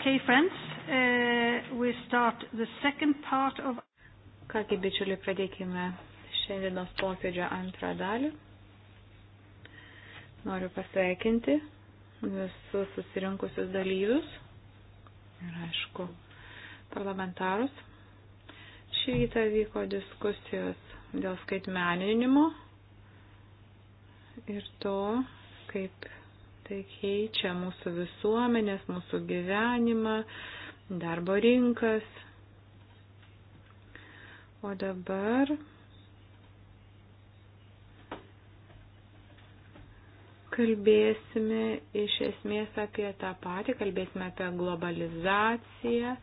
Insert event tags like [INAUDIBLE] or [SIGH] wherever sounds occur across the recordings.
Okay, friends, uh, we start the second part of. Kągi, bičiuliai, pradėkime šiandienos posėdžio antrą dalį. Noriu pasveikinti visus susirinkusius dalyvius ir, aišku, parlamentarus. Šį rytą vyko diskusijos dėl skaitmeninimo ir to, kaip tai keičia mūsų visuomenės, mūsų gyvenimą, darbo rinkas. O dabar kalbėsime iš esmės apie tą patį, kalbėsime apie globalizaciją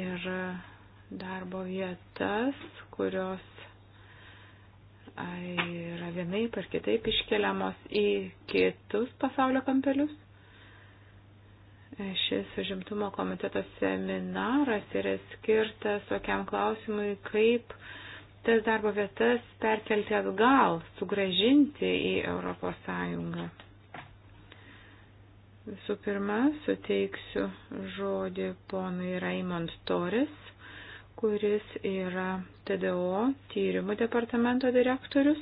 ir darbo vietas, kurios yra vienaip ar kitaip iškeliamos į kitus pasaulio kampelius. Šis užimtumo komiteto seminaras yra skirtas tokiam klausimui, kaip tas darbo vietas perkelti atgal, sugražinti į Europos Sąjungą. Visų pirma, suteiksiu žodį ponui Raimond Toris kuris yra TDO tyrimų departamento direktorius.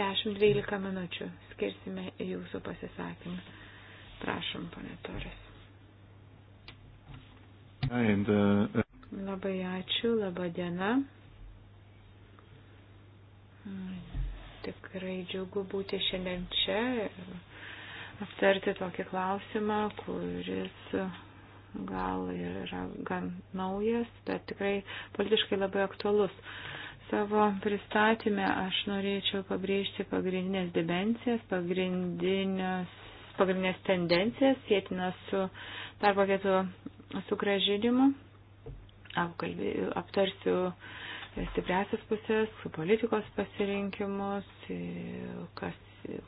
10-12 minučių skirsime jūsų pasisakymą. Prašom, pane Toras. Uh, Labai ačiū, laba diena. Hmm, tikrai džiugu būti šiandien čia ir aptarti tokį klausimą, kuris gal ir yra gan naujas, bet tikrai politiškai labai aktualus. Savo pristatymę aš norėčiau pabrėžti pagrindinės dimensijas, pagrindinės, pagrindinės tendencijas, sėtinas su darbo vietų sugražinimu. Aptarsiu stipriasias pusės, politikos pasirinkimus, e, kas,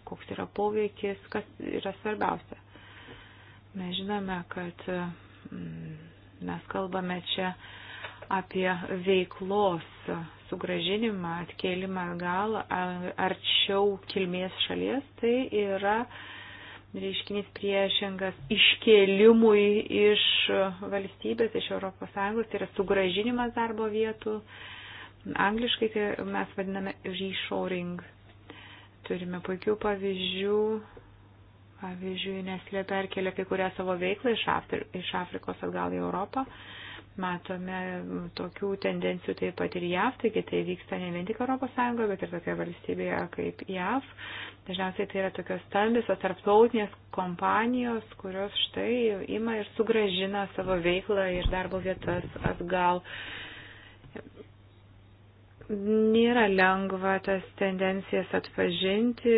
koks yra poveikis, kas yra svarbiausia. Mes žinome, kad Mes kalbame čia apie veiklos sugražinimą, atkėlimą gal arčiau kilmės šalies, tai yra reiškinys priešingas iškėlimui iš valstybės, iš ES, tai yra sugražinimas darbo vietų. Angliškai tai mes vadiname reshoring. Turime puikių pavyzdžių Pavyzdžiui, Neslė perkelia kai kurią savo veiklą iš, Afri iš Afrikos atgal į Europą. Matome tokių tendencijų taip pat ir JAV, taigi tai vyksta ne vien tik ES, bet ir tokia valstybėje kaip JAV. Dažniausiai tai yra tokios stambis, o tarptautinės kompanijos, kurios štai ima ir sugražina savo veiklą ir darbo vietas atgal. Uh, nėra lengva tas tendencijas atpažinti,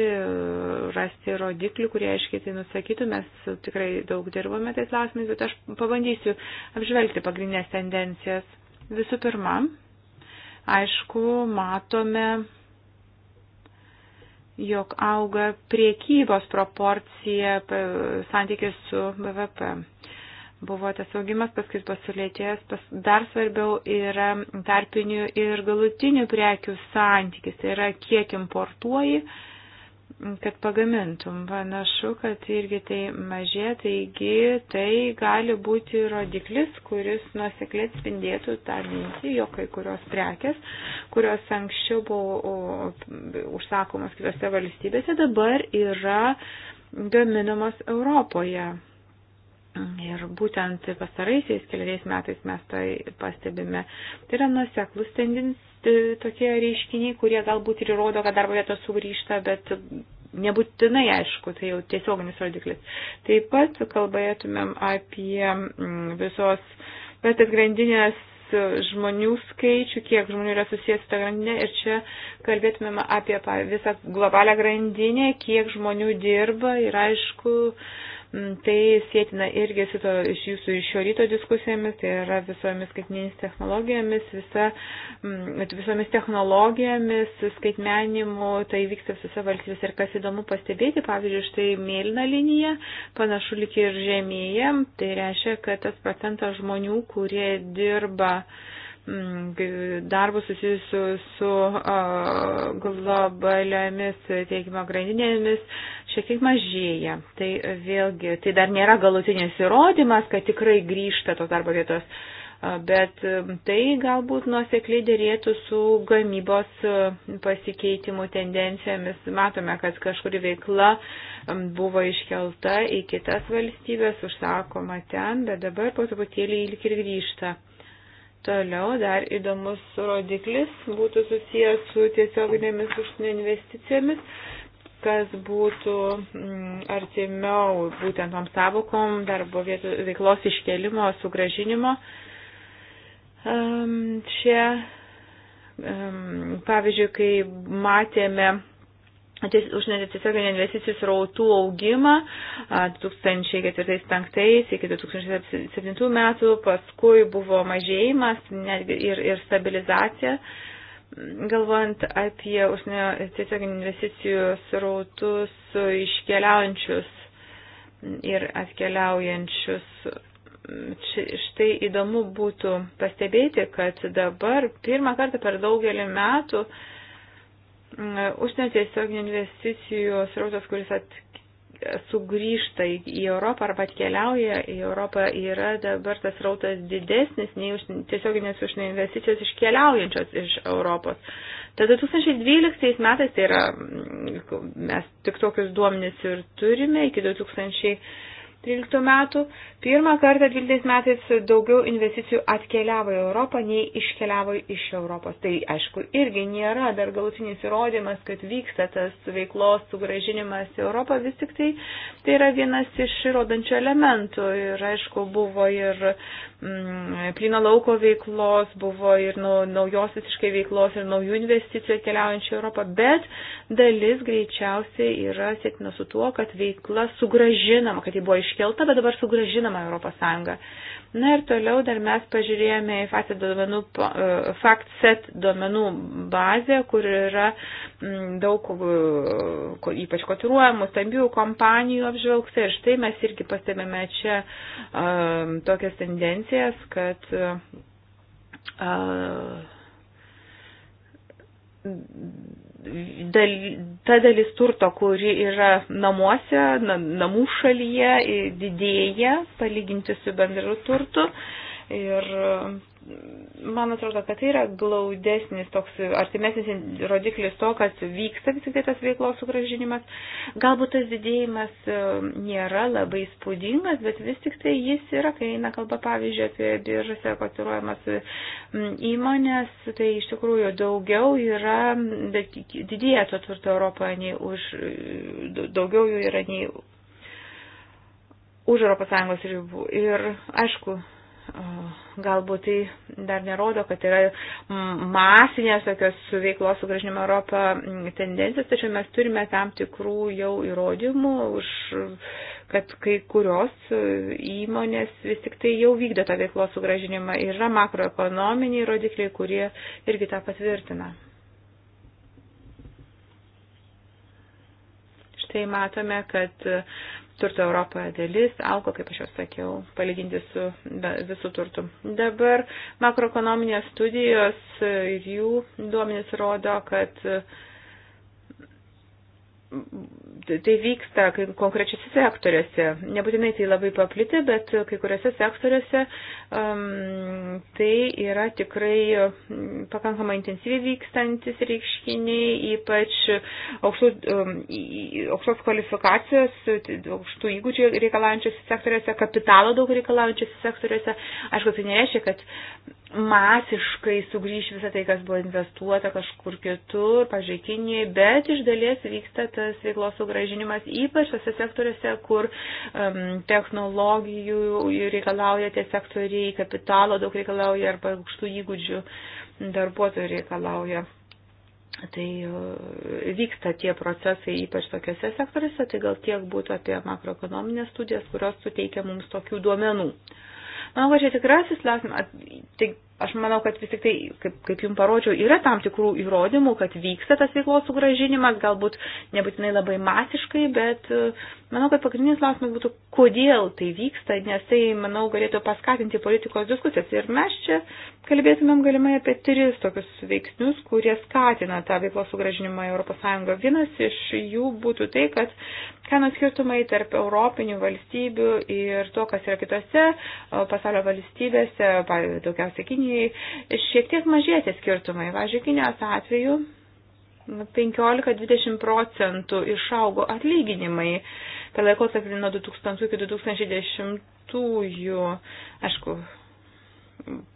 rasti rodiklių, kurie aiškiai tai nusakytų. Mes tikrai daug dirbame tais klausimais, bet aš pabandysiu apžvelgti pagrindinės tendencijas. Visų pirma, aišku, matome, jog auga priekybos proporcija santykis su BVP buvo tas augimas paskirtos sulėtėjęs, pas, dar svarbiau yra tarpinių ir galutinių prekių santykis, tai yra kiek importuoji, kad pagamintum. Panašu, kad irgi tai mažė, taigi tai gali būti rodiklis, kuris nuosekliai atspindėtų tą mintį, jog kai kurios prekes, kurios anksčiau buvo užsakomas kitose valstybėse, dabar yra gaminamos Europoje Ir būtent pasaraisiais keliais metais mes tai pastebime. Tai yra nuseklus tendins tokie reiškiniai, kurie galbūt ir įrodo, kad darbo vietos sugrįžta, bet nebūtinai aišku, tai jau tiesioginis rodiklis. Taip pat kalbėtumėm apie mm, visos vertės grandinės žmonių skaičių, kiek žmonių yra susijęs su ta grandinė ir čia kalbėtumėm apie visą globalią grandinę, kiek žmonių dirba ir aišku, uh, Mm, tai sėtina irgi su to, iš jūsų iš šio ryto diskusijomis, tai yra visomis skaitmeninis technologijomis, visa, mm, visomis technologijomis, skaitmenimu, tai vyksta visose valstybėse. Ir kas įdomu pastebėti, pavyzdžiui, štai mėlyna linija, panašu lik ir žemėje, tai reiškia, kad tas procentas žmonių, kurie dirba uh, Mm, darbus susijusius su globaliomis teikimo grandinėmis šiek tiek mažėja. Tai vėlgi, tai dar nėra galutinis įrodymas, kad tikrai grįžta tos darbo vietos, bet tai galbūt nuosekliai dėrėtų su gamybos pasikeitimų tendencijomis. Matome, kad kažkuri veikla buvo iškelta į kitas valstybės, užsakoma ten, bet dabar po truputėlį lyg ir grįžta. Toliau dar įdomus rodiklis būtų susijęs su tiesioginėmis užsienio investicijomis, kas būtų mm, artimiau būtent tom savokom darbo vietų veiklos iškelimo, sugražinimo. Čia, ehm, ehm, pavyzdžiui, kai matėme užsienio tiesioginių investicijų srautų augimą 2004-2005 iki 2007 metų, paskui buvo mažėjimas ir, ir stabilizacija. Galvojant apie užsienio tiesioginių investicijų srautus iškeliaujančius ir atkeliaujančius štai įdomu būtų pastebėti, kad dabar pirmą kartą per daugelį metų uh, užsienio tiesioginių investicijų srautas, kuris at, sugrįžta į Europą arba atkeliauja į Europą, yra dabar tas srautas didesnis nei už, tiesioginės užsienio investicijos iškeliaujančios iš Europos. Tad 2012 metais, tai yra, mes tik tokius duomenis ir turime, iki 2000. 13 metų. Pirmą kartą 12 metais daugiau investicijų atkeliavo į Europą, nei iškeliavo iš Europos. Tai aišku, irgi nėra dar galutinis įrodymas, kad vyksta tas veiklos sugražinimas į Europą, vis tik tai tai yra vienas iš įrodančių elementų. Ir aišku, buvo ir mm, plino lauko veiklos, buvo ir nu, naujos visiškai veiklos ir naujų investicijų atkeliaujančių į Europą, bet dalis greičiausiai yra sėtina su tuo, kad veikla sugražinama, kad ji buvo iškeliama iškelta, bet dabar sugražinama Europos Sąjunga. Na ir toliau dar mes pažiūrėjome į FACET duomenų, e, FactSet duomenų bazę, kur yra mm, daug e, ypač kotiruojamų stambių kompanijų apžvelgta ir štai mes irgi pastebėme čia e, tokias tendencijas, kad dal, ta dalis turto, kuri yra namuose, namų šalyje, didėja palyginti su bendru turtu. Ir man atrodo, kad tai yra glaudesnis toks artimesnis rodiklis to, kad vyksta vis tik tai tas veiklos sugražinimas. Galbūt tas didėjimas e, nėra labai spūdingas, bet vis tik tai jis yra, kai eina kalba pavyzdžiui apie biržose kotiruojamas įmonės, tai iš tikrųjų daugiau yra, bet didėja to turto Europoje, nei už, daugiau jų yra nei už ES ribų. Ir aišku, galbūt tai dar nerodo, kad yra masinės tokios su veiklos sugražinimo Europą tendencijos, tačiau mes turime tam tikrų jau įrodymų, už, kad kai kurios įmonės vis tik tai jau vykdo tą veiklos sugražinimą. Yra makroekonominiai rodikliai, kurie irgi tą patvirtina. Štai matome, kad uh, turto Europoje dalis augo, kaip aš jau sakiau, palyginti su visų turtų. Dabar makroekonominės studijos ir jų duomenys rodo, kad uh, Tai, tai vyksta konkrečiose sektoriuose. Nebūtinai tai labai paplitę, bet kai kuriuose sektoriuose um, tai yra tikrai mm, pakankamai intensyviai vykstantis reiškiniai, ypač aukštų, um, aukštos kvalifikacijos, aukštų įgūdžių reikalaujančiose sektoriuose, kapitalo daug reikalaujančiose sektoriuose. Aišku, tai nereiškia, kad masiškai sugrįž visą tai, kas buvo investuota kažkur kitur, pažiūrėkiniai, bet iš dalies vyksta tas veiklos sugražinimas, ypač tose sektoriuose, kur um, technologijų reikalauja tie sektoriai, kapitalo daug reikalauja arba aukštų įgūdžių darbuotojų reikalauja. Tai uh, vyksta tie procesai ypač tokiuose sektoriuose, tai gal tiek būtų apie makroekonominės studijas, kurios suteikia mums tokių duomenų. Manau, kad čia tikrasis klausimas, tai Aš manau, kad vis tik tai, kaip, kaip jums parodžiau, yra tam tikrų įrodymų, kad vyksta tas veiklos sugražinimas, galbūt nebūtinai labai masiškai, bet e, manau, kad pagrindinis klausimas būtų, kodėl tai vyksta, nes tai, manau, galėtų paskatinti politikos diskusijas. Ir mes čia kalbėtumėm galimai apie tris tokius veiksnius, kurie skatina tą veiklos sugražinimą į ES. Vienas iš jų būtų tai, kad kainų skirtumai tarp europinių valstybių ir to, kas yra kitose e, pasaulio valstybėse, daugiausiai Kinija, Kinijai šiek tiek mažėti skirtumai. Važiuoju, Kinijos atveju 15-20 nu, procentų išaugo atlyginimai per tai laikotarpį nuo 2000 iki 2010. -ųjų. Aišku,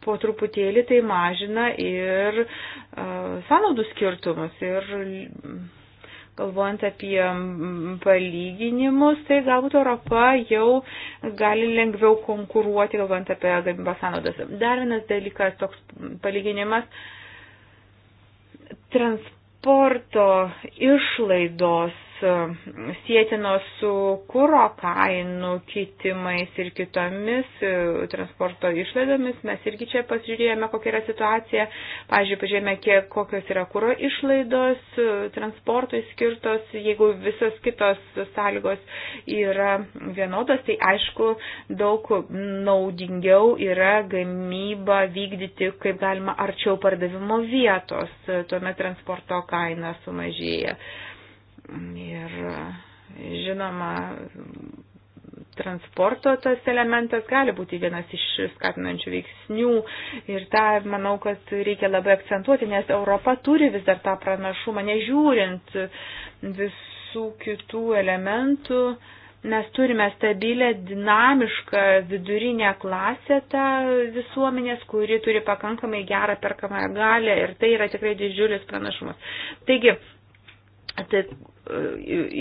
po truputėlį tai mažina ir uh, sąnaudų skirtumus ir Galvojant apie palyginimus, tai galbūt Europa jau gali lengviau konkuruoti, galvojant apie gamybos sąnaudas. Dar vienas dalykas, toks palyginimas. Transporto išlaidos E, sėtinos su kūro kainų kitimais ir kitomis e, transporto išlaidomis. Mes irgi čia pasižiūrėjome, kokia yra situacija. Pavyzdžiui, pažiūrėjome, kiek, kokios yra kūro išlaidos e, transportui skirtos. Jeigu visos kitos sąlygos yra vienodos, tai aišku, daug naudingiau yra gamybą vykdyti kaip galima arčiau pardavimo vietos. Tuomet transporto kaina sumažėja. Yeah Ir žinoma, transporto tas elementas gali būti vienas iš skatinančių veiksnių ir tą, manau, kad reikia labai akcentuoti, nes Europa turi vis dar tą pranašumą, nežiūrint visų kitų elementų. Mes turime stabilę, dinamišką vidurinę klasę tą visuomenės, kuri turi pakankamai gerą perkamąją galę ir tai yra tikrai didžiulis pranašumas. Taigi, tai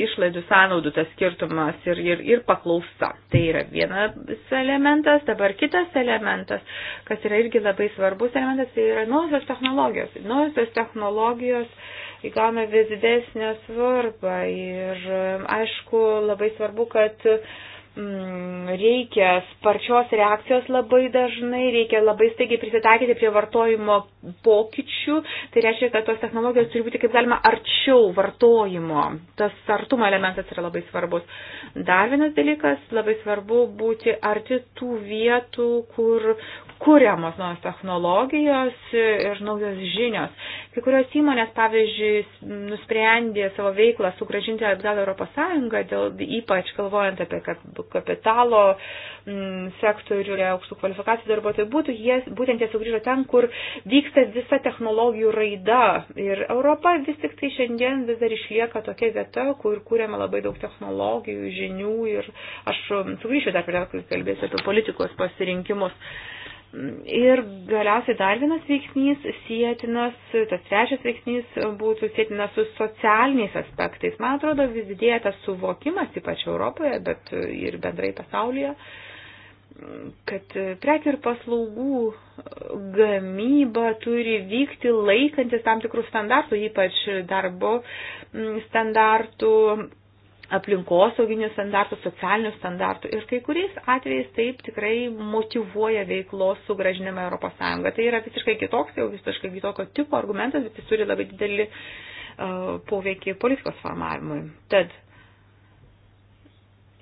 išlaidų sąnaudų tas skirtumas ir, ir, ir paklausa. Tai yra vienas elementas, dabar kitas elementas, kas yra irgi labai svarbus elementas, tai yra naujosios technologijos. Naujosios technologijos įgauna vis didesnę svarbą ir aišku labai svarbu, kad uh, Mm, reikia sparčios reakcijos labai dažnai, reikia labai staigiai prisitaikyti prie vartojimo pokyčių. Tai reiškia, kad tos technologijos turi būti kaip galima arčiau vartojimo. Tas artumo elementas yra labai svarbus. Dar vienas dalykas, labai svarbu būti arti tų vietų, kur, kuriamos naujos technologijos ir naujos žinios. Kai kurios įmonės, pavyzdžiui, nusprendė savo veiklą sugražinti atgal Europos Sąjungą, dėl, ypač galvojant apie kapitalo m, mm, sektorių ir aukštų kvalifikacijų darbuotojų, būtų jie, būtent jie sugrįžo ten, kur vyksta visa technologijų raida. Ir Europa vis tik tai šiandien vis dar išlieka tokia vieta, kur kūrėme labai daug technologijų, žinių ir aš sugrįšiu dar prie to, kai kalbėsiu apie politikos pasirinkimus. Ir galiausiai dar vienas veiksnys sietinas, tas trečias veiksnys būtų sietinas su socialiniais aspektais. Man atrodo, vis didėja tas suvokimas, ypač Europoje, bet ir bendrai pasaulyje, kad prekių ir paslaugų gamyba turi vykti laikantis tam tikrų standartų, ypač darbo standartų, aplinkosauginių standartų, socialinių standartų ir kai kuriais atvejais taip tikrai motivuoja veiklos sugražinimą Europos Sąjungą. Tai yra visiškai kitoks, jau visiškai kitokio tipo argumentas, bet jis turi labai didelį uh, poveikį politikos formavimui. Tad,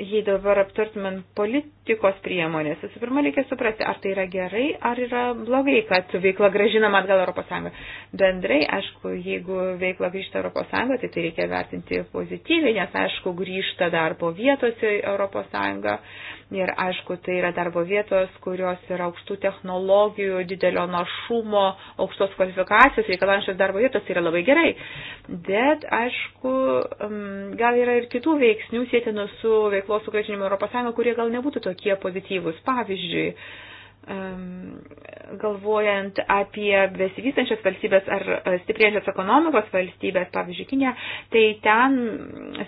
jei dabar aptartumėm polit politikos priemonės. Visų pirma, reikia suprasti, ar tai yra gerai, ar yra blogai, kad veikla gražinama atgal ES. Bendrai, aišku, jeigu veikla grįžta ES, tai tai reikia vertinti pozityviai, nes, aišku, grįžta darbo vietos į ES ir, aišku, tai yra darbo vietos, kurios yra aukštų technologijų, didelio našumo, aukštos kvalifikacijos reikalančios darbo vietos, tai yra labai gerai. Bet, aišku, mm, gal yra ir kitų veiksnių sėtinų su veiklos sugražinimu ES, kurie gal nebūtų tokie tokie pozityvūs. Pavyzdžiui, galvojant apie besivystančias valstybės ar e, stiprėjančias ekonomikos valstybės, pavyzdžiui, Kinė, tai ten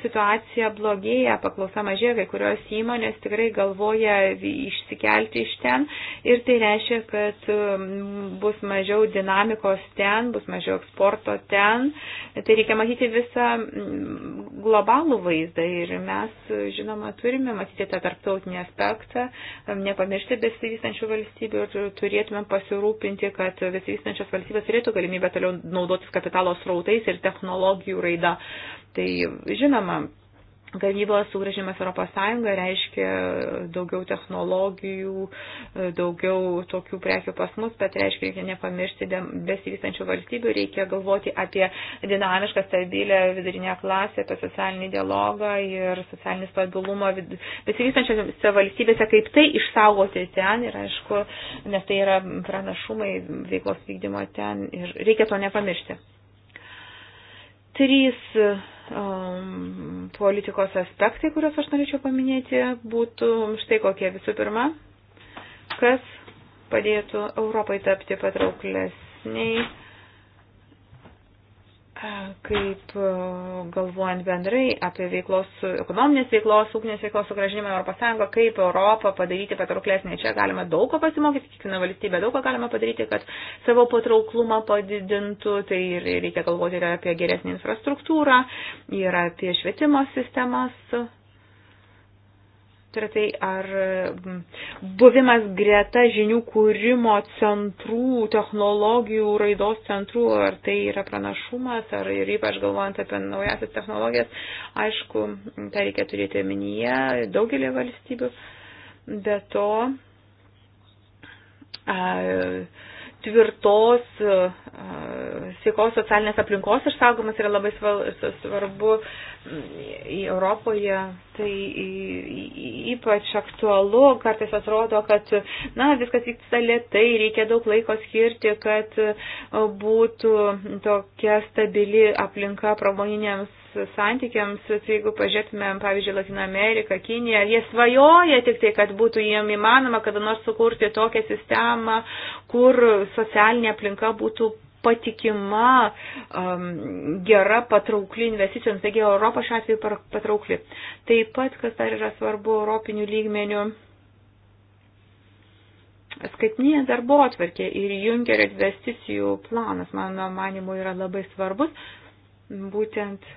situacija blogėja, paklausa mažėja, kai kurios įmonės tikrai galvoja išsikelti iš ten ir tai reiškia, kad bus mažiau dinamikos ten, bus mažiau eksporto ten. Tai reikia matyti visą globalų vaizdą ir mes, žinoma, turime matyti tą tarptautinį aspektą, nepamiršti besivystančių valstybių valstybių ir turėtumėm pasirūpinti, kad besivystančios valstybės turėtų galimybę toliau naudotis kapitalo srautais ir technologijų raida. Tai žinoma, gamybos sugrįžimas Europos Sąjunga reiškia daugiau technologijų, daugiau tokių prekių pas mus, bet reiškia, reikia nepamiršti besivystančių valstybių, reikia galvoti apie dinamišką, stabilę vidurinę klasę, apie socialinį dialogą ir socialinį stabilumą besivystančiose valstybėse, kaip tai išsaugoti ten ir aišku, nes tai yra pranašumai veiklos vykdymo ten ir reikia to nepamiršti. Trys um, politikos aspektai, kuriuos aš norėčiau paminėti, būtų štai kokie visų pirma, kas padėtų Europai tapti patrauklesniai kaip e, galvojant bendrai apie veiklos, ekonominės veiklos, ūkinės veiklos sugražinimą Europos Sąjungą, kaip Europą padaryti patrauklesnė. Čia galima daug ko pasimokyti, kiekviena valstybė daug ko galima padaryti, kad savo patrauklumą padidintų, tai reikia galvoti ir apie geresnį infrastruktūrą, ir apie švietimo sistemas yra tai, ar buvimas greta žinių kūrimo centrų, technologijų raidos centrų, ar tai yra pranašumas, ar ir ypač galvojant apie naujasias technologijas, aišku, tai reikia turėti omenyje daugelį valstybių. Be to, a, tvirtos, e, sveikos socialinės aplinkos išsaugomas yra labai svarbu mm, į Europoje. Tai ypač aktualu, kartais atrodo, kad na, viskas vyksta lietai, reikia daug laiko skirti, kad e, būtų tokia stabili aplinka pramoniniams santykiams, jeigu pažiūrėtume, pavyzdžiui, Latino Ameriką, Kiniją, jie svajoja tik tai, kad būtų jiem įmanoma kada nors sukurti tokią sistemą, kur socialinė aplinka būtų patikima, um, gera, patraukli investicijoms. Taigi Europa šiuo atveju patraukli. Taip pat, kas dar yra svarbu europinių lygmenių, skaitinė darbo atvarkė ir Junkerio investicijų planas, mano manimu, yra labai svarbus. Būtent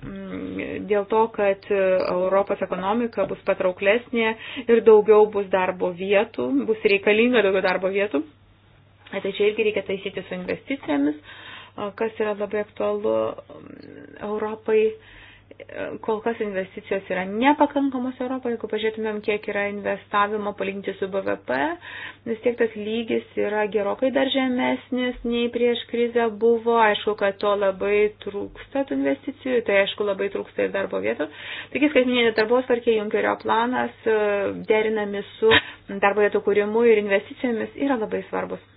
Mm, dėl to, kad e, Europos ekonomika bus patrauklesnė ir daugiau bus darbo vietų, bus reikalinga daugiau darbo vietų. Tai čia irgi reikia taisyti su investicijomis, kas yra labai aktualu mm, Europai kol kas investicijos yra nepakankamos Europoje, jeigu pažiūrėtumėm, kiek yra investavimo palyginti su BVP, vis tiek tas lygis yra gerokai dar žemesnis nei prieš krizę buvo, aišku, kad to labai trūksta tų investicijų, tai aišku, labai trūksta ir darbo vietų. Taigi, skaitminė darbos tvarkė Junkerio planas derinami su darbo vietų kūrimu ir investicijomis yra labai svarbus.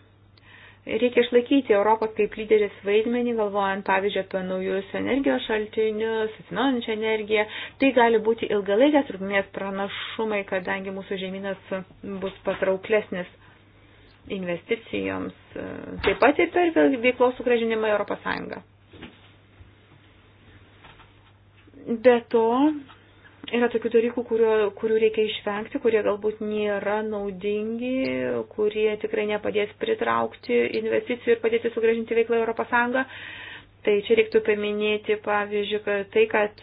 Reikia išlaikyti Europos kaip lyderis vaidmenį, galvojant, pavyzdžiui, apie naujus energijos šaltinius, atsinaujančią energiją. Tai gali būti ilgalaikės trukmės pranašumai, kadangi mūsų žemynas bus patrauklesnis investicijoms, e, taip pat ir per veiklos sugražinimą Europos Sąjungą. Be to, Yra tokių dalykų, kurio, kurių reikia išvengti, kurie galbūt nėra naudingi, kurie tikrai nepadės pritraukti investicijų ir padėti sugražinti veiklą Europos Sąjungą. Tai čia reiktų paminėti, pavyzdžiui, kad tai, kad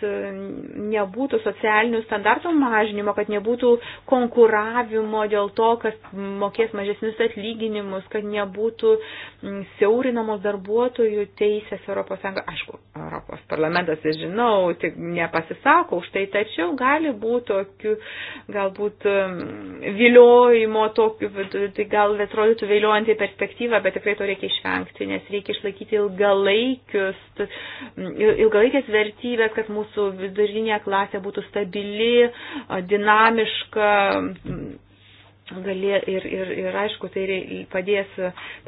nebūtų socialinių standartų mažinimo, kad nebūtų konkuravimo dėl to, kas mokės mažesnius atlyginimus, kad nebūtų mm, siaurinamos darbuotojų teisės Europos Sąjunga. Aišku, Europos parlamentas, tai žinau, tik nepasisako už tai, tačiau gali būti tokių, galbūt mm, viliojimo, tokių, tai gal atrodytų viliojantį perspektyvą, bet tikrai to reikia išvengti, nes reikia išlaikyti ilgalaikius ilgalaikės vertybės, kad mūsų vidurinė klasė būtų stabili, dinamiška. Galė, ir, ir, ir aišku, tai padės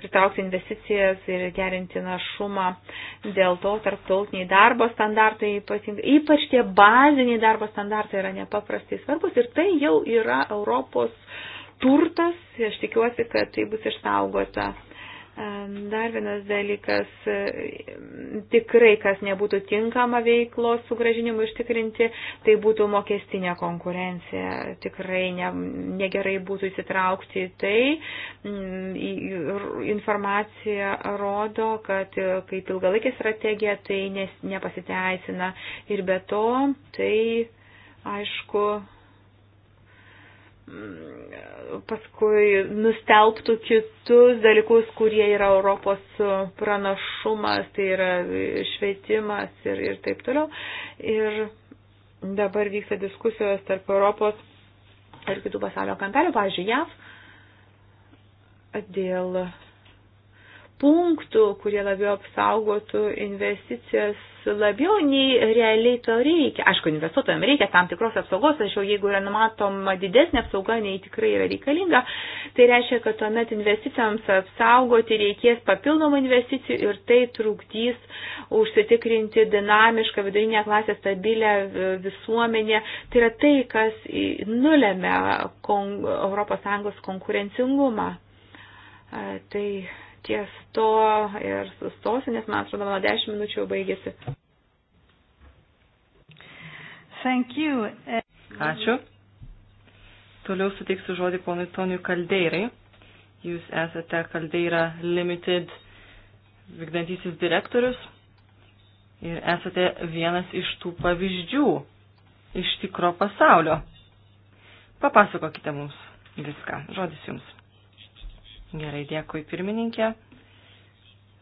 pritraukti investicijas ir gerinti našumą. Dėl to tarptautiniai darbo standartai, ypatingai, ypač tie baziniai darbo standartai yra nepaprastai svarbus ir tai jau yra Europos turtas. Aš tikiuosi, kad tai bus išsaugota. Dar vienas dalykas, e, tikrai, kas nebūtų tinkama veiklos sugražinimui ištikrinti, tai būtų mokestinė konkurencija. Tikrai ne, negerai būtų įsitraukti į tai. Mm, informacija rodo, kad e, kaip ilgalaikė strategija tai nes, nepasiteisina. Ir be to, tai aišku, paskui nustelbtų kitus dalykus, kurie yra Europos pranašumas, tai yra švietimas ir, ir taip toliau. Ir dabar vyksta diskusijos tarp Europos ir kitų pasaulio kampelių, pavyzdžiui, JAV, dėl punktų, kurie labiau apsaugotų investicijas labiau nei realiai to reikia. Aišku, investuotojams reikia tam tikros apsaugos, tačiau jeigu yra numatoma didesnė apsauga, nei tikrai yra reikalinga, tai reiškia, kad tuomet investicijams apsaugoti reikės papildomų investicijų ir tai trukdys užsitikrinti dinamišką vidurinę klasę stabilę visuomenę. Tai yra tai, kas nulėmė kon, ES konkurencingumą. Tai ties to ir sustosiu, nes man atrodo, mano 10 minučių jau baigėsi. Thank you. Ačiū. Toliau suteiksiu žodį ponui Toniu Kaldeirai. Jūs esate Kaldeira Limited vykdantysis direktorius ir esate vienas iš tų pavyzdžių iš tikro pasaulio. Papasakokite mums viską. Žodis jums. Gerai, dėkui pirmininkė.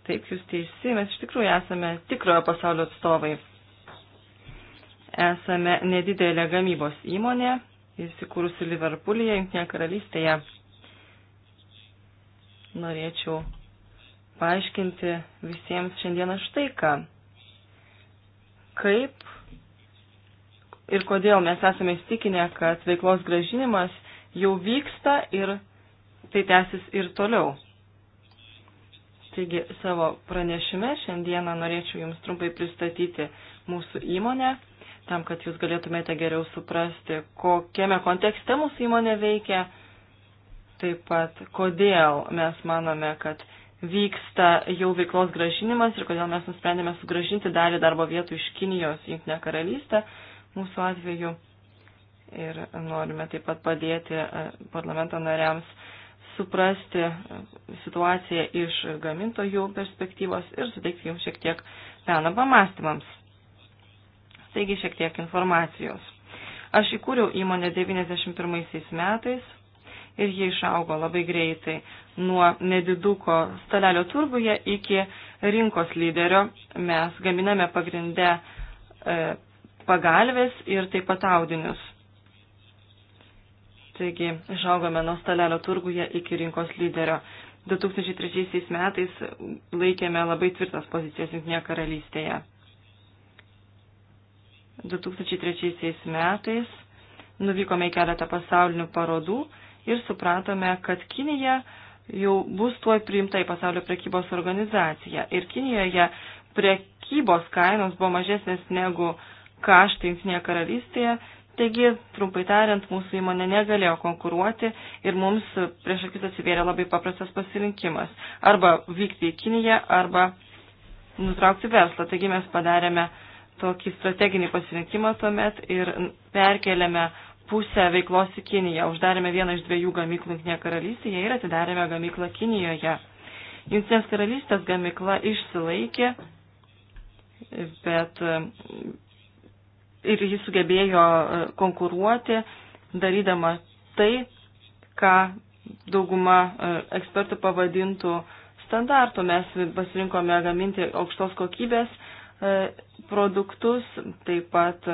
Taip, jūs teisi, mes iš tikrųjų esame tikrojo pasaulio atstovai. Esame nedidelė gamybos įmonė, įsikūrusi Liverpoolyje, Junktinėje karalystėje. Norėčiau paaiškinti visiems šiandieną štai ką. Kaip ir kodėl mes esame įstikinę, kad veiklos gražinimas jau vyksta ir tai tęsis ir toliau. Taigi savo pranešime šiandieną norėčiau Jums trumpai pristatyti mūsų įmonę, tam, kad Jūs galėtumėte geriau suprasti, kokiame kontekste mūsų įmonė veikia, taip pat kodėl mes manome, kad vyksta jau veiklos gražinimas ir kodėl mes nusprendėme sugražinti dalį darbo vietų iš Kinijos į Junktinę karalystę mūsų atveju. Ir norime taip pat padėti e, parlamento nariams suprasti situaciją iš gamintojų perspektyvos ir suteikti jums šiek tiek peno pamastymams. Taigi šiek tiek informacijos. Aš įkūriau įmonę 91 metais ir jie išaugo labai greitai nuo nediduko stalelio turguje iki rinkos lyderio. Mes gaminame pagrindę e, pagalvės ir taip pat audinius Taigi, išaugome nuo stalelio turguje iki rinkos lyderio. 2003 metais laikėme labai tvirtas pozicijas Junktinėje karalystėje. 2003 metais nuvykome į keletą pasaulinių parodų ir supratome, kad Kinija jau bus tuoj priimta į pasaulio prekybos organizaciją. Ir Kinijoje prekybos kainos buvo mažesnės negu kaštai Junktinėje karalystėje Taigi, trumpai tariant, mūsų įmonė negalėjo konkuruoti ir mums prieš akis atsivėrė labai paprastas pasirinkimas - arba vykti į Kiniją, arba nutraukti verslą. Taigi mes padarėme tokį strateginį pasirinkimą tuomet ir perkeliame pusę veiklos į Kiniją. Uždarėme vieną iš dviejų gamyklų Junktinėje karalystėje ir atidarėme gamyklą Kinijoje. Junktinės karalystės gamykla išsilaikė, bet ir jis sugebėjo e, konkuruoti, darydama tai, ką dauguma e, ekspertų pavadintų standartų. Mes pasirinkome gaminti aukštos kokybės e, produktus, taip pat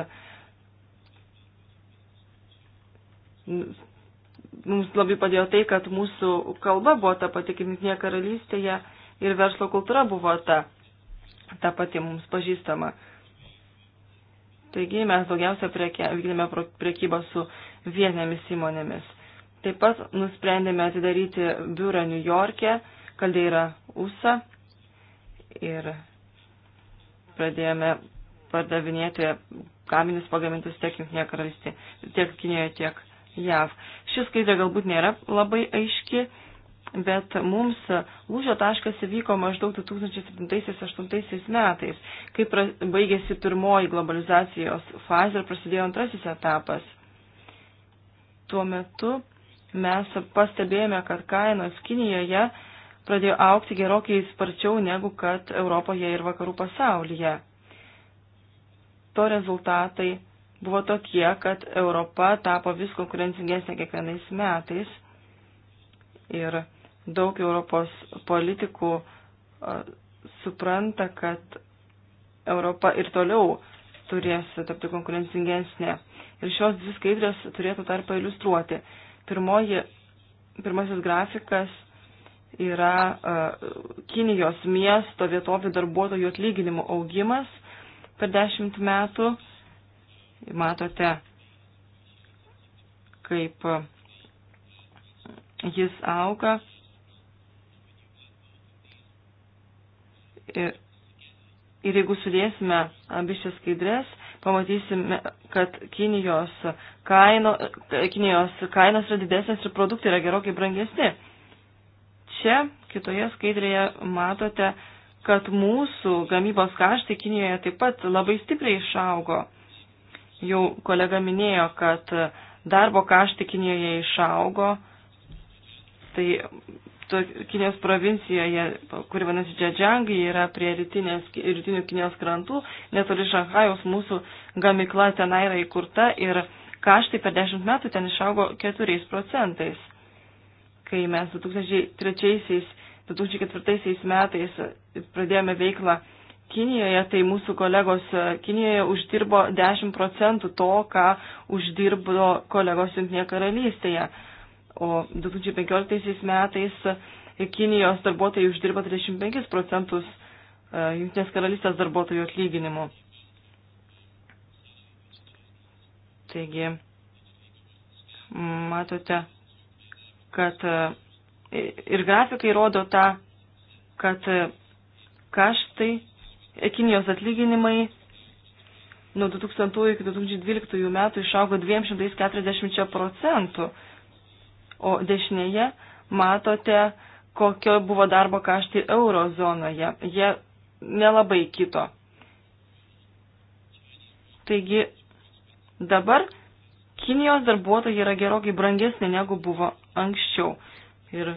mums labai padėjo tai, kad mūsų kalba buvo ta pati kaip Junktinėje karalystėje ir verslo kultūra buvo ta, ta pati mums pažįstama. Taigi mes daugiausia priekia, vykdėme priekybą su vietinėmis įmonėmis. Taip pat nusprendėme atidaryti biurą New York'e, Kaldeira USA ir pradėjome pardavinėti gaminius pagamintus tiek Junktinėje karalystėje, tiek Kinijoje, tiek JAV. Ši skaidrė galbūt nėra labai aiški Bet mums lūžio taškas įvyko maždaug 2007-2008 metais, kai baigėsi pirmoji globalizacijos fazė ir prasidėjo antrasis etapas. Tuo metu mes pastebėjome, kad kainos Kinijoje pradėjo aukti gerokai sparčiau negu kad Europoje ir vakarų pasaulyje. To rezultatai buvo tokie, kad Europa tapo vis konkurencingesnė kiekvienais metais ir Daug Europos politikų supranta, kad Europa ir toliau turės tapti konkurencingesnė. Ir šios dvi skaidrės turėtų dar pailustruoti. Pirmoji, pirmasis grafikas yra uh, Kinijos miesto vietovių darbuotojų atlyginimų augimas per dešimt metų. Matote, kaip jis auga Ir, ir jeigu sudėsime abi šias skaidrės, pamatysime, kad Kinijos, kaino, Kinijos kainos yra didesnės ir produktai yra gerokai brangesni. Čia kitoje skaidrėje matote, kad mūsų gamybos kaštai Kinijoje taip pat labai stipriai išaugo. Jau kolega minėjo, kad darbo kaštai Kinijoje išaugo, tai Kinijos provincijoje, kuri vadinasi Džedžiang, yra prie rytinių Kinijos krantų, netoli Šanhajaus mūsų gamikla tenai yra įkurta ir kaštai per 10 metų ten išaugo 4 procentais. Kai mes 2003-2004 metais pradėjome veiklą Kinijoje, tai mūsų kolegos e, Kinijoje uždirbo 10 procentų to, ką uždirbo kolegos Junktinėje karalystėje o 2015 metais Kinijos darbuotojai uždirba 35 procentus e, Junktinės karalystės darbuotojų atlyginimų. Taigi, matote, kad e, ir grafikai rodo tą, kad e, kaštai, Kinijos atlyginimai nuo 2000 iki 2012 metų išaugo 240 procentų o dešinėje matote, kokio buvo darbo kaštai eurozonoje. Jie nelabai kito. Taigi dabar Kinijos darbuotojai yra gerokai brangesnė negu buvo anksčiau. Ir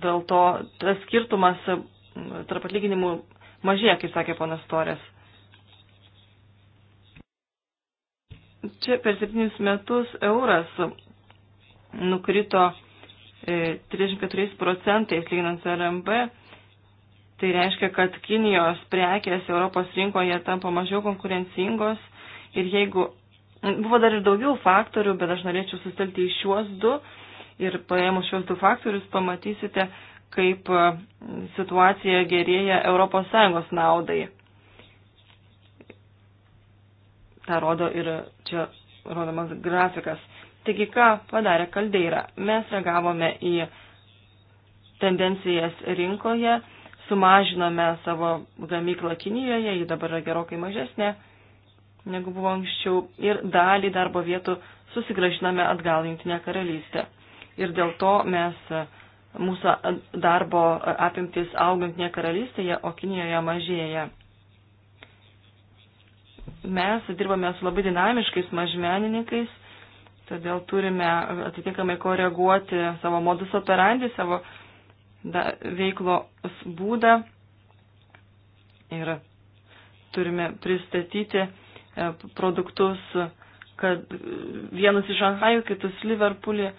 dėl to tas skirtumas tarp atlyginimų mažėja, kaip sakė ponas Torės. Čia per septynis metus euras nukrito 34 e, procentais lyginant su RMB. Tai reiškia, kad Kinijos prekės Europos rinkoje tampa mažiau konkurencingos ir jeigu buvo dar ir daugiau faktorių, bet aš norėčiau sustelti į šiuos du ir paėmus šiuos du faktorius pamatysite, kaip e, situacija gerėja ES naudai. Ta rodo ir čia rodomas grafikas. Taigi, ką padarė Kaldeira? Mes reagavome į tendencijas rinkoje, sumažinome savo gamyklą Kinijoje, ji dabar yra gerokai mažesnė negu buvo anksčiau, ir dalį darbo vietų susigražiname atgal Junktinę karalystę. Ir dėl to mes mūsų darbo apimtis augant ne karalystėje, o Kinijoje mažėja. Mes dirbame su labai dinamiškais mažmenininkais Todėl turime atitinkamai koreguoti savo modus operandi, savo da, veiklos būdą ir turime pristatyti e, produktus, kad vienus iš Šanhajų, kitus Liverpoolį.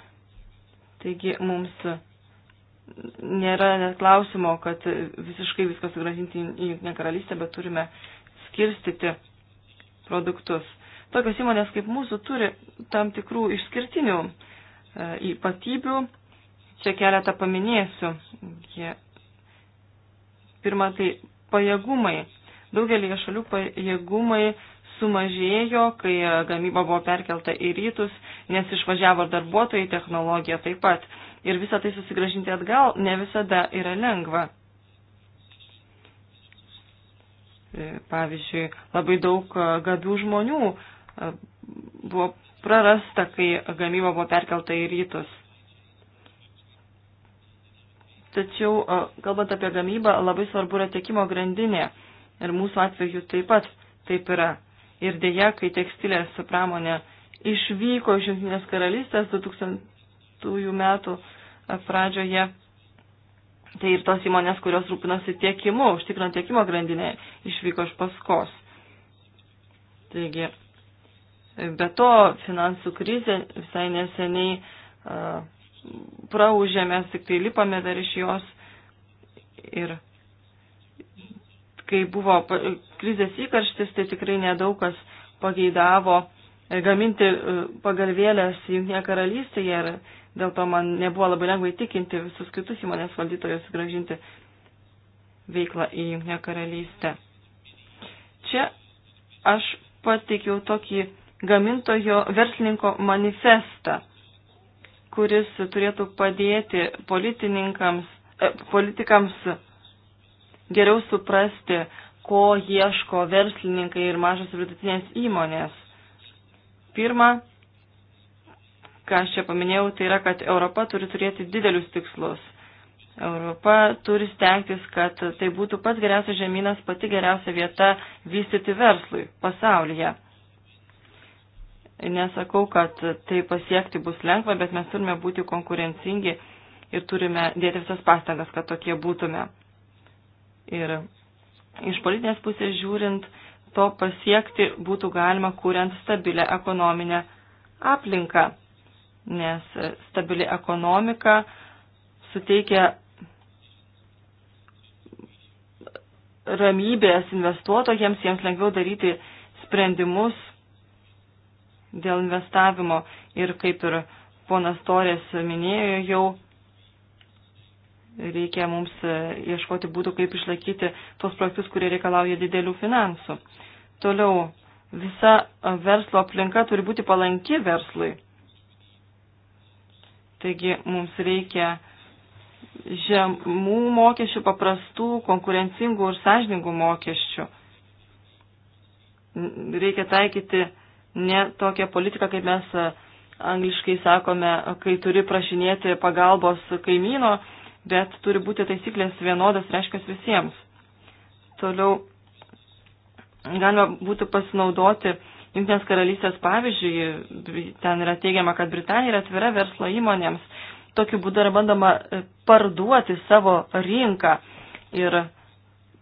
Taigi mums nėra net klausimo, kad visiškai viskas sugražinti į Junktinę karalystę, bet turime skirstyti produktus tokios įmonės kaip mūsų turi tam tikrų išskirtinių e, ypatybių. Čia keletą paminėsiu. Jie, pirma, tai pajėgumai. Daugelį šalių pajėgumai sumažėjo, kai e, gamyba buvo perkelta į rytus, nes išvažiavo darbuotojai, technologija taip pat. Ir visą tai susigražinti atgal ne visada yra lengva. E, pavyzdžiui, labai daug gabių žmonių buvo prarasta, kai gamyba buvo perkelta į rytus. Tačiau, kalbant apie gamybą, labai svarbu yra tiekimo grandinė. Ir mūsų atveju taip pat taip yra. Ir dėja, kai tekstilės pramonė išvyko iš Junktinės karalystės 2000 metų pradžioje, tai ir tos įmonės, kurios rūpinosi tiekimu, užtikrino tiekimo grandinę, išvyko iš paskos. Taigi, Be to, finansų krizė visai neseniai praužėme, tik tai lipame dar iš jos. Ir kai buvo krizės įkarštis, tai tikrai nedaug kas pageidavo e, gaminti e, pagalvėlės Junktinėje karalystėje ir dėl to man nebuvo labai lengva įtikinti visus kitus įmonės valdytojus gražinti veiklą į Junktinę karalystę. Čia aš pateikiau tokį gamintojo verslininko manifestą, kuris turėtų padėti politininkams, e, politikams geriau suprasti, ko ieško verslininkai ir mažos vidutinės įmonės. Pirma, ką aš čia paminėjau, tai yra, kad Europa turi turėti didelius tikslus. Europa turi stengtis, kad tai būtų pats geriausias žemynas, pati geriausia vieta vystyti verslui pasaulyje. Nesakau, kad tai pasiekti bus lengva, bet mes turime būti konkurencingi ir turime dėti visas pastangas, kad tokie būtume. Ir iš politinės pusės žiūrint, to pasiekti būtų galima kuriant stabilę ekonominę aplinką, nes stabili ekonomika suteikia ramybės investuotojams, jiems lengviau daryti sprendimus dėl investavimo ir kaip ir ponas Torės minėjo jau, reikia mums e, ieškoti būdų, kaip išlaikyti tos projektus, kurie reikalauja didelių finansų. Toliau, visa e, verslo aplinka turi būti palanki verslui. Taigi mums reikia žemų mokesčių, paprastų, konkurencingų ir sąžiningų mokesčių. Reikia taikyti ne tokią politiką, kaip mes e, angliškai sakome, kai turi prašinėti pagalbos kaimyno, bet turi būti taisyklės vienodas, reiškia visiems. Toliau galima būtų pasinaudoti Junktinės karalystės pavyzdžiui, ten yra teigiama, kad Britanija yra atvira verslo įmonėms. Tokiu būdu yra bandoma e, parduoti savo rinką. Ir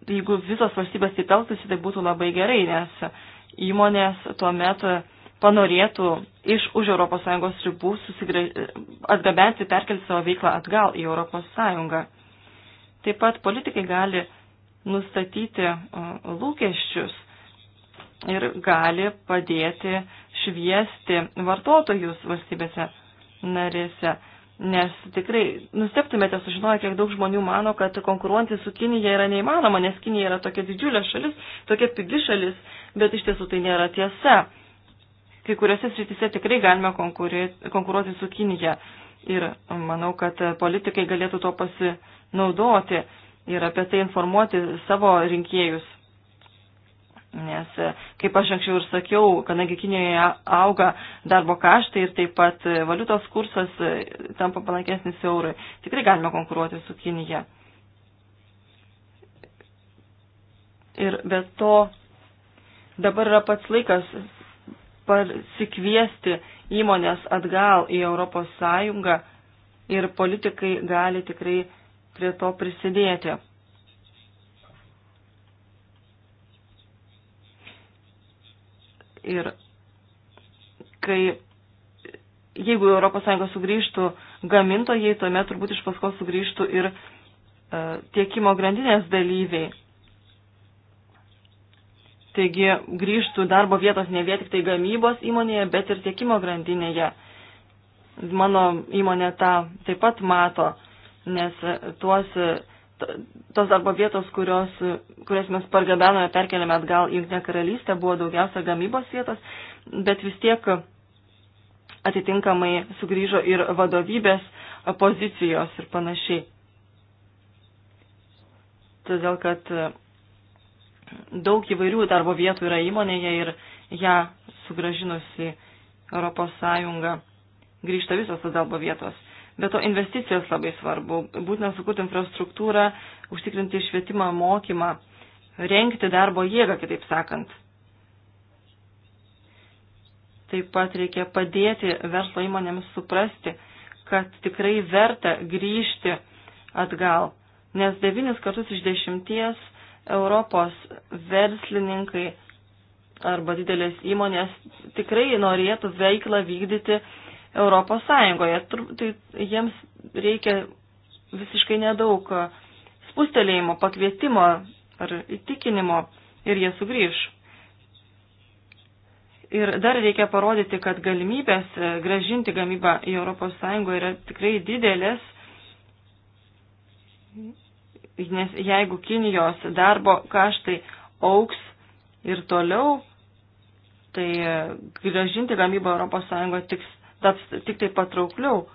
jeigu visos valstybės taip elgtųsi, tai būtų labai gerai, nes įmonės tuo metu panorėtų iš už ES ribų susigrė... atgabenti, perkelti savo veiklą atgal į ES. Taip pat politikai gali nustatyti lūkesčius ir gali padėti šviesti vartotojus valstybėse narėse. Nes tikrai nusteptumėte sužinoję, kiek daug žmonių mano, kad konkuruoti su Kinija yra neįmanoma, nes Kinija yra tokia didžiulė šalis, tokia pigi šalis, bet iš tiesų tai nėra tiesa. Kai kuriuose srityse tikrai galime konkuruoti su Kinija ir manau, kad politikai galėtų to pasinaudoti ir apie tai informuoti savo rinkėjus. Nes, kaip aš anksčiau ir sakiau, kadangi Kinijoje auga darbo kaštai ir taip pat valiutos kursas tampa palankesnis eurui, tikrai galime konkuruoti su Kinija. Ir be to dabar yra pats laikas pasikviesti įmonės atgal į Europos Sąjungą ir politikai gali tikrai prie to prisidėti. Ir kai jeigu ES sugrįžtų gamintojai, tuomet turbūt iš paskos sugrįžtų ir e, tiekimo grandinės dalyviai. Taigi grįžtų darbo vietos ne vien tik tai gamybos įmonėje, bet ir tiekimo grandinėje. Mano įmonė tą taip pat mato, nes tuos, tos darbo vietos, kurios, kurias mes pargabenome, perkeliame atgal į Junktinę karalystę, buvo daugiausia gamybos vietos, bet vis tiek atitinkamai sugrįžo ir vadovybės pozicijos ir panašiai. Todėl, kad daug įvairių darbo vietų yra įmonėje ir ją sugražinusi Europos Sąjunga grįžta visos tos darbo vietos. Be to investicijos labai svarbu. Būtina sukurti infrastruktūrą, užtikrinti švietimą, mokymą, renkti darbo jėgą, kitaip sakant. Taip pat reikia padėti verslo įmonėms suprasti, kad tikrai verta grįžti atgal, nes devynis kartus iš dešimties Europos verslininkai arba didelės įmonės tikrai norėtų veiklą vykdyti Europos Sąjungoje. Tai jiems reikia visiškai nedaug spustelėjimo, pakvietimo ar įtikinimo ir jie sugrįž. Ir dar reikia parodyti, kad galimybės gražinti gamybą į Europos Sąjungą yra tikrai didelės nes jeigu Kinijos darbo kaštai auks ir toliau, tai gražinti gamybą ES tik, taps tik tai patraukliau.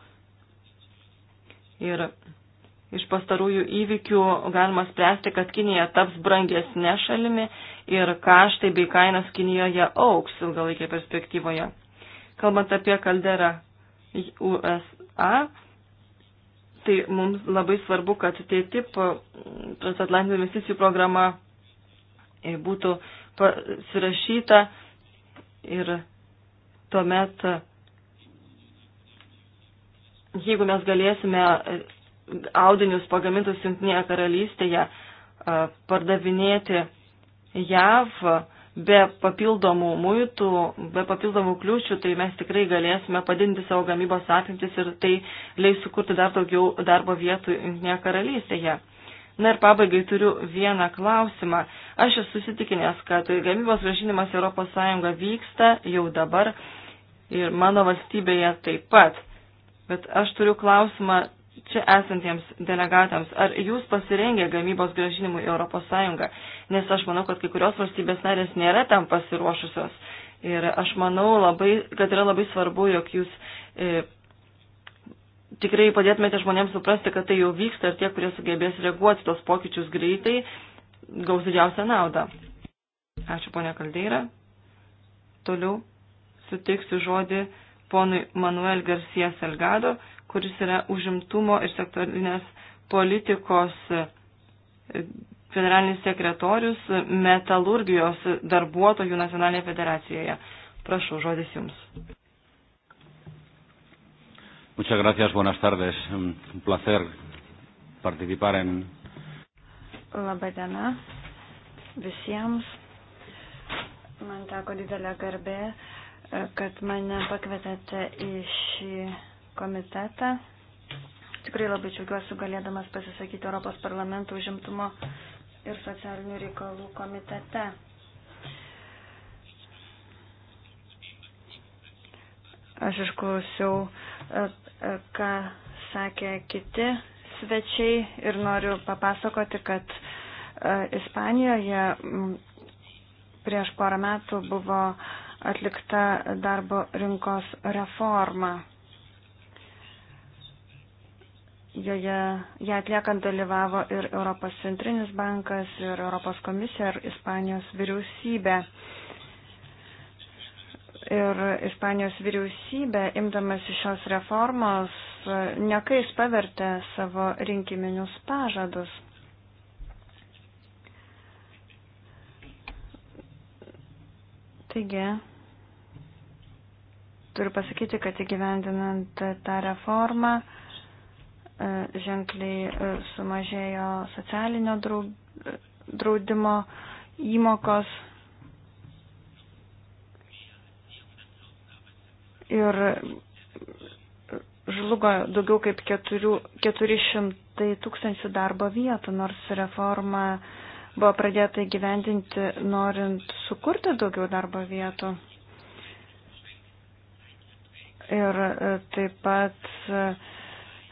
Ir iš pastarųjų įvykių galima spręsti, kad Kinija taps brangesnė šalimi ir kaštai bei kainas Kinijoje auks ilgalaikėje perspektyvoje. Kalbant apie kalderą USA, tai mums labai svarbu, kad TTIP, mm, transatlantinė investicijų programa, e, būtų pasirašyta ir tuomet, jeigu mes galėsime e, audinius pagamintus Junktinėje karalystėje e, pardavinėti JAV, be papildomų muitų, be papildomų kliūčių, tai mes tikrai galėsime padinti savo gamybos apimtis ir tai leis sukurti dar daugiau darbo vietų Junktinėje karalystėje. Na ir pabaigai turiu vieną klausimą. Aš esu susitikinęs, kad gamybos gražinimas ES vyksta jau dabar ir mano valstybėje taip pat. Bet aš turiu klausimą čia esantiems delegatams, ar jūs pasirengę gamybos gražinimui į ES, nes aš manau, kad kai kurios valstybės narės nėra tam pasiruošusios. Ir aš manau, labai, kad yra labai svarbu, jog jūs e, tikrai padėtumėte žmonėms suprasti, kad tai jau vyksta ir tie, kurie sugebės reaguoti tos pokyčius greitai, gaus didžiausią naudą. Ačiū, ponia Kaldeira. Toliau sutiksiu žodį ponui Manuel Garcia Selgado kuris yra užimtumo ir sektorinės politikos e, generalinis sekretorius metalurgijos darbuotojų nacionalinėje federacijoje. Prašau, žodis Jums. Muchas gracias, buenas tardes. Un placer participar en. Labą dieną visiems. Man teko didelė garbė, e, kad mane pakvietėte į šį komitetą. Tikrai labai džiaugiuosi galėdamas pasisakyti Europos parlamento užimtumo ir socialinių reikalų komitete. Aš išklausiau, e, e, ką sakė kiti svečiai ir noriu papasakoti, kad e, Ispanijoje prieš porą metų buvo atlikta darbo rinkos reforma. Joje ją atliekant dalyvavo ir Europos centrinis bankas, ir Europos komisija, ir Ispanijos vyriausybė. Ir Ispanijos vyriausybė, imdamas iš šios reformos, nekais pavertė savo rinkiminius pažadus. Taigi, turiu pasakyti, kad įgyvendinant tą reformą, E, ženkliai e, sumažėjo socialinio e, draudimo įmokos. Ir žlugo daugiau kaip 400 tūkstančių darbo vietų, nors reforma buvo pradėta įgyvendinti norint sukurti daugiau darbo vietų. Ir taip pat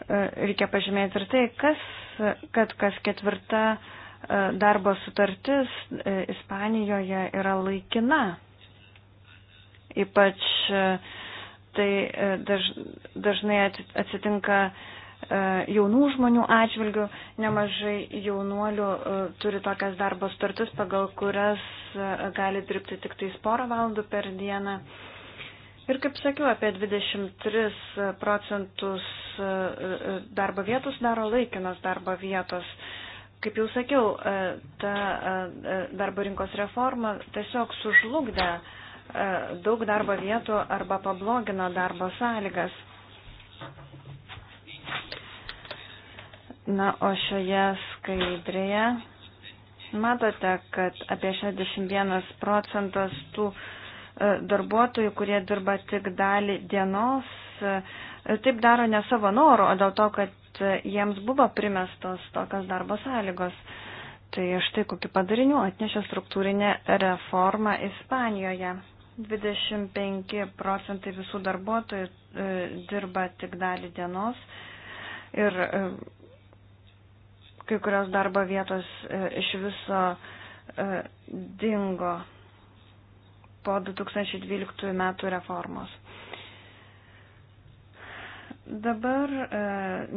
E, reikia pažymėti ir tai, kas, kad kas ketvirta e, darbo sutartis e, Ispanijoje yra laikina. Ypač tai daž, dažnai atsitinka jaunų žmonių atžvilgių. Nemažai jaunuolių turi tokias darbo sutartis, pagal kurias gali dirbti tik tais porą valandų per dieną. Ir kaip sakiau, apie 23 procentus e, e, darbo vietos daro laikinos darbo vietos. Kaip jau sakiau, e, ta darbo rinkos reforma tiesiog sužlugdė daug darbo vietų arba pablogino darbo sąlygas. Na, o šioje skaidrėje matote, kad apie 61 procentas tų uh, E, darbuotojų, kurie dirba tik dalį dienos, e, taip daro ne savo noru, o dėl to, kad e, jiems buvo primestos tokios darbo sąlygos. Tai štai kokį padarinių atnešė struktūrinė reforma Ispanijoje. 25 procentai visų darbuotojų e, dirba tik dalį dienos ir e, kai kurios darbo vietos e, iš viso e, dingo po 2012 metų reformos. Dabar e,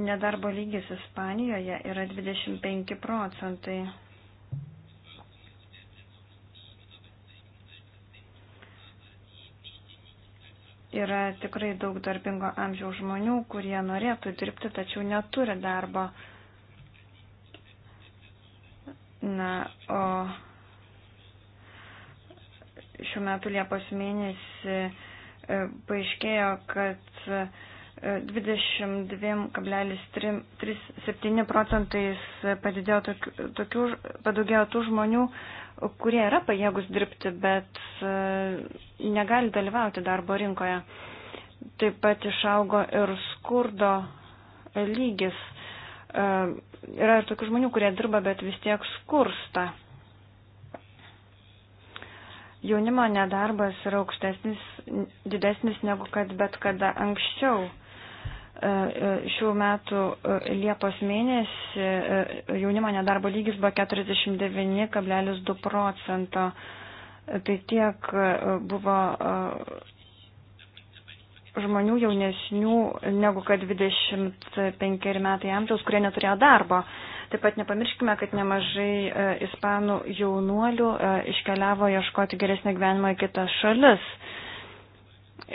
nedarbo lygis Ispanijoje yra 25 procentai. Yra tikrai daug darbingo amžiaus žmonių, kurie norėtų dirbti, tačiau neturi darbo. Na, o šių metų Liepos mėnesį e, paaiškėjo, kad 22,37 e, procentais padidėjo tokių, tokių, padaugėjo tų žmonių, kurie yra pajėgus dirbti, bet e, negali dalyvauti darbo rinkoje. Taip pat išaugo ir skurdo lygis. Yra ir tokių žmonių, kurie dirba, bet vis tiek skursta. Jaunimo nedarbas yra aukštesnis, didesnis negu kad bet kada anksčiau. E, e, šių metų e, Liepos mėnesį jaunimo nedarbo lygis buvo 49,2 procento. Tai tiek buvo žmonių jaunesnių negu kad 25 metai amžiaus, kurie neturėjo darbo. Taip pat nepamirškime, kad nemažai e, ispanų jaunuolių e, iškeliavo ieškoti geresnio gyvenimo į kitas šalis.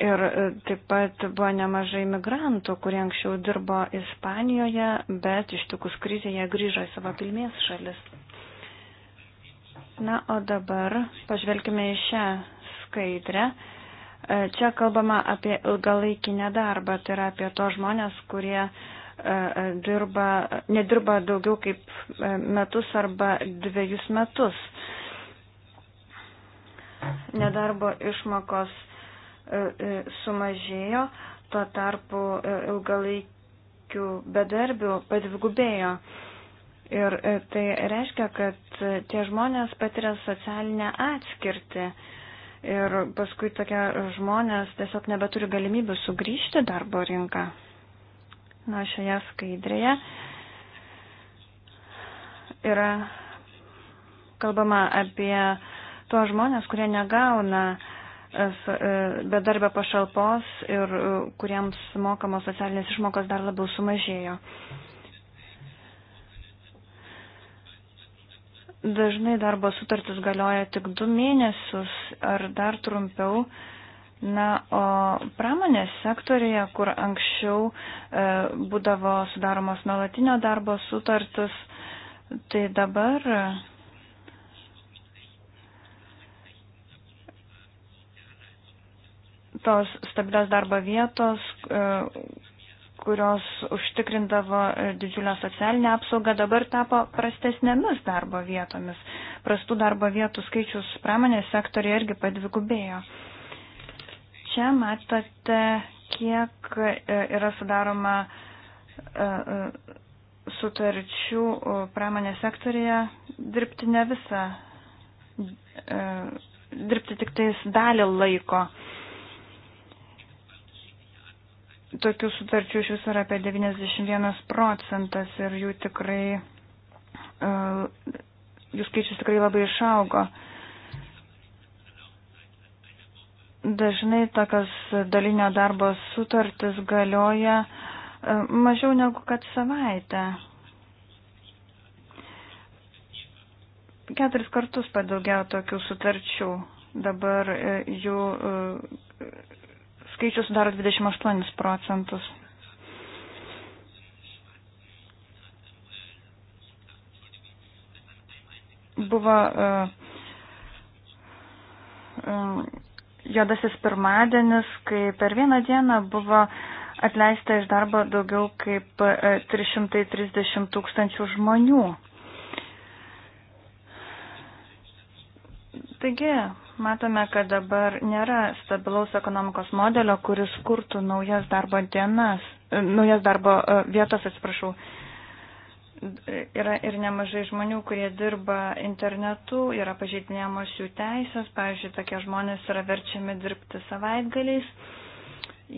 Ir e, taip pat buvo nemažai migrantų, kurie anksčiau dirbo Ispanijoje, bet ištikus krizėje grįžo į savo kilmės šalis. Na, o dabar pažvelkime į šią skaidrę. Čia kalbama apie ilgalaikį nedarbą, tai yra apie to žmonės, kurie uh, dirba, nedirba daugiau kaip e, metus arba dviejus metus. Nedarbo išmokos e, e, sumažėjo, tuo tarpu ilgalaikių bedarbių padvigubėjo. Ir tai reiškia, kad tie žmonės patiria socialinę atskirtį. Ir paskui tokie žmonės tiesiog nebeturi galimybių sugrįžti darbo rinką na, šioje skaidrėje yra kalbama apie tuos žmonės, kurie negauna e, e, bedarbio pašalpos ir e, kuriems mokamos socialinės išmokos dar labiau sumažėjo. Dažnai darbo sutartis galioja tik du mėnesius ar dar trumpiau Na, o pramonės sektorėje, kur anksčiau e, būdavo sudaromos nuolatinio darbo sutartis, tai dabar tos stabilios darbo vietos, e, kurios užtikrindavo didžiulę socialinę apsaugą, dabar tapo prastesnėmis darbo vietomis. Prastų darbo vietų skaičius pramonės sektorėje irgi padvigubėjo. Čia matote, kiek e, yra sudaroma e, e, sutarčių pramonės sektorija dirbti ne visą, dirbti tik tais dalį laiko. Tokių sutarčių iš viso yra apie 91 procentas ir jų tikrai, jų skaičius tikrai labai išaugo. Dažnai tokios dalinio darbo sutartis galioja e, mažiau negu kad savaitę. Keturis kartus padaugėjo tokių sutarčių. Dabar e, jų e, skaičius sudaro 28 procentus. Buvo uh, uh, juodasis pirmadienis, kai per vieną dieną buvo atleista iš darbo daugiau kaip 330 e, tūkstančių žmonių. Taigi, matome, kad dabar nėra stabilaus ekonomikos modelio, kuris kurtų naujas darbo dienas, e, naujas darbo e, vietas, atsiprašau. Yra ir nemažai žmonių, kurie dirba internetu, yra pažeidinėjamos jų teisės, pavyzdžiui, tokie žmonės yra verčiami dirbti savaitgaliais.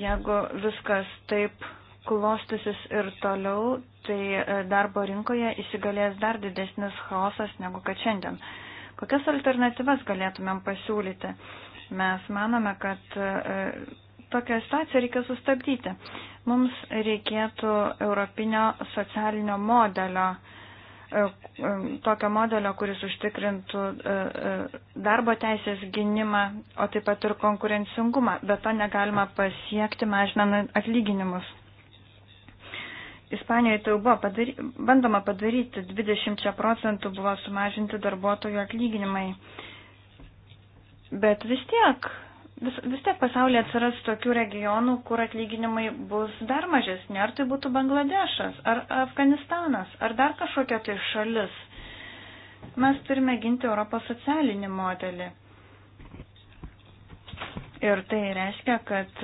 Jeigu viskas taip klostysis ir toliau, tai e, darbo rinkoje įsigalės dar didesnis chaosas negu kad šiandien. Kokias alternatyvas galėtumėm pasiūlyti? Mes manome, kad e, tokią situaciją reikia sustabdyti. Mums reikėtų europinio socialinio modelio, e, e, tokio modelio, kuris užtikrintų e, darbo teisės gynimą, o taip pat ir konkurencingumą, bet to negalima pasiekti mažinant atlyginimus. Ispanijoje tai buvo padary, bandoma padaryti, 20 procentų buvo sumažinti darbuotojų atlyginimai. Bet vis tiek vis, vis tiek pasaulyje atsiras tokių regionų, kur atlyginimai bus dar mažesni. Ar tai būtų Bangladešas, ar Afganistanas, ar dar kažkokia tai šalis. Mes turime ginti Europos socialinį modelį. Ir tai reiškia, kad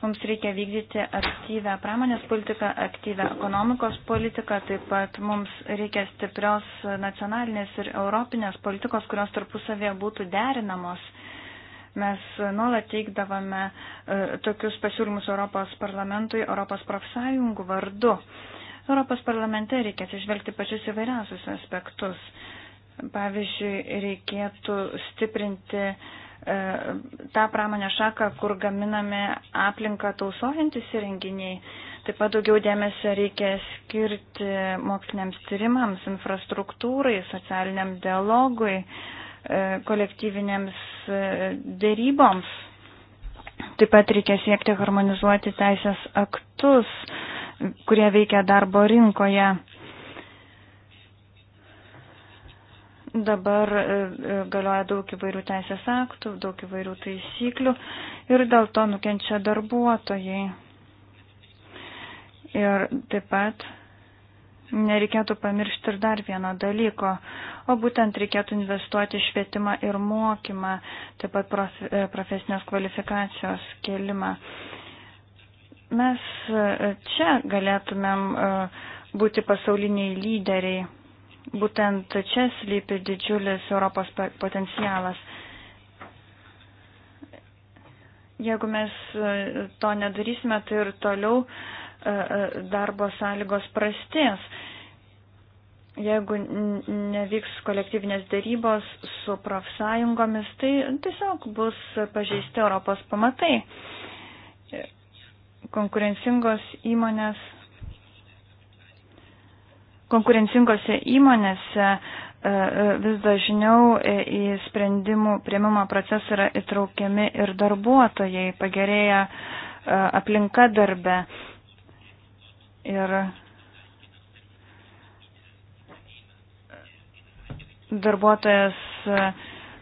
mums reikia vykdyti aktyvę pramonės politiką, aktyvę ekonomikos politiką, taip pat mums reikia stiprios nacionalinės ir europinės politikos, kurios tarpusavėje būtų derinamos. Mes nuolat teikdavome e, tokius pasiūlymus Europos parlamentui, Europos profsąjungų vardu. Europos parlamente reikia atsižvelgti pačius įvairiausius aspektus. Pavyzdžiui, reikėtų stiprinti e, tą pramonę šaką, kur gaminami aplinką tausojantis įrenginiai. Taip pat daugiau dėmesio reikia skirti moksliniams tyrimams, infrastruktūrai, socialiniam dialogui. Uh, E, kolektyvinėms e, dėryboms. Taip pat reikia siekti harmonizuoti teisės aktus, kurie veikia darbo rinkoje. Dabar e, galioja daug įvairių teisės aktų, daug įvairių taisyklių ir dėl to nukenčia darbuotojai. Ir taip pat nereikėtų pamiršti ir dar vieno dalyko, o būtent reikėtų investuoti švietimą ir mokymą, taip pat e, profesinės kvalifikacijos kelimą. Mes e, čia galėtumėm e, būti pasauliniai lyderiai. Būtent čia slypi didžiulis Europos potencialas. Jeigu mes to nedarysime, tai ir toliau uh, E, e, darbo sąlygos prastės. Jeigu nevyks kolektyvinės dėrybos su profsąjungomis, tai tiesiog bus pažeisti Europos pamatai. Konkurencingos įmonės. Konkurencingose įmonėse e, vis dažniau į sprendimų prieimimo procesą yra įtraukiami ir darbuotojai, pagerėja aplinka darbe. Ir darbuotojas e,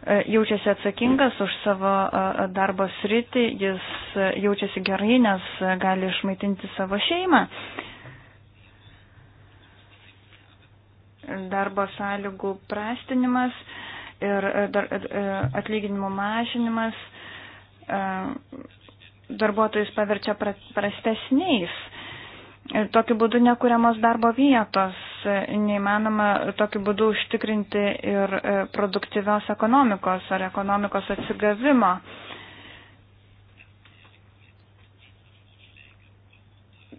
e, jaučiasi atsakingas už savo e, darbo sritį, jis jaučiasi gerai, nes gali išmaitinti savo šeimą. Darbo sąlygų prastinimas ir atlyginimų mažinimas darbuotojus paverčia prastesniais. Ir tokiu būdu nekuriamos darbo vietos, neįmanoma tokiu būdu užtikrinti ir e, produktyvios ekonomikos ar ekonomikos atsigavimo.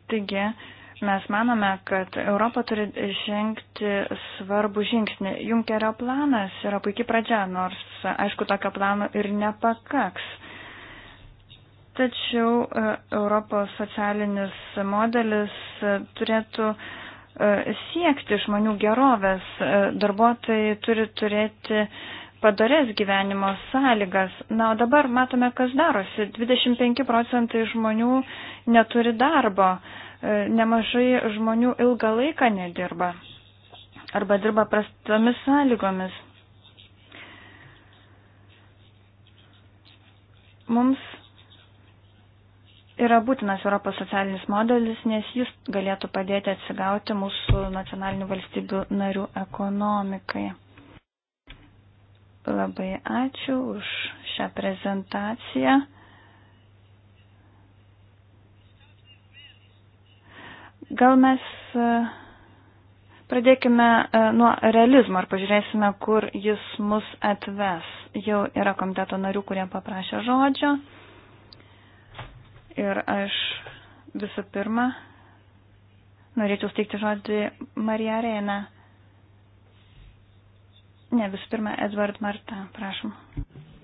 Taigi, mes manome, kad Europa turi žengti svarbų žingsnį. Junkerio planas yra puikiai pradžia, nors, aišku, tokio plano ir nepakaks. Tačiau e, Europos socialinis modelis e, turėtų e, siekti žmonių gerovės. Darbuotojai turi turėti padarės gyvenimo sąlygas. Na, o dabar matome, kas darosi. 25 procentai žmonių neturi darbo. Nemažai žmonių ilgą laiką nedirba. Arba dirba prastomis sąlygomis. Mums yra būtinas Europos socialinis modelis, nes jis galėtų padėti atsigauti mūsų nacionalinių valstybių narių ekonomikai. Labai ačiū už šią prezentaciją. Gal mes e, pradėkime e, nuo realizmo ir pažiūrėsime, kur jis mus atves. Jau yra komiteto narių, kurie paprašė žodžio ir aš visų pirma norėčiau steigti žodį Marija Reina. Ne, visų pirma, Edward Marta, prašom.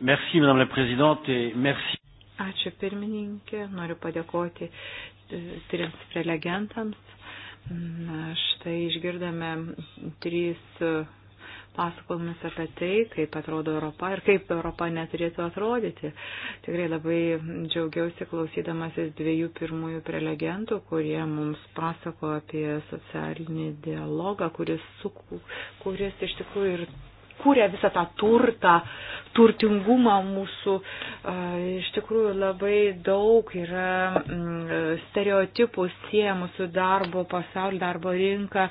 Merci, madame la présidente, et merci. Ačiū pirmininkė, noriu padėkoti e, trims prelegentams. Na, štai išgirdome trys e, pasakojimus apie tai, kaip atrodo Europa ir kaip Europa neturėtų atrodyti. Tikrai labai džiaugiausi klausydamasis dviejų pirmųjų prelegentų, kurie mums pasako apie socialinį dialogą, kuris, kuris iš tikrųjų ir sukūrė visą tą turtą, turtingumą mūsų. Iš tikrųjų labai daug yra mm, stereotipų siejamų su darbo pasauliu, darbo rinka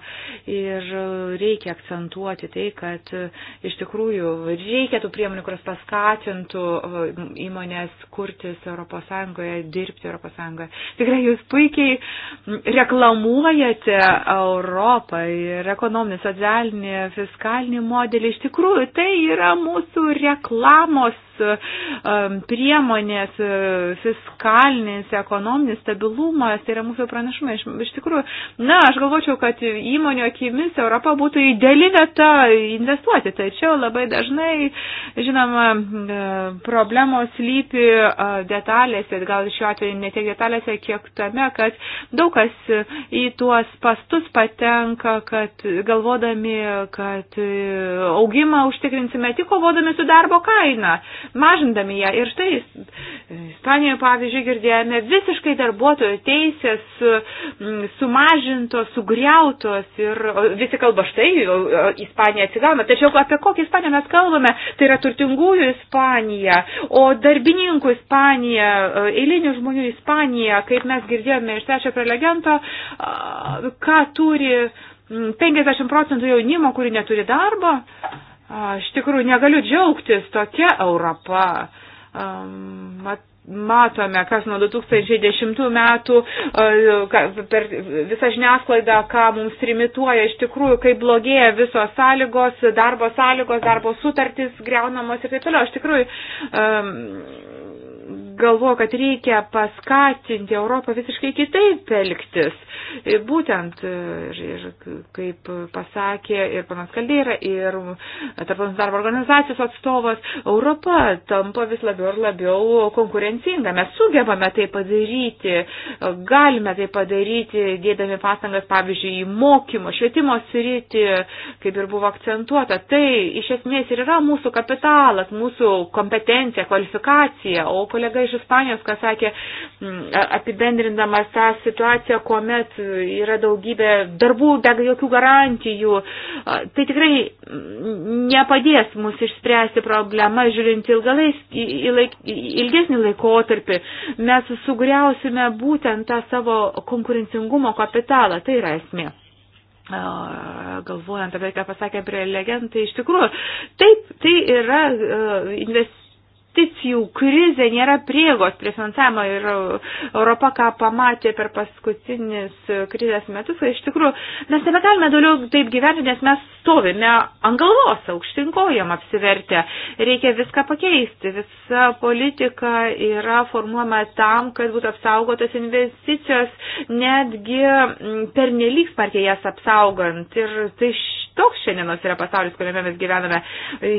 ir reikia akcentuoti tai, kad e, iš tikrųjų reikia tų priemonių, kurios paskatintų e, įmonės kurtis ES, dirbti ES. Tikrai jūs puikiai reklamuojate Europą ir ekonominį, socialinį, fiskalinį modelį. Iš tikrųjų, tikrųjų tai yra mūsų reklamos Um, priemonės, e, fiskalinis, ekonominis stabilumas, tai yra mūsų pranašumai. Iš, iš tikrųjų, na, aš galvočiau, kad įmonių akimis Europa būtų ideali vieta investuoti, tačiau labai dažnai, žinoma, e, problemos lypi e, detalėse, gal šiuo atveju ne tiek detalėse, kiek tame, kad daug kas į tuos pastus patenka, kad galvodami, kad augimą užtikrinsime tik kovodami su darbo kaina mažindami ją. Ir štai Ispanijoje, pavyzdžiui, girdėjome visiškai darbuotojų teisės mm, sumažintos, sugriautos ir visi kalba štai, Ispanija atsigauna. Tačiau apie kokią Ispaniją mes kalbame? Tai yra turtingųjų Ispanija, o darbininkų Ispanija, eilinių žmonių Ispanija, kaip mes girdėjome iš trečio prelegento, ką turi 50 mm, procentų jaunimo, kuri neturi darbo. Iš tikrųjų, negaliu džiaugtis tokia Europa. Mat, matome, kas nuo 2010 metų e, per visą žiniasklaidą, ką mums trimituoja, iš tikrųjų, kaip blogėja visos sąlygos, darbo sąlygos, darbo sutartys greunamos ir taip toliau. Iš tikrųjų, galvoju, kad reikia paskatinti Europą visiškai kitaip elgtis. Ir būtent, e, ir, ir kaip pasakė ir panas Kaldeira, ir tarptautinis darbo organizacijos atstovas, Europa tampa vis labiau ir labiau konkurencinga. Mes sugebame tai padaryti, galime tai padaryti, dėdami pastangas, pavyzdžiui, į mokymo, švietimo sritį, kaip ir buvo akcentuota. Tai iš esmės ir yra mūsų kapitalas, mūsų kompetencija, kvalifikacija. O kolega iš Ispanijos, kas sakė, apibendrindamas tą situaciją, kuomet yra daugybė darbų, dega jokių garantijų. Tai tikrai nepadės mus išspręsti problemą, žiūrint ilgalais, ilaik, ilgesnį laikotarpį. Mes sugriausime būtent tą savo konkurencingumo kapitalą. Tai yra esmė galvojant apie tai, ką pasakė prelegentai, iš tikrųjų, taip, tai yra invest, investicijų krizė, nėra priegos prie finansavimo ir Europa ką pamatė per paskutinis krizės metus, kad tai iš tikrųjų mes nebegalime daugiau taip gyventi, nes mes stovime ant galvos, aukštinkojam apsivertę. Reikia viską pakeisti, visa politika yra formuojama tam, kad būtų apsaugotas investicijos, netgi mm, pernelyg smarkiai jas apsaugant. Ir tai š toks šiandienos yra pasaulis, kuriame mes gyvename. E,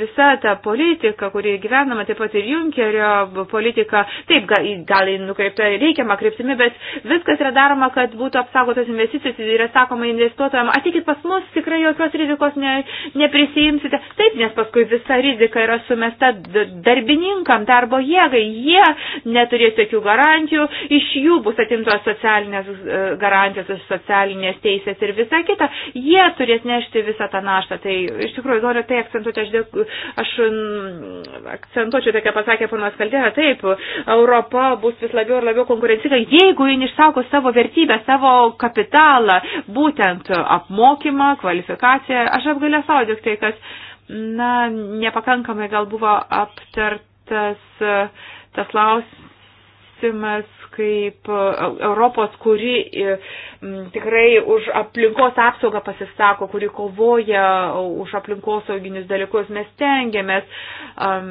visa ta politika, kuri gyvenama, taip pat ir Junkerio politika, taip, gal, gal nukreipta reikiama kryptimi, bet viskas yra daroma, kad būtų apsaugotos investicijos ir yra sakoma investuotojams, ateikit pas mus, tikrai jokios rizikos ne, neprisijimsite. Taip, nes paskui visa rizika yra sumesta darbininkam, darbo jėgai, jie neturės jokių garantijų, iš jų bus atimtos socialinės e, garantijos, socialinės teisės ir visa kita. Jie turės turit nešti visą tą naštą. Tai iš tikrųjų noriu tai akcentuoti, aš, dėk, aš akcentuočiau, tai ką pasakė ponas Kaldėra, taip, Europa bus vis labiau ir labiau konkurencinga, jeigu jin išsaugo savo vertybę, savo kapitalą, būtent apmokymą, kvalifikaciją. Aš apgalę savo dėl tai, kas, na, nepakankamai gal buvo aptartas tas klausimas, kaip e, Europos, kuri e, tikrai už aplinkos apsaugą pasisako, kuri kovoja už aplinkosauginius dalykus. Mes tengiamės um,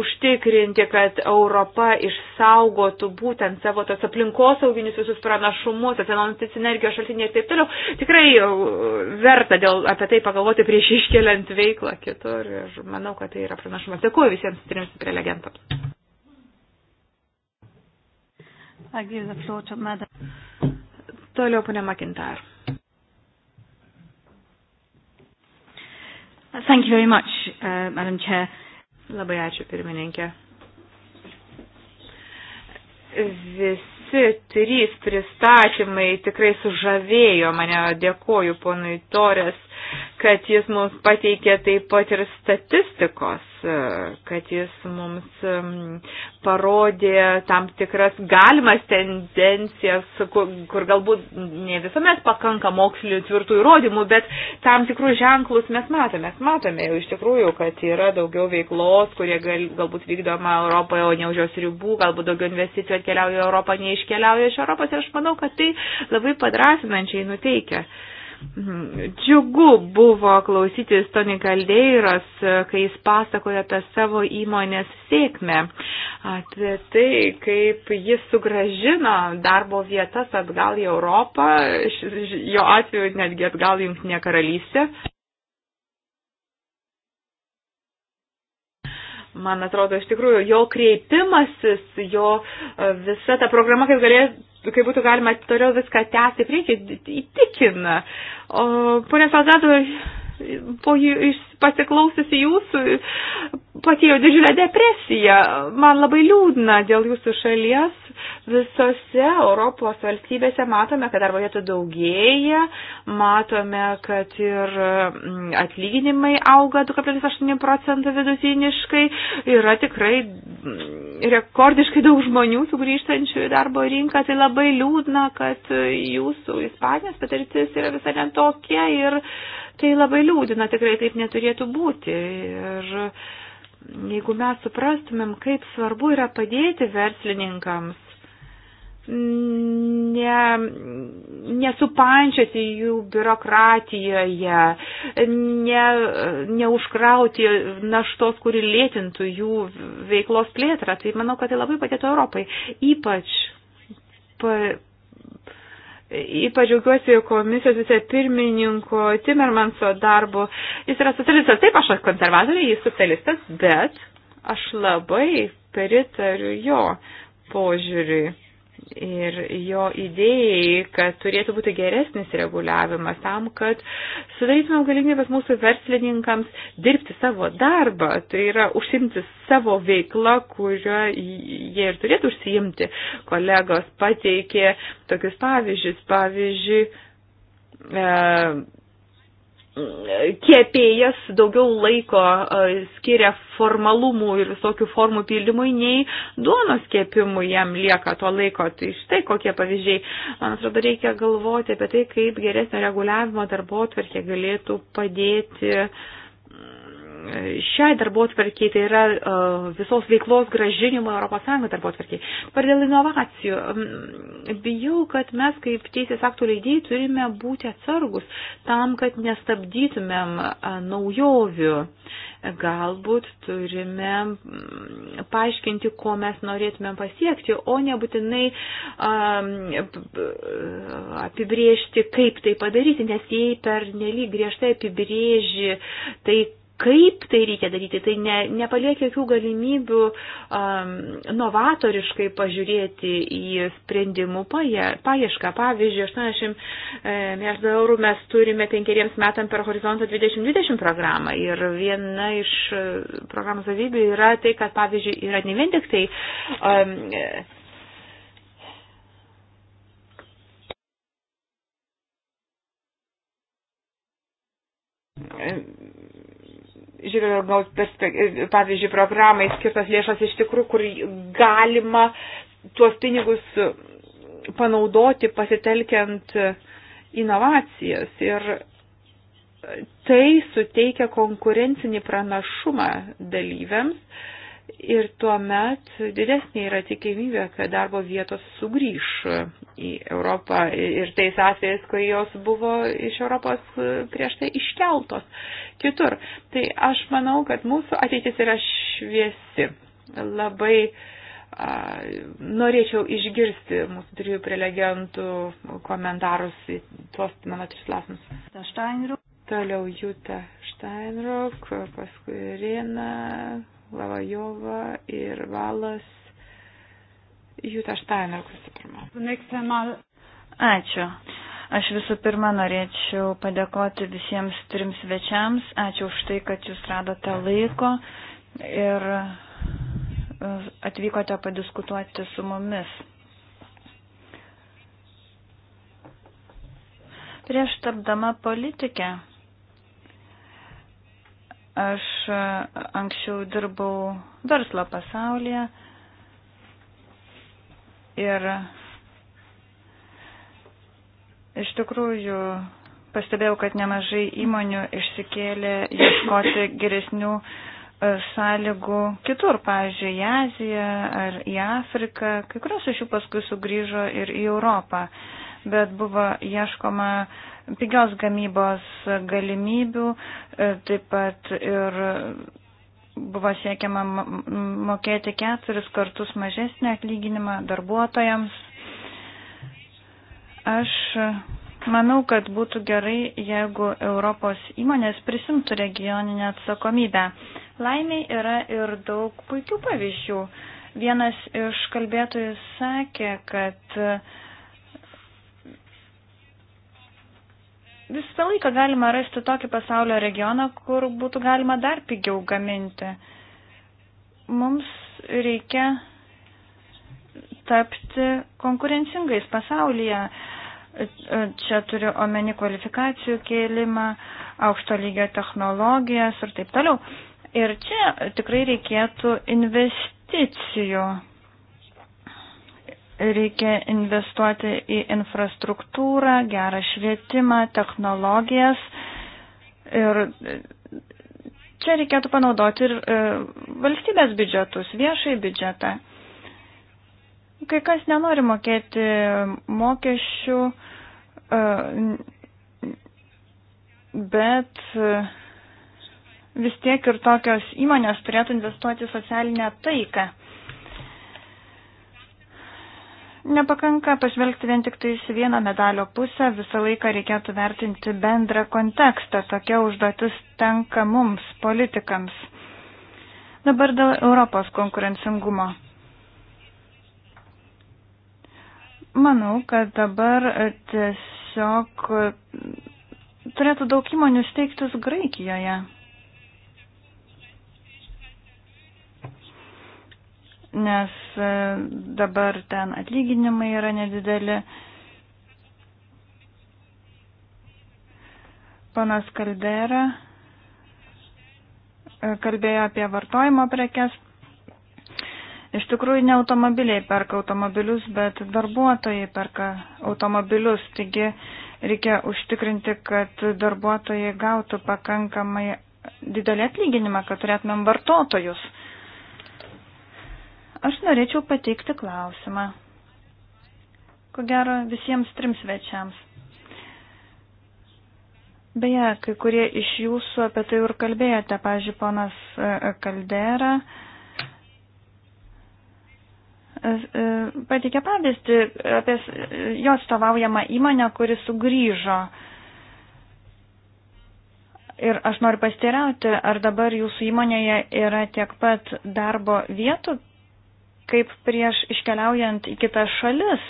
užtikrinti, kad Europa išsaugotų būtent savo tos aplinkosauginius visus pranašumus, atsinaujantys energijos šaltiniai ir taip toliau. Tikrai e, verta dėl, apie tai pagalvoti prieš iškeliant veiklą kitur ir manau, kad tai yra pranašumas. Dėkuoju visiems trims prelegentams. Toliau, ponė Makintar. Thank you very much, uh, Madam Chair. Labai ačiū, pirmininkė. Visi trys pristatymai tikrai sužavėjo mane. Dėkoju ponui Torės kad jis mums pateikė taip pat ir statistikos, e, kad jis mums parodė tam tikras galimas tendencijas, kur, kur galbūt ne visuomet pakanka mokslinių tvirtų įrodymų, bet tam tikrus ženklus mes matome. Mes matome jau iš tikrųjų, kad yra daugiau veiklos, kurie gal, galbūt vykdoma Europoje, o ne už jos ribų, galbūt daugiau investicijų atkeliauja į Europą, neiškeliauja iš Europos ir aš manau, kad tai labai padrasinančiai nuteikia. Džiugu buvo klausytis Toni Kaldeiros, kai jis pasakoja apie savo įmonės sėkmę, apie tai, kaip jis sugražino darbo vietas atgal į Europą, jo atveju netgi atgal į Junktinę karalystę. Man atrodo, iš tikrųjų, jo kreipimasis, jo e, visa ta programa, kaip galėtų kai būtų galima toliau viską tęsti, reikia įtikina. O ponė Salgado po pasiklausiusi jūsų patėjo didžiulę depresiją. Man labai liūdna dėl jūsų šalies. Visose Europos valstybėse matome, kad darbo vietų daugėja, matome, kad ir mm, atlyginimai auga 2,8 procentų vidutiniškai, yra tikrai mm, rekordiškai daug žmonių sugrįžtančių į darbo rinką, tai labai liūdna, kad jūsų Ispanijos patirtis yra visai netokia ir uh, Tai labai liūdina, tikrai taip neturėtų būti. Ir jeigu mes suprastumėm, kaip svarbu yra padėti verslininkams, ne, nesupančioti jų biurokratijoje, ne, neužkrauti naštos, kuri lėtintų jų veiklos plėtrą. Tai manau, kad tai labai padėtų Europai. Ypač pa, Ypač džiaugiuosi komisijos vicepirmininko Timmermanso darbu. Jis yra socialistas, taip aš konservatoriai, jis socialistas, bet aš labai pritariu jo požiūriui ir jo idėjai, kad turėtų būti geresnis reguliavimas tam, kad sudarytumėm galimybės mūsų verslininkams dirbti savo darbą, tai yra užsimti savo veiklą, kurią jie ir turėtų užsiimti. Kolegos pateikė tokius pavyzdžius, pavyzdžiui, e, kėpėjas daugiau laiko e, skiria formalumų ir visokių formų pildymui, nei duonos kėpimui jam lieka to laiko. Tai štai kokie pavyzdžiai. Man atrodo, reikia galvoti apie tai, kaip geresnio reguliavimo darbo atverkė galėtų padėti uh, šiai darbotvarkiai, tai yra e, visos veiklos gražinimo ES darbotvarkiai. Par dėl inovacijų, bijau, kad mes kaip teisės aktų leidėjai turime būti atsargus tam, kad nestabdytumėm e, naujovių. Galbūt turime paaiškinti, ko mes norėtumėm pasiekti, o nebūtinai apibriežti, kaip tai padaryti, nes jei per nelyg griežtai apibrėži tai, kaip tai reikia daryti, tai ne, nepalieka jokių galimybių um, novatoriškai pažiūrėti į sprendimų paiešką. Pavyzdžiui, 80 e, milijardų eurų mes turime penkeriems metam per horizontą 2020 programą ir viena iš e, programos savybių yra tai, kad pavyzdžiui yra ne vien tik tai um, e, žvelgaus e, pavyzdžiui, programai skirtas lėšas iš tikrųjų, kur galima tuos pinigus panaudoti pasitelkiant inovacijas ir tai suteikia konkurencinį pranašumą dalyviams ir tuomet didesnė yra tikimybė, kad darbo vietos sugrįž į Europą ir tais atvejais, kai jos buvo iš Europos prieš tai iškeltos kitur. Tai aš manau, kad mūsų ateitis yra šviesi. Labai a, norėčiau išgirsti mūsų trijų prelegentų komentarus į tuos mano tris klausimus. Toliau Jūta Steinruk, paskui Irina, Lavajova ir Valas Jūta Štainer, visų pirma. Ačiū. Aš visų pirma norėčiau padėkoti visiems trims svečiams. Ačiū už tai, kad jūs radote laiko ir e, atvykote padiskutuoti su mumis. Prieš tapdama politikę Aš e, anksčiau dirbau verslo pasaulyje ir iš tikrųjų pastebėjau, kad nemažai įmonių išsikėlė ieškoti geresnių e, sąlygų kitur, pavyzdžiui, į Aziją ar į Afriką, kai kurios iš jų paskui sugrįžo ir į Europą. Uh, bet buvo ieškoma pigios gamybos galimybių, e, taip pat ir buvo siekiama mokėti keturis kartus mažesnį atlyginimą darbuotojams. Aš manau, kad būtų gerai, jeigu Europos įmonės prisimtų regioninę atsakomybę. Laimiai yra ir daug puikių pavyzdžių. Vienas iš kalbėtojų sakė, kad uh, visą laiką galima rasti tokį pasaulio regioną, kur būtų galima dar pigiau gaminti. Mums reikia tapti konkurencingais pasaulyje. Čia turiu omeny kvalifikacijų kėlimą, aukšto lygio technologijas ir taip toliau. Ir čia tikrai reikėtų investicijų Reikia investuoti į infrastruktūrą, gerą švietimą, technologijas. Ir e, čia reikėtų panaudoti ir e, valstybės biudžetus, viešai biudžetą. Kai kas nenori mokėti mokesčių, e, bet vis tiek ir tokios įmonės turėtų investuoti socialinę taiką. Nepakanka pažvelgti vien tik tai iš vieną medalio pusę, visą laiką reikėtų vertinti bendrą kontekstą. Tokia užduotis tenka mums, politikams. Dabar dėl Europos konkurencingumo. Manau, kad dabar tiesiog turėtų daug įmonių steigtis Graikijoje. nes e, dabar ten atlyginimai yra nedideli. Panas Kaldera e, kalbėjo apie vartojimo prekes. Iš tikrųjų, ne automobiliai perka automobilius, bet darbuotojai perka automobilius. Taigi reikia užtikrinti, kad darbuotojai gautų pakankamai didelį atlyginimą, kad turėtumėm vartotojus. Aš norėčiau pateikti klausimą. Ko gero visiems trims svečiams. Beje, kai kurie iš jūsų apie tai ir kalbėjote, pažiūrėjau, ponas e, e, Kaldera e, pateikė pavyzdį apie jo atstovaujamą įmonę, kuri sugrįžo. Ir aš noriu pasteirauti, ar dabar jūsų įmonėje yra tiek pat darbo vietų, kaip prieš iškeliaujant į kitas šalis.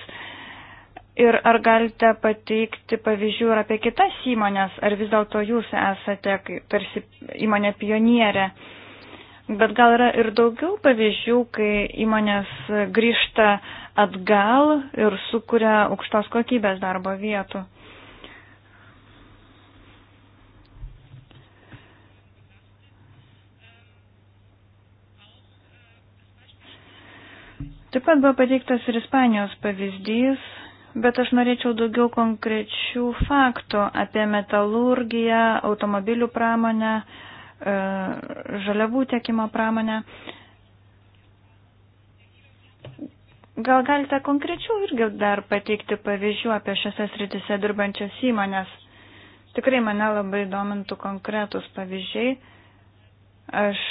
Ir ar galite pateikti pavyzdžių ir apie kitas įmonės, ar vis dėlto jūs esate kaip tarsi įmonė pionierė. Bet gal yra ir daugiau pavyzdžių, kai įmonės grįžta atgal ir sukuria aukštos kokybės darbo vietų. Taip pat buvo pateiktas ir Ispanijos pavyzdys, bet aš norėčiau daugiau konkrečių faktų apie metalurgiją, automobilių pramonę, e, žaliavų tiekimo pramonę. Gal galite konkrečiau irgi dar pateikti pavyzdžių apie šiose sritise dirbančias įmonės? Tikrai mane labai domintų konkretus pavyzdžiai. Aš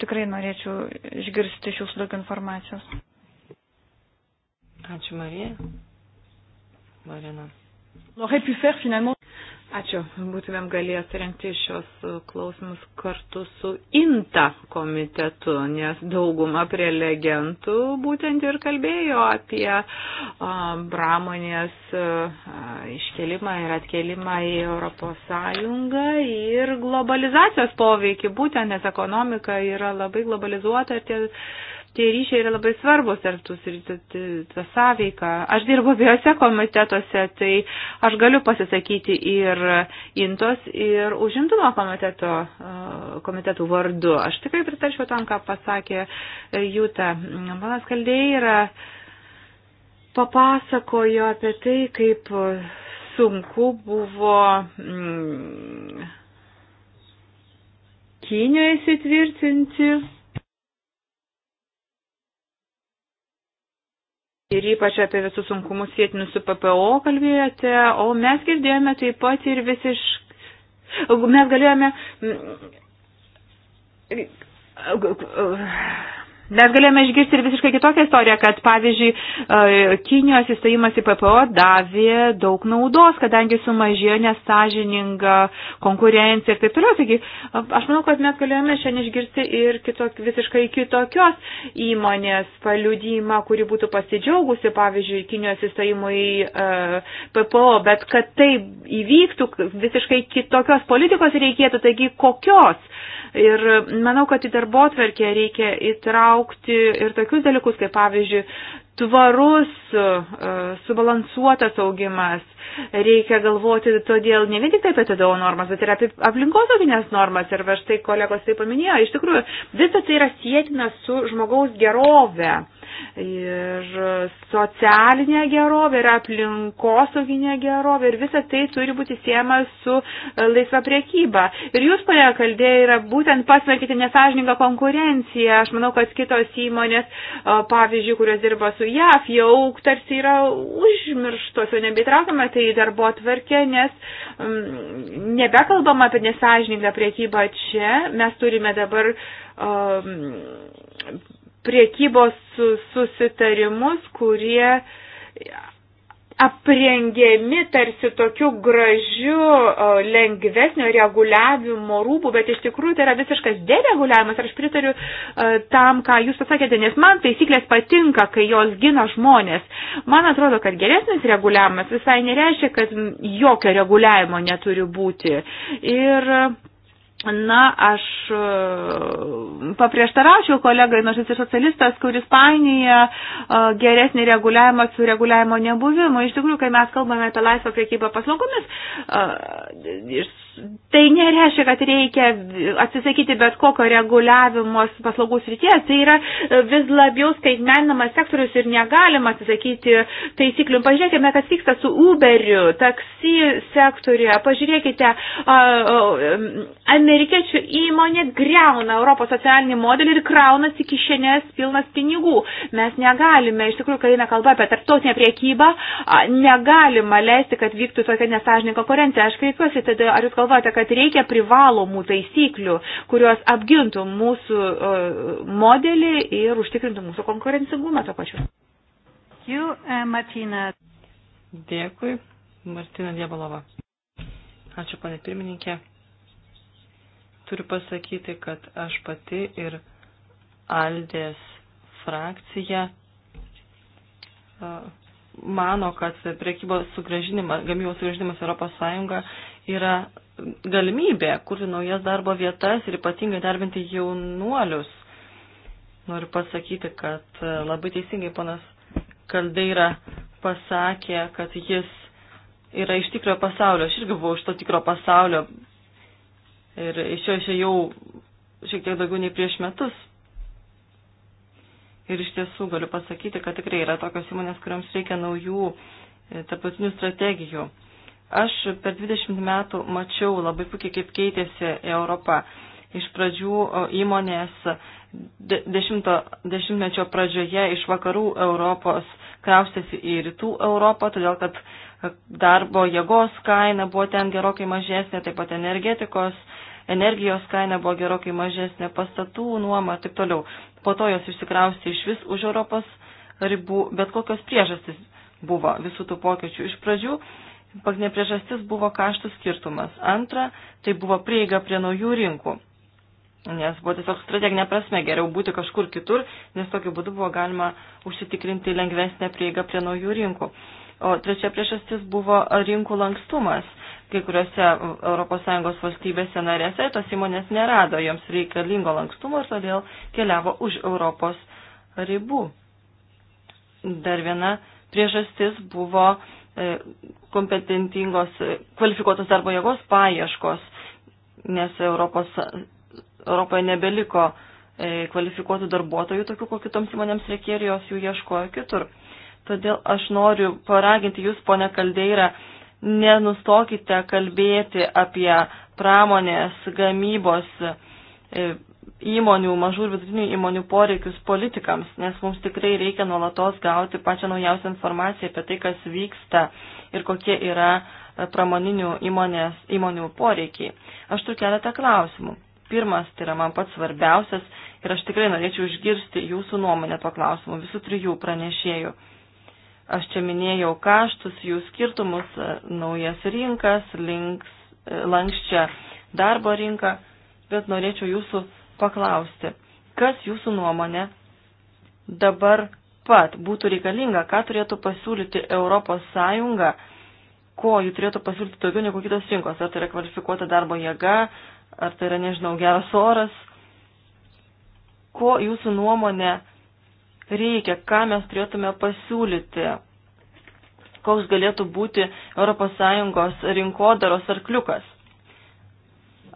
tikrai norėčiau išgirsti iš jūsų daug informacijos. Ačiū Marija. Marina. Ačiū. Būtumėm galėję surenkti šios e, klausimus kartu su INTA komitetu, nes dauguma prelegentų būtent ir kalbėjo apie pramonės e, iškelimą ir atkelimą į Europos Sąjungą ir globalizacijos poveikį, būtent nes ekonomika yra labai globalizuota ir tie tie ryšiai yra labai svarbus ir tus ir ta, ta, ta sąveika. Aš dirbu abiejose komitetuose, tai aš galiu pasisakyti ir Intos, ir užimtumo komiteto, komitetų vardu. Aš tikrai pritarčiau tam, ką pasakė e, Jūta. Manas Kaldeira papasakojo apie tai, kaip sunku buvo. Mm, Kinijoje įsitvirtinti ir ypač apie visus sunkumus sėtinius su PPO kalbėjote, o mes girdėjome taip pat ir visiškai, mes galėjome Mes galėjome išgirsti ir visiškai kitokią istoriją, kad pavyzdžiui, e, Kinijos įstojimas į PPO davė daug naudos, kadangi sumažėjo nesažininga konkurencija ir taip toliau. Taigi, aš manau, kad mes galėjome šiandien išgirsti ir kitok, visiškai kitokios įmonės paliudymą, kuri būtų pasidžiaugusi, pavyzdžiui, Kinijos įstojimu į e, PPO, bet kad tai įvyktų, visiškai kitokios politikos reikėtų, taigi kokios. Ir manau, kad į darbo atverkę reikia įtraukti įtraukti ir tokius dalykus, kaip pavyzdžiui, tvarus, e, subalansuotas augimas. Reikia galvoti todėl ne vien tik tai apie TDO normas, bet ir apie aplinkosauginės normas. Ir va štai kolegos tai paminėjo, iš tikrųjų, visa tai yra sėtina su žmogaus gerove ir socialinė gerovė, ir aplinkosauginė gerovė, ir visa tai turi būti siejama su e, laisva priekyba. Ir jūs, ponia, kalbėjai, yra būtent pasmerkite nesažininką konkurenciją. Aš manau, kad kitos įmonės, e, pavyzdžiui, kurios dirba su JAF, jau tarsi yra užmirštos, jau nebetraukime tai į darbo atvarkę, nes m, nebekalbama apie nesažininką priekybą čia. Mes turime dabar um, priekybos susitarimus, kurie aprengiami tarsi tokiu gražiu, lengvesnio reguliavimo rūbų, bet iš tikrųjų tai yra visiškas dereguliavimas. Aš pritariu tam, ką jūs pasakėte, nes man taisyklės patinka, kai jos gina žmonės. Man atrodo, kad geresnis reguliavimas visai nereiškia, kad jokio reguliavimo neturi būti. Ir Na, aš e, paprieštaraučiau kolegai, nors jis socialistas, kuris painėja e, geresnį reguliavimą su reguliavimo nebuvimu. Iš tikrųjų, kai mes kalbame apie laisvą priekybą paslaugomis, e, tai nereiškia, kad reikia atsisakyti bet kokio reguliavimo paslaugų srities. Tai yra vis labiau skaitmeninamas sektorius ir negalima atsisakyti taisyklių. Pažiūrėkime, kas vyksta su Uberiu, taksi sektoriuje. Pažiūrėkite, amerikiečių įmonė greuna Europos socialinį modelį ir kraunasi kišenės pilnas pinigų. Mes negalime, iš tikrųjų, kai eina kalba apie tarptautinę priekybą, negalima leisti, kad vyktų tokia nesažininė konkurencija. Aš kreipiuosi, tada ar jūs kalbate? galvojate, kad reikia privalomų taisyklių, kurios apgintų mūsų e, modelį ir užtikrintų mūsų konkurencingumą to pačiu? You, e, Martina. Dėkui, Martina Diebalova. Ačiū, panė pirmininkė. Turiu pasakyti, kad aš pati ir Aldės frakcija e, mano, kad prekybos sugražinimas, gamybos sugražinimas Europos Sąjunga yra galimybė kurti naujas darbo vietas ir ypatingai darbinti jaunuolius. Noriu pasakyti, kad e, labai teisingai ponas Kaldeira pasakė, kad jis yra iš tikrojo pasaulio. Aš irgi buvau iš to tikro pasaulio ir iš jo išėjau šiek tiek daugiau nei prieš metus. Ir iš tiesų galiu pasakyti, kad tikrai yra tokios įmonės, kuriams reikia naujų e, tarptautinių strategijų. Aš per 20 metų mačiau labai puikiai, kaip keitėsi Europa. Iš pradžių įmonės dešimto, dešimtmečio pradžioje iš vakarų Europos kraustėsi į rytų Europą, todėl kad darbo jėgos kaina buvo ten gerokai mažesnė, taip pat energetikos, energijos kaina buvo gerokai mažesnė, pastatų nuoma ir taip toliau. Po to jos išsikraustė iš vis už Europos ribų, bet kokios priežastys buvo visų tų pokyčių. Iš pradžių Pagrindinė priežastis buvo kaštų skirtumas. Antra, tai buvo prieiga prie naujų rinkų. Nes buvo tiesiog strateginė prasme geriau būti kažkur kitur, nes tokiu būdu buvo galima užsitikrinti lengvesnę prieigą prie naujų rinkų. O trečia priežastis buvo rinkų lankstumas. Kai kuriuose ES valstybėse narėse tos įmonės nerado, joms reikalingo lankstumo ir todėl keliavo už Europos ribų. Dar viena priežastis buvo uh, E, kompetentingos e, kvalifikuotos darbo jėgos paieškos, nes Europos, Europoje nebeliko e, kvalifikuotų darbuotojų, tokių kokių toms įmonėms reikėjo ir jos jų ieškojo kitur. Todėl aš noriu paraginti jūs, ponia Kaldeira, nenustokite kalbėti apie pramonės, gamybos įmonių, mažų ir vidutinių įmonių poreikius politikams, nes mums tikrai reikia nuolatos gauti pačią naujausią informaciją apie tai, kas vyksta ir kokie yra e, pramoninių įmonės, įmonių poreikiai. Aš turiu keletą klausimų. Pirmas, tai yra man pats svarbiausias ir aš tikrai norėčiau išgirsti jūsų nuomonę tuo klausimu, visų trijų pranešėjų. Aš čia minėjau kaštus, jų skirtumus, e, naujas rinkas, links, e, lankščią darbo rinką, bet norėčiau jūsų paklausti, kas jūsų nuomonė dabar pat būtų reikalinga, ką turėtų pasiūlyti Europos Sąjunga, ko jų turėtų pasiūlyti daugiau negu kitos rinkos, ar tai yra kvalifikuota darbo jėga, ar tai yra, nežinau, geras oras, ko jūsų nuomonė reikia, ką mes turėtume pasiūlyti, koks galėtų būti ES rinkodaros arkliukas.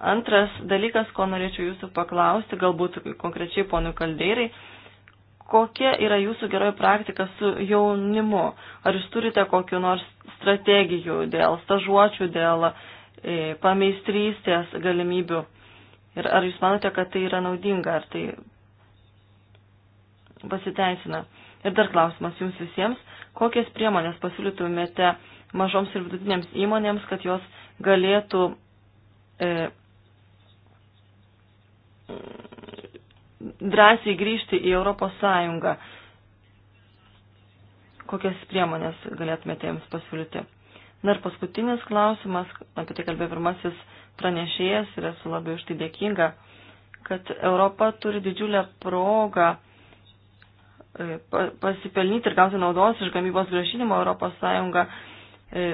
Antras dalykas, ko norėčiau jūsų paklausti, galbūt konkrečiai ponui Kaldeirai, kokia yra jūsų geroji praktika su jaunimu? Ar jūs turite kokiu nors strategijų dėl stažuočių, dėl e, pameistrystės galimybių? Ir ar jūs manote, kad tai yra naudinga, ar tai pasiteisina? Ir dar klausimas jums visiems, kokias priemonės pasiūlytumėte mažoms ir vidutinėms įmonėms, kad jos galėtų e, drąsiai grįžti į Europos Sąjungą. Kokias priemonės galėtumėte jiems pasiūlyti? Na ir paskutinis klausimas, apie tai kalbėjo pirmasis pranešėjas ir esu labai už tai dėkinga, kad Europa turi didžiulę progą e, pasipelnyti ir gauti naudos iš gamybos gražinimo Europos Sąjungą e,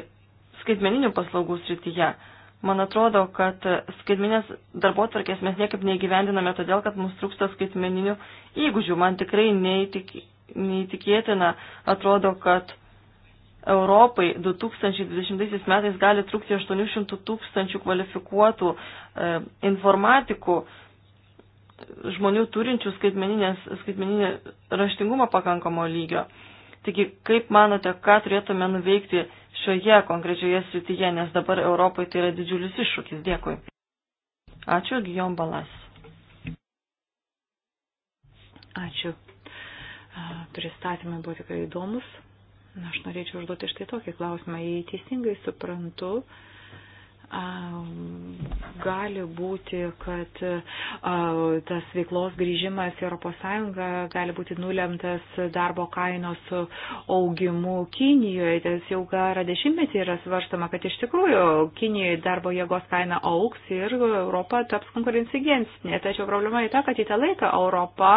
skaitmeninių paslaugų srityje. Man atrodo, kad skaitminės darbotvarkės mes niekaip neįgyvendiname todėl, kad mums trūksta skaitmeninių įgūdžių. Man tikrai neįtik, neįtikėtina atrodo, kad Europai 2020 metais gali trūkti 800 tūkstančių kvalifikuotų e, informatikų, žmonių turinčių skaitmeninį raštingumo pakankamo lygio. E, Taigi, kaip manote, ką turėtume nuveikti šioje konkrečioje srityje, nes dabar Europai tai yra didžiulis iššūkis. Dėkui. Ačiū, Gijom Balas. Ačiū. Pristatymai buvo tikrai įdomus. Aš norėčiau užduoti štai tokį klausimą. Jei teisingai suprantu, uh, gali būti, kad tas veiklos grįžimas į ES gali būti nulemtas darbo kainos augimu Kinijoje. Tas jau gerą dešimtmetį yra svarstama, kad iš tikrųjų Kinijoje darbo jėgos kaina auks ir Europa taps konkurencingesnė. Tačiau problema yra ta, kad į tą laiką Europa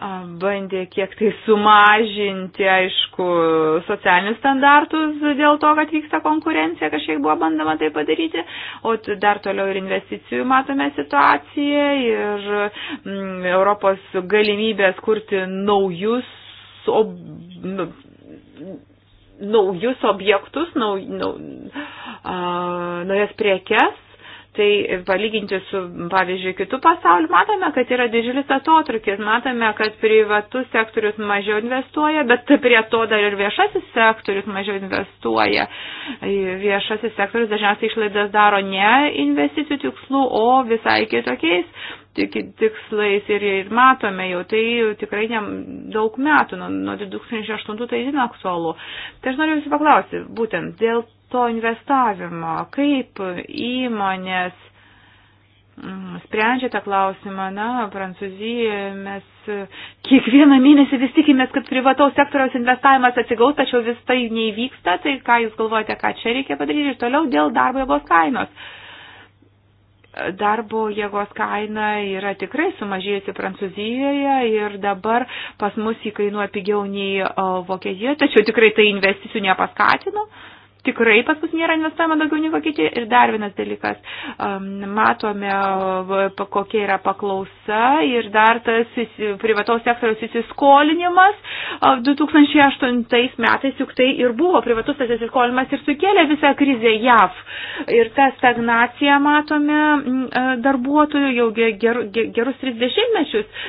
bandė kiek tai sumažinti, aišku, socialinius standartus dėl to, kad vyksta konkurencija, kažkiek buvo bandama tai padaryti, o dar toliau ir investicijų matome situaciją ir mm, Europos galimybės kurti naujus, ob, nu, naujus objektus, nau, nau, a, naujas priekes Tai palyginti su, pavyzdžiui, kitų pasauliu, matome, kad yra didžiulis atotrukis, matome, kad privatus sektorius mažiau investuoja, bet prie to dar ir viešasis sektorius mažiau investuoja. Viešasis sektorius dažniausiai išlaidas daro ne investicijų tikslų, o visai kitokiais tik tikslais ir, ir matome jau tai tikrai ne, daug metų, nuo, nuo 2008 tai žinoma aktualu. Tai aš noriu jūsų paklausti, būtent dėl to investavimo, kaip įmonės mm, sprendžia tą klausimą, na, Prancūzijoje mes kiekvieną mėnesį vis tikimės, kad privataus sektoriaus investavimas atsigaus, tačiau vis tai neįvyksta, tai ką jūs galvojate, ką čia reikia padaryti ir toliau dėl darbo jėgos kainos darbo jėgos kaina yra tikrai sumažėjusi Prancūzijoje ir dabar pas mus jį kainuoja pigiau nei Vokietijoje, tačiau tikrai tai investicijų nepaskatino. Uh, tikrai pas mus nėra investuojama daugiau nei Vokietijoje. Ir dar vienas dalykas, matome, kokia yra paklausa ir dar tas privataus sektoriaus įsiskolinimas. 2008 metais juk tai ir buvo privatus tas įsiskolinimas ir sukėlė visą krizę JAV. Ir tą stagnaciją matome darbuotojų jau gerus 30 mečius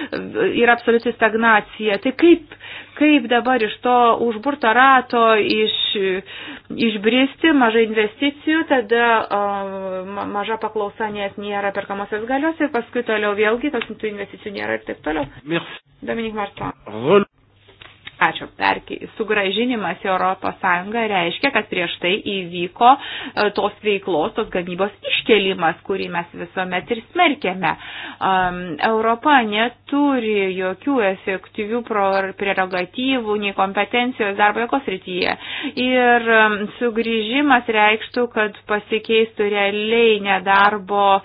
yra absoliuti stagnacija. Tai kaip Kaip dabar iš to užburto rato iš, išbristi mažai investicijų, tada o, maža paklausa, nes nėra perkamosios galios ir paskui toliau vėlgi tos investicijų nėra ir taip toliau. Dominik Marto. Ačiū sugražinimas į ES reiškia, kad prieš tai įvyko e, tos veiklos, tos gamybos iškelimas, kurį mes visuomet ir smerkėme. Europa neturi jokių efektyvių prerogatyvų, nei kompetencijos darbo jėgos rytyje. Ir sugrįžimas reikštų, kad pasikeistų realiai nedarbo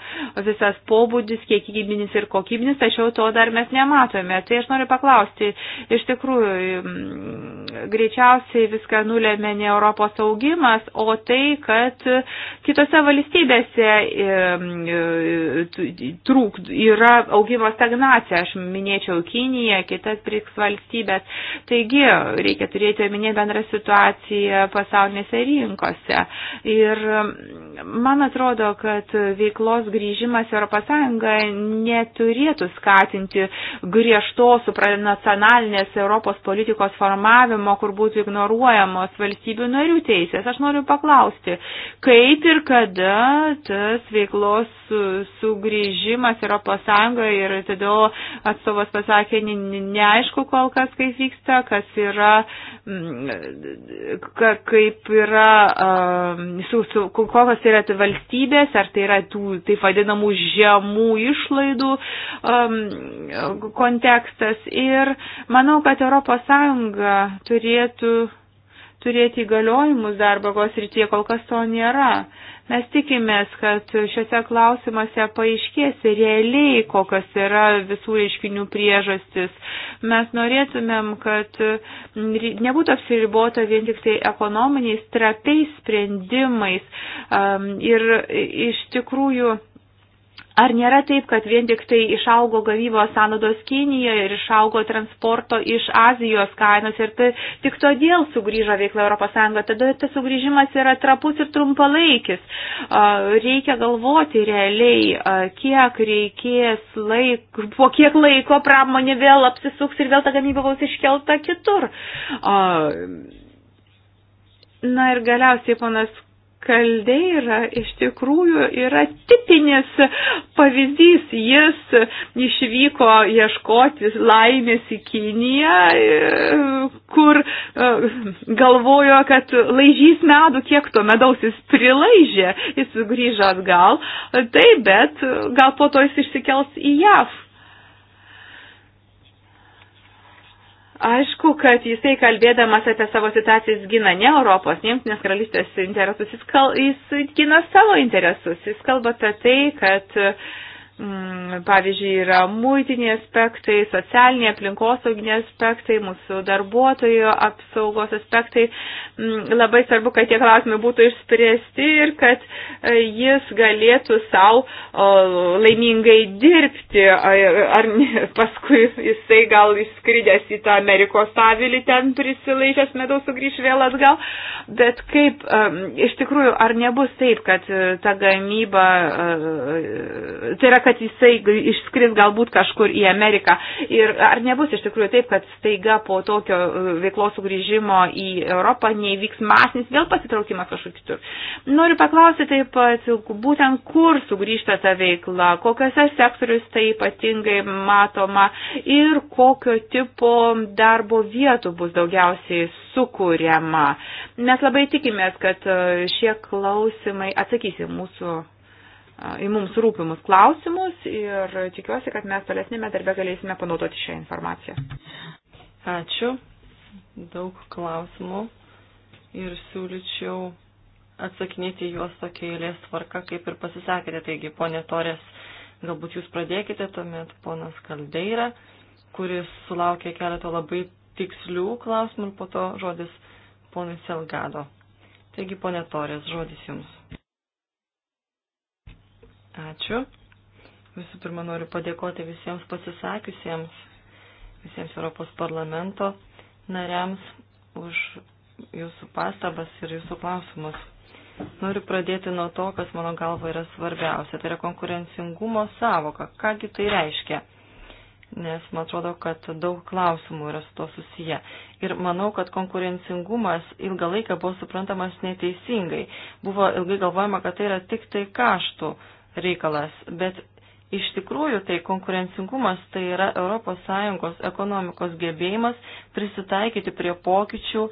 visas pobūdis, kiekybinis ir kokybinis, tačiau to dar mes nematome. Tai aš noriu paklausti, iš tikrųjų, greičiausiai viską nulėmė ne Europos augimas, o tai, kad kitose valstybėse e, trūk, yra augimo stagnacija, aš minėčiau Kiniją, kitas BRICS valstybės. Taigi, reikia turėti omenyje bendrą situaciją pasaulinėse rinkose. Ir man atrodo, kad veiklos grįžimas ES neturėtų skatinti griežtos supranacionalinės Europos politikos formavimo informavimo, kur būtų ignoruojamos valstybių narių teisės. Aš noriu paklausti, kaip ir kada tas veiklos sugrįžimas Europos Sąjungoje ir tada atstovas pasakė, neaišku kol kas, kaip vyksta, kas yra, mm, ka, kaip yra, um, su, su, kokios yra tai valstybės, ar tai yra tų taip vadinamų žemų išlaidų um, kontekstas. Ir manau, kad ES turėtų turėti įgaliojimus darbo gos rytie, kol kas to nėra. Mes tikimės, kad šiuose klausimuose paaiškės realiai, kokios yra visų reiškinių priežastis. Mes norėtumėm, kad nebūtų apsiribota vien tik tai ekonominiais, trapiais sprendimais. Ir iš tikrųjų Ar nėra taip, kad vien tik tai išaugo gavybos sąnaudos Kinijoje ir išaugo transporto iš Azijos kainos ir tai, tik todėl sugrįžo veikla ES, tada tas sugrįžimas yra trapus ir trumpalaikis. Reikia galvoti realiai, kiek reikės laiko, po kiek laiko pramonė vėl apsisuks ir vėl ta gamyba bus iškelta kitur. Na ir galiausiai ponas Kaldeira iš tikrųjų yra tipinis pavyzdys. Jis išvyko ieškoti laimės į Kiniją, kur e, galvojo, kad laižys medų, kiek to medaus jis prilaižė, jis grįžo atgal. Taip, bet gal po to jis išsikels į JAV Aišku, kad jisai kalbėdamas apie savo situaciją jis gina ne Europos, ne Junktinės karalystės interesus, jis, kal, jis gina savo interesus. Jis kalba apie tai, kad uh, Mm, pavyzdžiui, yra muitiniai aspektai, socialiniai aplinkosauginiai aspektai, mūsų darbuotojų apsaugos aspektai. Mm, labai svarbu, kad tie klausimai būtų išspręsti ir kad e, jis galėtų savo laimingai dirbti. Ar [LAUGHS] paskui jisai gal išskridęs į tą Amerikos avilį ten prisilaišęs medaus sugrįž vėl atgal. Bet kaip, e, iš tikrųjų, ar nebus taip, kad e, ta gamyba, tai yra, kad jisai išskris galbūt kažkur į Ameriką. Ir ar nebus iš tikrųjų taip, kad staiga po tokio e, veiklos sugrįžimo į Europą neįvyks masinis vėl pasitraukimas kažkur kitur. Noriu paklausyti taip pat, būtent kur sugrįžta ta veikla, kokiuose sektorius tai ypatingai matoma ir kokio tipo darbo vietų bus daugiausiai sukūriama. Mes labai tikimės, kad e, šie klausimai atsakys į mūsų į mums rūpimus klausimus ir tikiuosi, kad mes tolesnėme darbe galėsime panaudoti šią informaciją. Ačiū. Daug klausimų ir siūlyčiau atsakinėti juos tokia eilės tvarka, kaip ir pasisakėte. Taigi, ponė Torės, galbūt jūs pradėkite, tuomet ponas Kaldeira, kuris sulaukė keletą labai tikslių klausimų ir po to žodis ponui Selgado. Taigi, ponė Torės, žodis jums. Ačiū. Visų pirma, noriu padėkoti visiems pasisakiusiems, visiems Europos parlamento nariams už jūsų pastabas ir jūsų klausimus. Noriu pradėti nuo to, kas mano galva yra svarbiausia. Tai yra konkurencingumo savoka. Kągi tai reiškia? Nes man atrodo, kad daug klausimų yra su to susiję. Ir manau, kad konkurencingumas ilgą laiką buvo suprantamas neteisingai. Buvo ilgai galvojama, kad tai yra tik tai kaštų reikalas, bet iš tikrųjų tai konkurencingumas tai yra ES ekonomikos gebėjimas prisitaikyti prie pokyčių,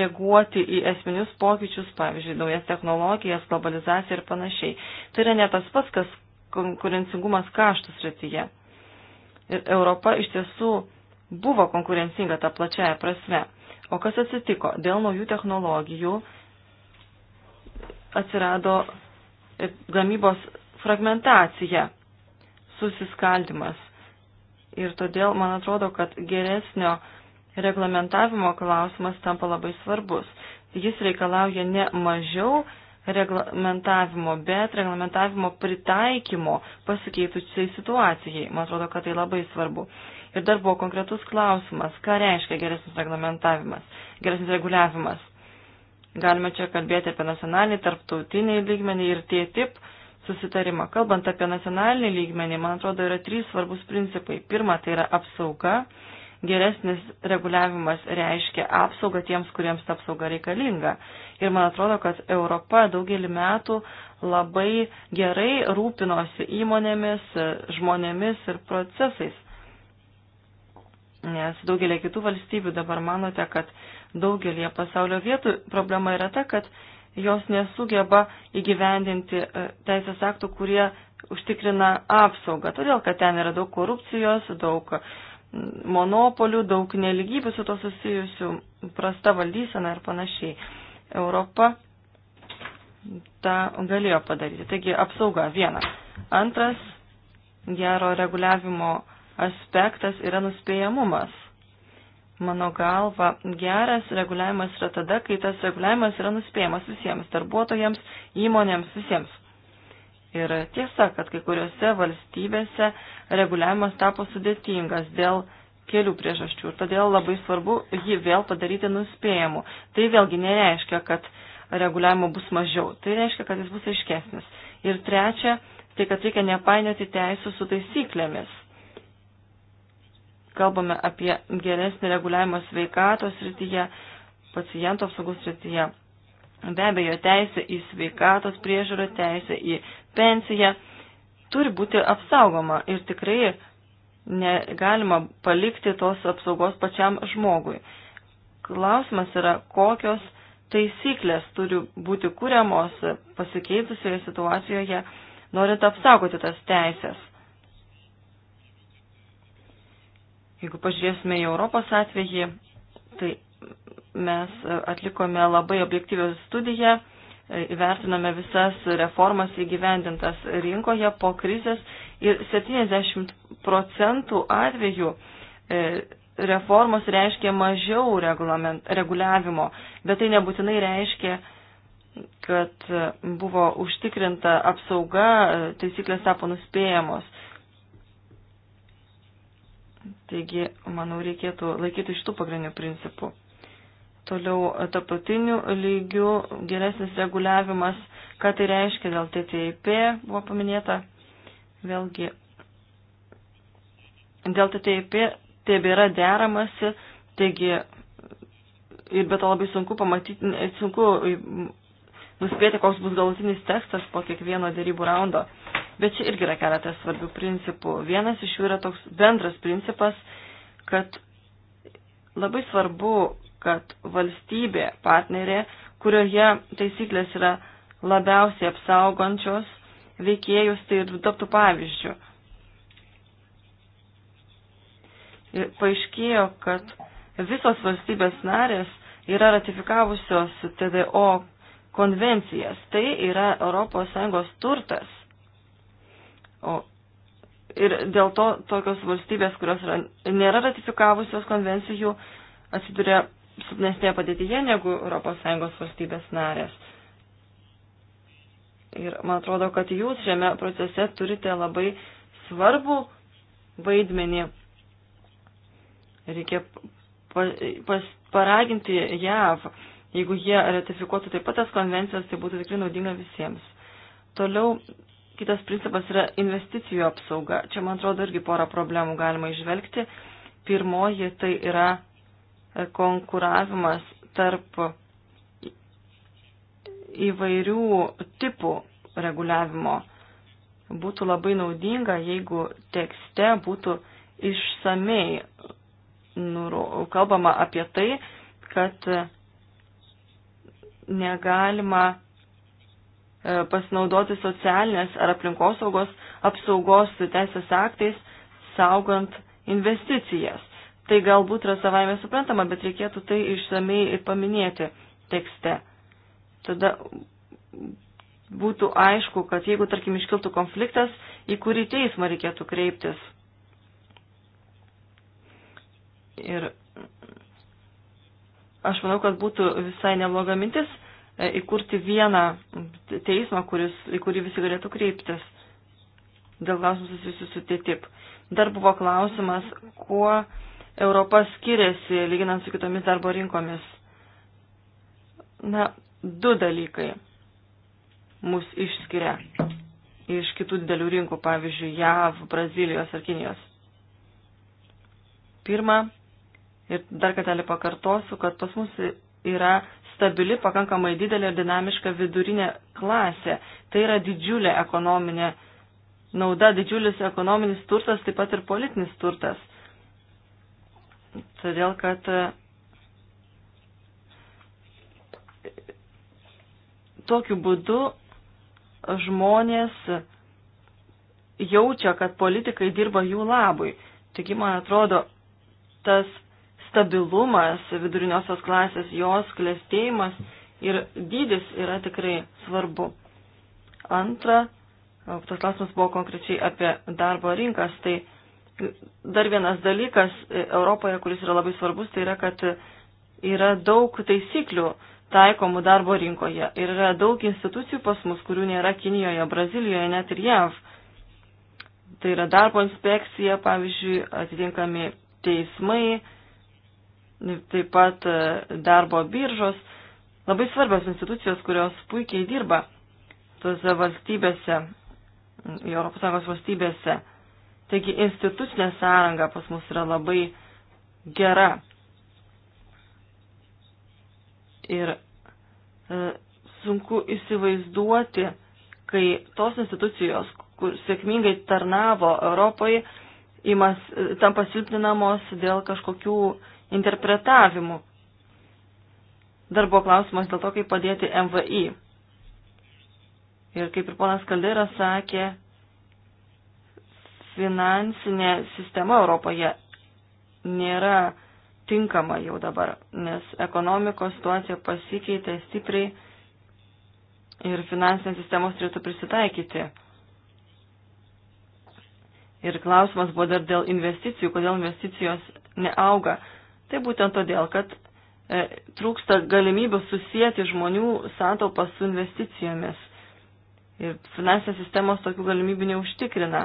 reaguoti į esminius pokyčius, pavyzdžiui, naujas technologijas, globalizaciją ir panašiai. Tai yra ne tas pats, kas konkurencingumas kaštų srityje. Ir Europa iš tiesų buvo konkurencinga tą plačiają prasme. O kas atsitiko? Dėl naujų technologijų atsirado gamybos fragmentacija, susiskaldimas. Ir todėl man atrodo, kad geresnio reglamentavimo klausimas tampa labai svarbus. Jis reikalauja ne mažiau reglamentavimo, bet reglamentavimo pritaikymo pasikeitusiai situacijai. Man atrodo, kad tai labai svarbu. Ir dar buvo konkretus klausimas, ką reiškia geresnis reglamentavimas, geresnis reguliavimas. Galime čia kalbėti apie nacionalinį, tarptautinį lygmenį ir tie tip, susitarimą. Kalbant apie nacionalinį lygmenį, man atrodo, yra trys svarbus principai. Pirma, tai yra apsauga. Geresnis reguliavimas reiškia apsaugą tiems, kuriems ta apsauga reikalinga. Ir man atrodo, kad Europa daugelį metų labai gerai rūpinosi įmonėmis, žmonėmis ir procesais. Nes daugelį kitų valstybių dabar manote, kad daugelį pasaulio vietų problema yra ta, kad jos nesugeba įgyvendinti e, teisės aktų, kurie užtikrina apsaugą, todėl kad ten yra daug korupcijos, daug monopolių, daug neligybių su to susijusių, prasta valdysena ir panašiai. Europa tą galėjo padaryti. Taigi apsauga viena. Antras gero reguliavimo aspektas yra nuspėjamumas. Mano galva, geras reguliavimas yra tada, kai tas reguliavimas yra nuspėjamas visiems darbuotojams, įmonėms, visiems. Ir tiesa, kad kai kuriuose valstybėse reguliavimas tapo sudėtingas dėl kelių priežasčių ir todėl labai svarbu jį vėl padaryti nuspėjamu. Tai vėlgi nereiškia, kad reguliavimo bus mažiau, tai reiškia, kad jis bus aiškesnis. Ir trečia, tai kad reikia nepainioti teisų su taisyklėmis kalbame apie geresnį reguliavimą sveikatos srityje, paciento apsaugos srityje. Be abejo, teisė į sveikatos priežiūrą, teisė į pensiją turi būti apsaugoma ir tikrai negalima palikti tos apsaugos pačiam žmogui. Klausimas yra, kokios taisyklės turi būti kūriamos pasikeitusioje situacijoje, norint apsaugoti tas teisės. Jeigu pažiūrėsime į Europos atvejį, tai mes e, atlikome labai objektyvę studiją, e, įvertinome visas reformas įgyvendintas rinkoje po krizės ir 70 procentų atvejų e, reformos reiškia mažiau reguliavimo, bet tai nebūtinai reiškia, kad buvo užtikrinta apsauga, taisyklės tapo nuspėjamos. Taigi, manau, reikėtų laikyti šitų pagrindinių principų. Toliau, tapatinių lygių geresnis reguliavimas, ką tai reiškia dėl TTIP, buvo paminėta. Vėlgi, dėl TTIP tebėra deramasi, taigi, ir be to labai sunku pamatyti, sunku mm, nuspėti, koks bus galutinis tekstas po kiekvieno dėrybų raundo. Bet čia irgi yra keletas svarbių principų. Vienas iš jų yra toks bendras principas, kad labai svarbu, kad valstybė partnerė, kurioje taisyklės yra labiausiai apsaugančios veikėjus, tai ir taptų pavyzdžių. Ir paaiškėjo, kad visos valstybės narės yra ratifikavusios TDO konvencijas. Tai yra ES turtas. O ir dėl to tokios valstybės, kurios yra, nėra ratifikavusios konvencijų, atsiduria silpnesnėje padėtyje negu ES valstybės narės. Ir man atrodo, kad jūs šiame procese turite labai svarbų vaidmenį. Reikia pa, pas, paraginti JAV, jeigu jie ratifikuotų taip pat tas konvencijas, tai būtų tikrai naudinga visiems. Toliau Kitas principas yra investicijų apsauga. Čia, man atrodo, irgi porą problemų galima išvelgti. Pirmoji tai yra e, konkuravimas tarp įvairių tipų reguliavimo. Būtų labai naudinga, jeigu tekste būtų išsamei kalbama apie tai, kad negalima E, pasinaudoti socialinės ar aplinkosaugos apsaugos teisės aktais, saugant investicijas. Tai galbūt yra savaime suprantama, bet reikėtų tai išsamei ir paminėti tekste. Tada būtų aišku, kad jeigu, tarkim, iškiltų konfliktas, į kurį teismą reikėtų kreiptis. Ir aš manau, kad būtų visai nebloga mintis E, įkurti vieną teismą, kuris, į kurį visi galėtų kreiptis dėl klausimų susijusių su TTIP. Dar buvo klausimas, kuo Europa skiriasi lyginant su kitomis darbo rinkomis. Na, du dalykai mus išskiria iš kitų didelių rinkų, pavyzdžiui, JAV, Brazilijos ar Kinijos. Pirma, ir dar kartelį pakartosiu, kad pas mus yra stabili, pakankamai didelė ir dinamiška vidurinė klasė. Tai yra didžiulė ekonominė nauda, didžiulis ekonominis turtas, taip pat ir politinis turtas. Todėl, kad e, tokiu būdu žmonės jaučia, kad politikai dirba jų labui. Taigi, man atrodo, tas stabilumas, viduriniosios klasės, jos klėstėjimas ir dydis yra tikrai svarbu. Antra, tas klausimas buvo konkrečiai apie darbo rinkas, tai dar vienas dalykas Europoje, kuris yra labai svarbus, tai yra, kad yra daug taisyklių taikomų darbo rinkoje ir yra daug institucijų pas mus, kurių nėra Kinijoje, Brazilijoje, net ir JAV. Tai yra darbo inspekcija, pavyzdžiui, atitinkami teismai, taip pat e, darbo biržos, labai svarbios institucijos, kurios puikiai dirba tose valstybėse, ES valstybėse. Taigi institucinė sąranga pas mus yra labai gera. Ir e, sunku įsivaizduoti, kai tos institucijos, kur sėkmingai tarnavo Europai, imas, tampa silpninamos dėl kažkokių interpretavimu. Dar buvo klausimas dėl to, kaip padėti MVI. Ir kaip ir ponas Kalderas sakė, finansinė sistema Europoje nėra tinkama jau dabar, nes ekonomikos situacija pasikeitė stipriai ir finansinės sistemos turėtų prisitaikyti. Ir klausimas buvo dar dėl investicijų, kodėl investicijos neauga. Tai būtent todėl, kad e, trūksta galimybių susijęti žmonių santaupas su investicijomis. Ir finansinės sistemos tokių galimybių neužtikrina.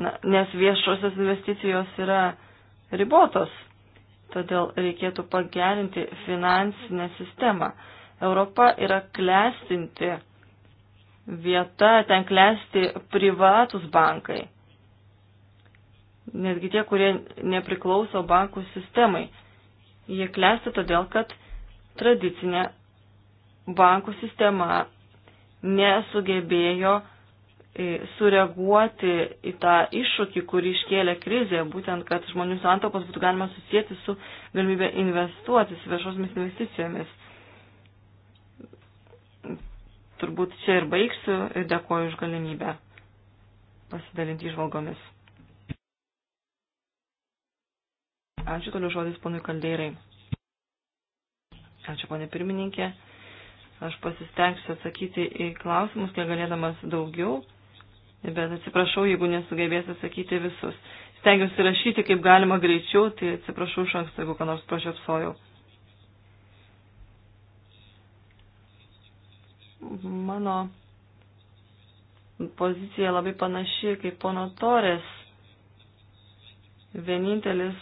Na, nes viešosios investicijos yra ribotos. Todėl reikėtų pagerinti finansinę sistemą. Europa yra klestinti vieta, ten klesti privatus bankai netgi tie, kurie nepriklauso bankų sistemai. Jie klesti todėl, kad tradicinė bankų sistema nesugebėjo e, sureaguoti į tą iššūkį, kurį iškėlė krizė, būtent, kad žmonių santopas būtų galima susijęti su galimybė investuoti, su viešosmis investicijomis. Turbūt čia ir baigsiu ir dėkoju už galimybę pasidalinti išvalgomis. Ačiū toliau žodis ponui Kaldeirai. Ačiū ponė pirmininkė. Aš pasistengsiu atsakyti į klausimus, kiek galėdamas daugiau, bet atsiprašau, jeigu nesugebėsiu atsakyti visus. Stengiuosi rašyti kaip galima greičiau, tai atsiprašau iš anksto, jeigu ką nors pražiopsojau. Mano pozicija labai panaši kaip pono Torės. Vienintelis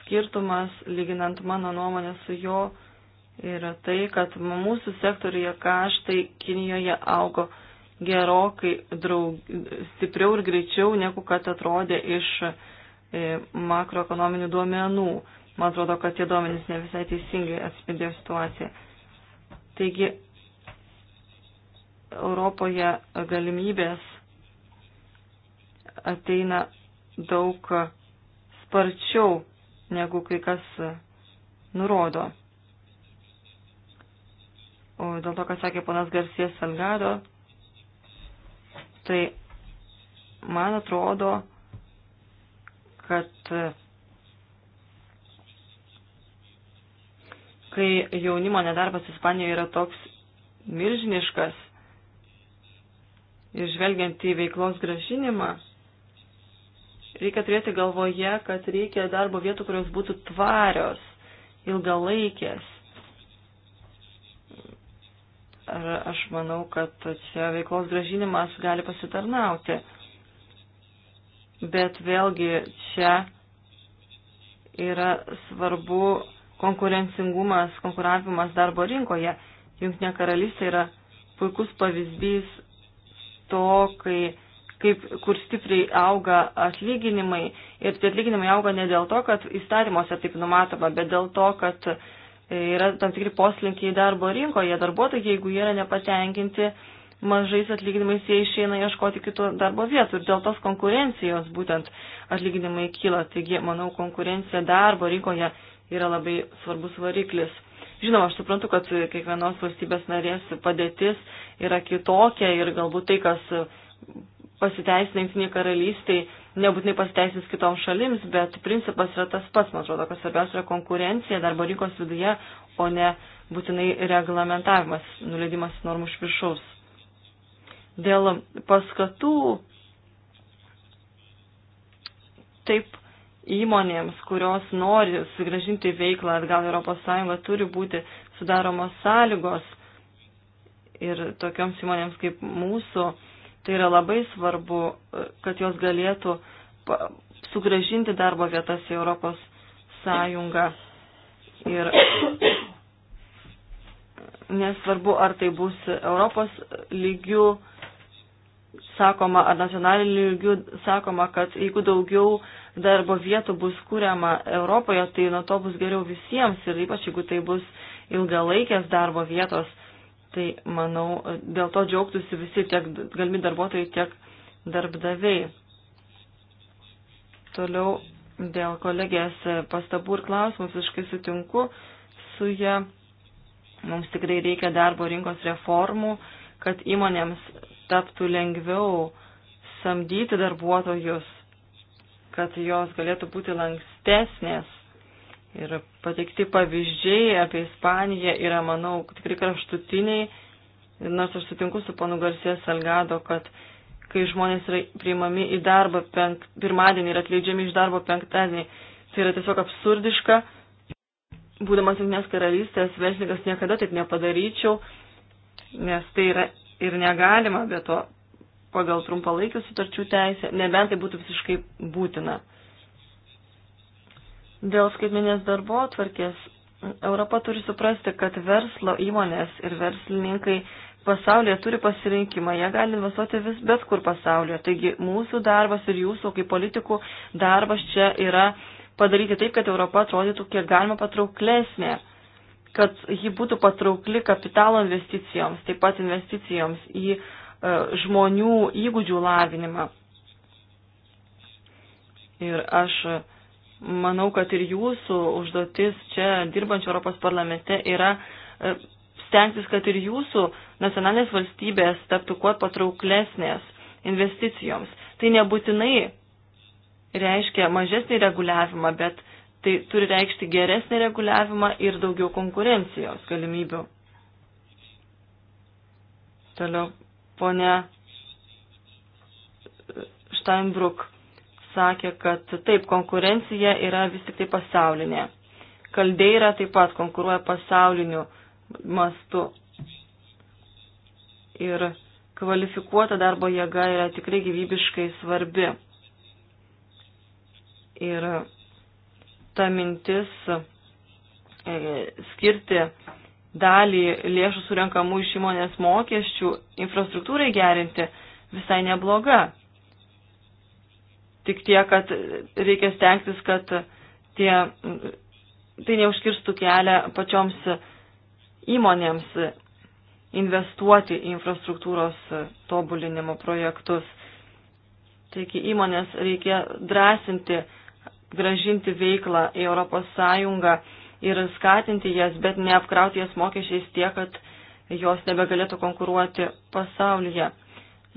skirtumas, lyginant mano nuomonę su jo, yra tai, kad mūsų sektorija kaštai Kinijoje augo gerokai draug, stipriau ir greičiau, negu kad atrodė iš e, makroekonominių duomenų. Man atrodo, kad tie duomenys ne visai teisingai atspindėjo situaciją. Taigi, Europoje galimybės ateina daug sparčiau negu kai kas nurodo. O dėl to, ką sakė ponas Garcijas Salgado, tai man atrodo, kad kai jaunimo nedarbas Ispanijoje yra toks milžiniškas ir žvelgiant į veiklos gražinimą, Reikia turėti galvoje, kad reikia darbo vietų, kurios būtų tvarios, ilgalaikės. Ar aš manau, kad čia veiklos gražinimas gali pasitarnauti. Bet vėlgi čia yra svarbu konkurencingumas, konkuravimas darbo rinkoje. Junktinė karalystė yra puikus pavyzdys to, kai kaip, kur stipriai auga atlyginimai. Ir tie atlyginimai auga ne dėl to, kad įstatymuose taip numatoma, bet dėl to, kad e, yra tam tikri poslinkiai darbo rinkoje. Darbuotojai, jeigu jie yra nepatenkinti mažais atlyginimais, jie išeina ieškoti kitų darbo vietų. Ir dėl tos konkurencijos būtent atlyginimai kyla. Taigi, manau, konkurencija darbo rinkoje yra labai svarbus variklis. Žinoma, aš suprantu, kad kiekvienos valstybės narės padėtis yra kitokia ir galbūt tai, kas pasiteisina Junktinė karalystė, nebūtinai pasiteisins kitoms šalims, bet principas yra tas pats, man atrodo, kad svarbiausia yra konkurencija darbo rinkos viduje, o ne būtinai reglamentavimas, nuleidimas normų iš viršaus. Dėl paskatų taip įmonėms, kurios nori sugražinti veiklą atgal Europos Sąjungą, turi būti sudaromos sąlygos ir tokioms įmonėms kaip mūsų Tai yra labai svarbu, e, kad jos galėtų sugražinti darbo vietas į Europos sąjungą. Ir nesvarbu, ar tai bus Europos lygių sakoma, ar nacionalinių lygių sakoma, kad jeigu daugiau darbo vietų bus kuriama Europoje, tai nuo to bus geriau visiems ir ypač jeigu tai bus ilgalaikės darbo vietos, Tai manau, dėl to džiaugtųsi visi tiek galimi darbuotojai, tiek darbdaviai. Toliau dėl kolegės pastabų ir klausimų visiškai sutinku su ją. Mums tikrai reikia darbo rinkos reformų, kad įmonėms taptų lengviau samdyti darbuotojus, kad jos galėtų būti lankstesnės Ir pateikti pavyzdžiai apie Ispaniją yra, manau, tikrai kraštutiniai. Ir nors aš sutinku su panu Garsės Salgado, kad kai žmonės yra priimami į darbą penk, pirmadienį ir atleidžiami iš darbo penktadienį, tai yra tiesiog absurdiška. Būdamas Junktinės karalystės verslininkas niekada taip nepadaryčiau, nes tai yra ir negalima, bet to pagal trumpalaikių sutarčių teisę, nebent tai būtų visiškai būtina. Dėl skaitminės darbo atvarkės Europa turi suprasti, kad verslo įmonės ir verslininkai pasaulyje turi pasirinkimą, jie gali investuoti vis bet kur pasaulyje. Taigi mūsų darbas ir jūsų kaip politikų darbas čia yra padaryti taip, kad Europa atrodytų kiek galima patrauklesnė, kad ji būtų patraukli kapitalo investicijoms, taip pat investicijoms į uh, žmonių įgūdžių lavinimą. Ir aš uh, Manau, kad ir jūsų užduotis čia dirbančio Europos parlamente yra e, stengtis, kad ir jūsų nacionalinės valstybės taptų kuo patrauklesnės investicijoms. Tai nebūtinai reiškia mažesnį reguliavimą, bet tai turi reikšti geresnį reguliavimą ir daugiau konkurencijos galimybių. Toliau, ponia Steinbruck sakė, kad taip, konkurencija yra vis tik tai pasaulinė. Kaldeira taip pat konkuruoja pasauliniu mastu. Ir kvalifikuota darbo jėga yra tikrai gyvybiškai svarbi. Ir ta mintis e, skirti dalį lėšų surenkamų iš įmonės mokesčių infrastruktūrai gerinti visai nebloga. Tik tiek, kad reikia stengtis, kad tie, tai neužkirstų kelią pačioms įmonėms investuoti į infrastruktūros tobulinimo projektus. Taigi įmonės reikia drąsinti, gražinti veiklą į ES ir skatinti jas, bet neapkrauti jas mokesčiais tiek, kad jos nebegalėtų konkuruoti pasaulyje.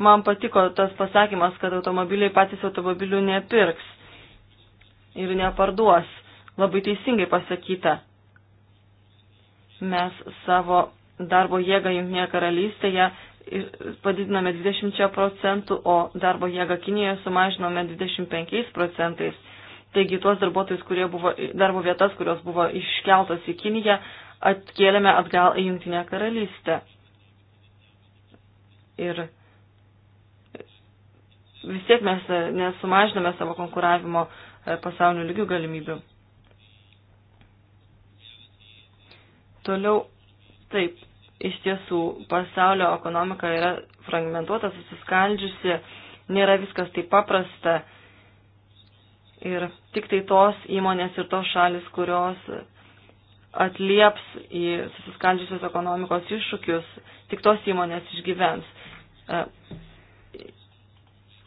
Man patiko tas pasakymas, kad automobiliai patys automobilių nepirks ir neparduos. Labai teisingai pasakyta. Mes savo darbo jėgą Junktinėje karalystėje padidiname 20 procentų, o darbo jėgą Kinijoje sumažinome 25 procentais. Taigi tuos darbuotojus, kurie buvo, darbo vietas, kurios buvo iškeltos į Kiniją, atkėlėme atgal į Junktinę karalystę. Ir vis tiek mes e, nesumažiname savo konkuravimo e, pasaulio lygių galimybių. Toliau, taip, iš tiesų, pasaulio ekonomika yra fragmentuota, susiskaldžiusi, nėra viskas taip paprasta. Ir tik tai tos įmonės ir tos šalis, kurios atlieps į susiskaldžiusios ekonomikos iššūkius, tik tos įmonės išgyvens. E,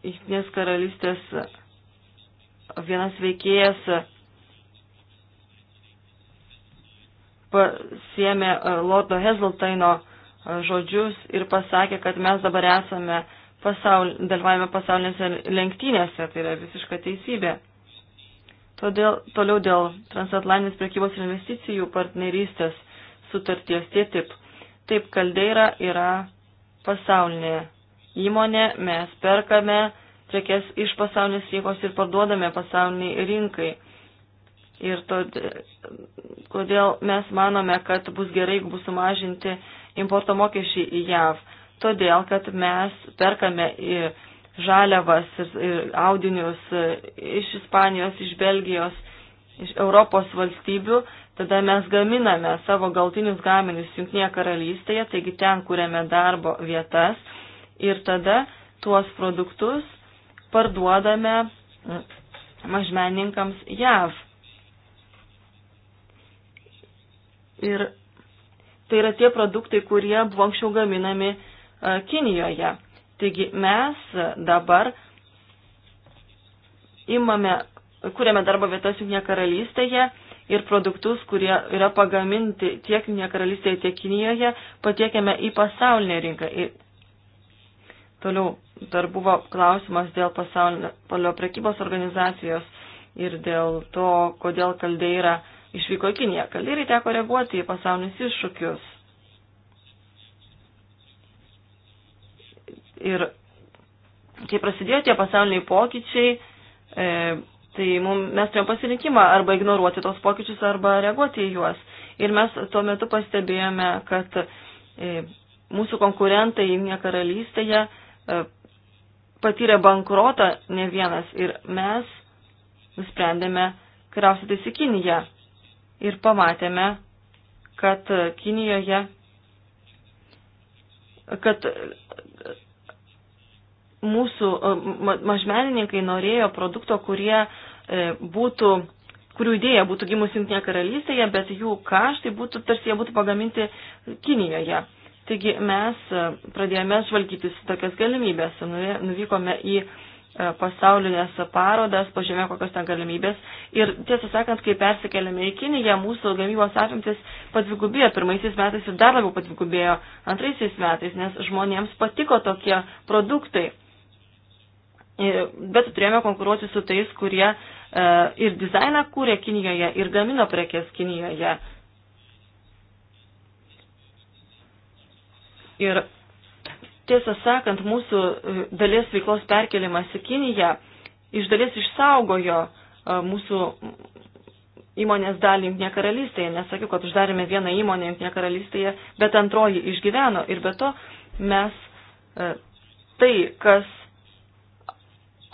Jungtinės karalystės vienas veikėjas pasiemė e, Lordo Heseltaino e, žodžius ir pasakė, kad mes dabar esame pasaul, dalyvavime pasaulinėse lenktynėse, tai yra visiška teisybė. Todėl, toliau dėl transatlantinės prekybos ir investicijų partnerystės sutarties tie taip. Taip, kaldeira yra pasaulinė įmonė, mes perkame prekes iš pasaulinės rinkos ir parduodame pasauliniai rinkai. Ir todėl mes manome, kad bus gerai, jeigu bus sumažinti importo mokesčiai į JAV. Todėl, kad mes perkame į žaliavas ir, ir audinius iš Ispanijos, iš Belgijos, iš Europos valstybių, tada mes gaminame savo galtinius gaminius Junktinėje karalystėje, taigi ten kūrėme darbo vietas ir tada tuos produktus parduodame mažmeninkams JAV. Ir tai yra tie produktai, kurie buvo anksčiau gaminami e, Kinijoje. Taigi mes dabar imame, kuriame darbo vietas Junkinėje karalystėje ir produktus, kurie yra pagaminti tiek Junkinėje karalystėje, tiek Kinijoje, patiekiame į pasaulinę rinką. Ir Toliau dar buvo klausimas dėl pasaulio prekybos organizacijos ir dėl to, kodėl Kaldeira išvyko į Kiniją. Kaldeirai teko reaguoti į pasaulinius iššūkius. Ir kai prasidėjo tie pasauliniai pokyčiai, e, tai mum, mes turėjom pasirinkimą arba ignoruoti tos pokyčius, arba reaguoti į juos. Ir mes tuo metu pastebėjome, kad e, mūsų konkurentai Jungtinėje karalystėje e, patyrė bankrotą ne vienas ir mes nusprendėme kraustytis į Kiniją ir pamatėme, kad Kinijoje, kad mūsų e, mažmenininkai norėjo produkto, kurie e, būtų, kurių idėja būtų gimusi Junktinėje karalystėje, bet jų kaštai būtų, tarsi jie būtų pagaminti Kinijoje. Taigi mes e, pradėjome žvalgytis tokias galimybės, nuvykome į e, pasaulinės parodas, pažymė kokios ten galimybės. Ir tiesą sakant, kai persikeliame į Kiniją, mūsų gamybos apimtis padvigubėjo pirmaisiais metais ir dar labiau padvigubėjo antraisiais metais, nes žmonėms patiko tokie produktai. E, bet turėjome konkuruoti su tais, kurie ir dizainą kūrė Kinijoje, ir gamino prekes Kinijoje. Ir tiesą sakant, mūsų e, dalies veiklos perkelimas į Kiniją iš dalies išsaugojo e, mūsų įmonės dalį Junktinėje karalystėje. Nesakiau, kad uždarėme vieną įmonę Junktinėje karalystėje, bet antroji išgyveno. Ir be to mes e, tai, kas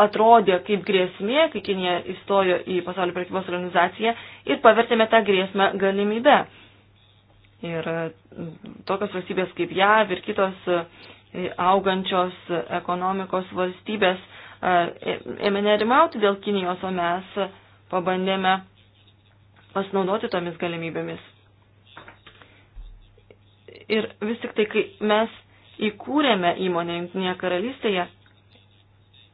atrodė kaip grėsmė, kai Kinija įstojo į pasaulio prekybos organizaciją ir pavertėme tą grėsmę galimybę. Ir e, tokios valstybės kaip JAV ir kitos e, augančios ekonomikos valstybės e, ėmė nerimauti dėl Kinijos, o mes pabandėme pasinaudoti tomis galimybėmis. Ir vis tik tai, kai mes įkūrėme įmonę Junktinėje karalystėje,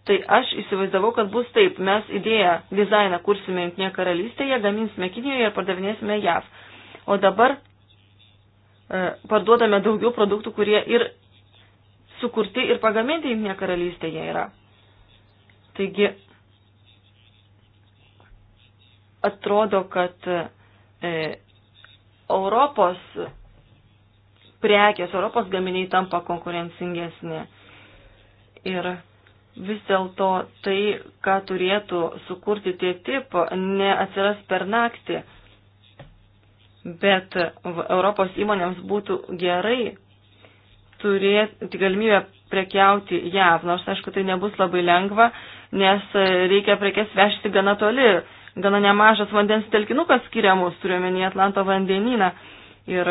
Tai aš įsivaizdavau, kad bus taip, mes idėją, dizainą kursime Junktinėje karalystėje, gaminsime Kinijoje ir pardavinėsime JAV. O dabar E, parduodame daugiau produktų, kurie ir sukurti ir pagaminti Junktinė karalystėje yra. Taigi, atrodo, kad e, Europos prekės, Europos gaminiai tampa konkurencingesnė. Ir vis dėlto tai, ką turėtų sukurti tie tip, neatsiras per naktį bet Europos įmonėms būtų gerai turėti galimybę prekiauti JAV, nors aišku tai nebus labai lengva, nes e, reikia prekes vežti gana toli, gana nemažas vandens telkinukas skiriamus, turiuomenį Atlanto vandenyną. Ir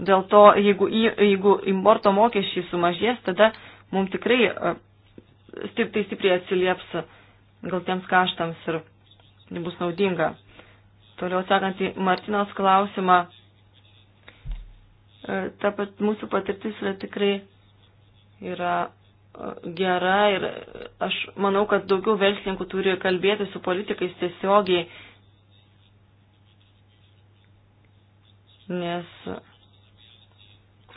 dėl to, jeigu, jeigu importo mokesčiai sumažės, tada mums tikrai e, taip tai stipriai atsilieps gal tiems kaštams ir bus naudinga. Toliau sakant į Martinos klausimą, e, ta pat mūsų patirtis yra tikrai yra e, gera ir aš manau, kad daugiau verslininkų turi kalbėti su politikais tiesiogiai, nes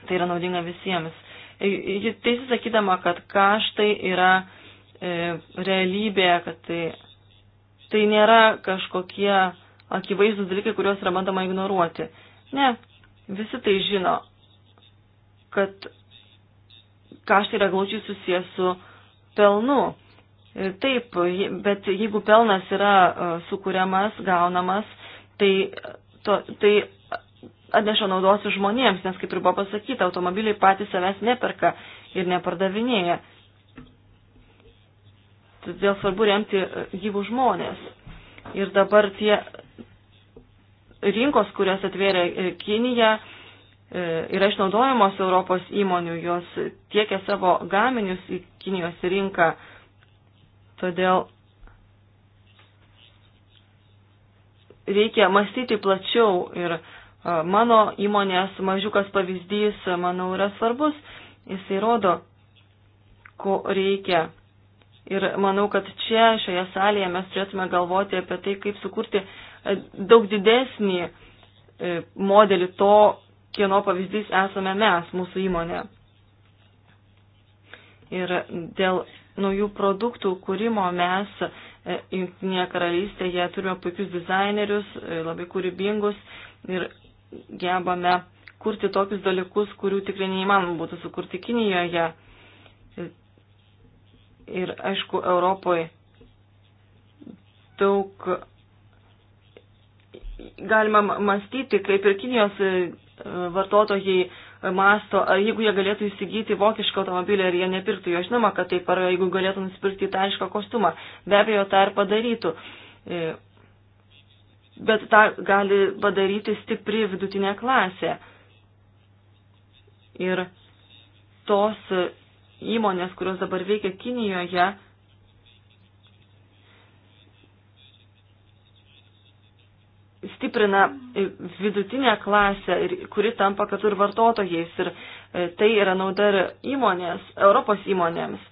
tai yra naudinga visiems. E, ji teisė sakydama, kad kaštai yra e, realybė, kad tai, tai nėra kažkokie akivaizdus dalykai, kuriuos yra bandoma ignoruoti. Ne, visi tai žino, kad kaštai yra glaučiai susijęs su pelnu. Taip, bet jeigu pelnas yra e, sukūriamas, gaunamas, tai, to, tai atneša naudos žmonėms, nes kaip ir buvo pasakyta, automobiliai patys savęs neperka ir nepardavinėja. Todėl svarbu remti e, gyvų žmonės. Ir dabar tie rinkos, kurias atvėrė e, Kinija, e, yra išnaudojamos Europos įmonių, jos tiekia savo gaminius į Kinijos rinką. Todėl reikia mąstyti plačiau ir e, mano įmonės mažiukas pavyzdys, manau, yra svarbus. Jisai rodo, ko reikia. Ir manau, kad čia, šioje salėje mes turėtume galvoti apie tai, kaip sukurti daug didesnį e, modelį to, kieno pavyzdys esame mes, mūsų įmonė. Ir dėl naujų produktų kūrimo mes e, Junktinėje karalystėje turime puikius dizainerius, e, labai kūrybingus ir gebame kurti tokius dalykus, kurių tikrai neįmanoma būtų sukurti Kinijoje. Ir aišku, Europoje daug galima mąstyti, kaip ir Kinijos e, vartotojai e, masto, ar jeigu jie galėtų įsigyti vokišką automobilį, ar jie nepirktų jo, žinoma, kad taip, ar jeigu galėtų nusipirkti itališką kostiumą, be abejo, tą ir padarytų. E, bet tą gali padaryti stipri vidutinė klasė. Ir tos įmonės, kurios dabar veikia Kinijoje, stiprina vidutinę klasę, kuri tampa kartu ir vartotojais. Ir e, tai yra nauda ir įmonės, Europos įmonėms.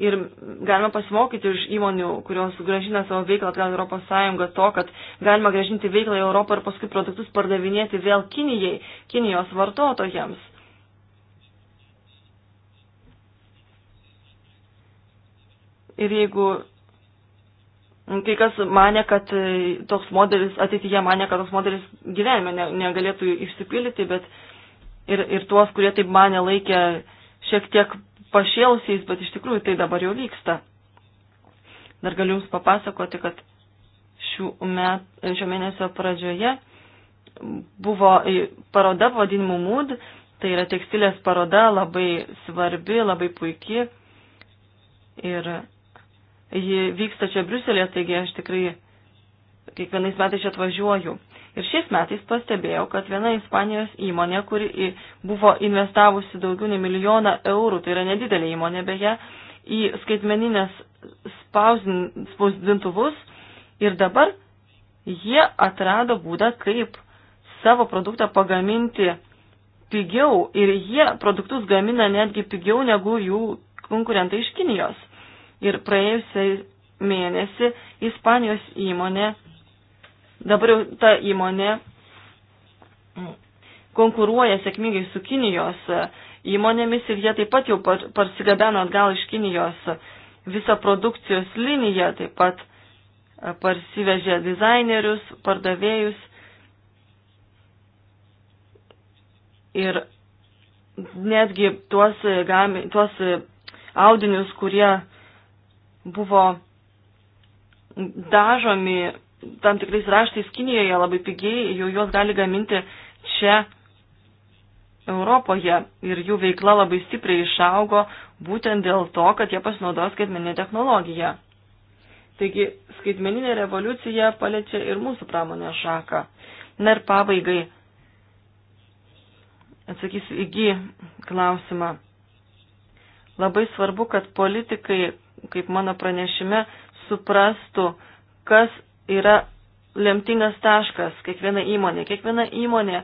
Ir galima pasimokyti iš įmonių, kurios gražina savo veiklą atgal Europos Sąjungą, to, kad galima gražinti veiklą į Europą ir paskui produktus pardavinėti vėl Kinijai, Kinijos vartotojams. Ir jeigu Kai kas mane, kad e, toks modelis, ateityje mane, kad toks modelis gyvenime ne, negalėtų išsipildyti, bet ir, ir tuos, kurie taip mane laikė šiek tiek pašėlusiais, bet iš tikrųjų tai dabar jau vyksta. Dar galiu Jums papasakoti, kad šių met, šio mėnesio pradžioje buvo paroda pavadinimu Mood, tai yra tekstilės paroda, labai svarbi, labai puikiai. Ir Ji vyksta čia Briuselėje, taigi aš tikrai kiekvienais metais čia atvažiuoju. Ir šiais metais pastebėjau, kad viena Ispanijos įmonė, kuri buvo investavusi daugiau nei milijoną eurų, tai yra nedidelė įmonė beje, į skaitmeninės spausdintuvus ir dabar jie atrado būdą, kaip savo produktą pagaminti pigiau ir jie produktus gamina netgi pigiau negu jų konkurentai iš Kinijos. Ir praėjusiai mėnesį Ispanijos įmonė, dabar jau ta įmonė mm, konkuruoja sėkmingai su Kinijos e, įmonėmis ir jie taip pat jau parsigabeno atgal iš Kinijos visą produkcijos liniją, taip pat e, parsivežė dizainerius, pardavėjus ir netgi tuos, e, tuos audinius, kurie buvo dažomi tam tikrais raštais Kinijoje labai pigiai, jau juos gali gaminti čia Europoje ir jų veikla labai stipriai išaugo būtent dėl to, kad jie pasinaudos skaitmeninę technologiją. Taigi skaitmeninė revoliucija paliečia ir mūsų pramonės šaką. Na ir pabaigai atsakysiu į G klausimą. Labai svarbu, kad politikai kaip mano pranešime, suprastų, kas yra lemtingas taškas kiekviena įmonė. Kiekviena įmonė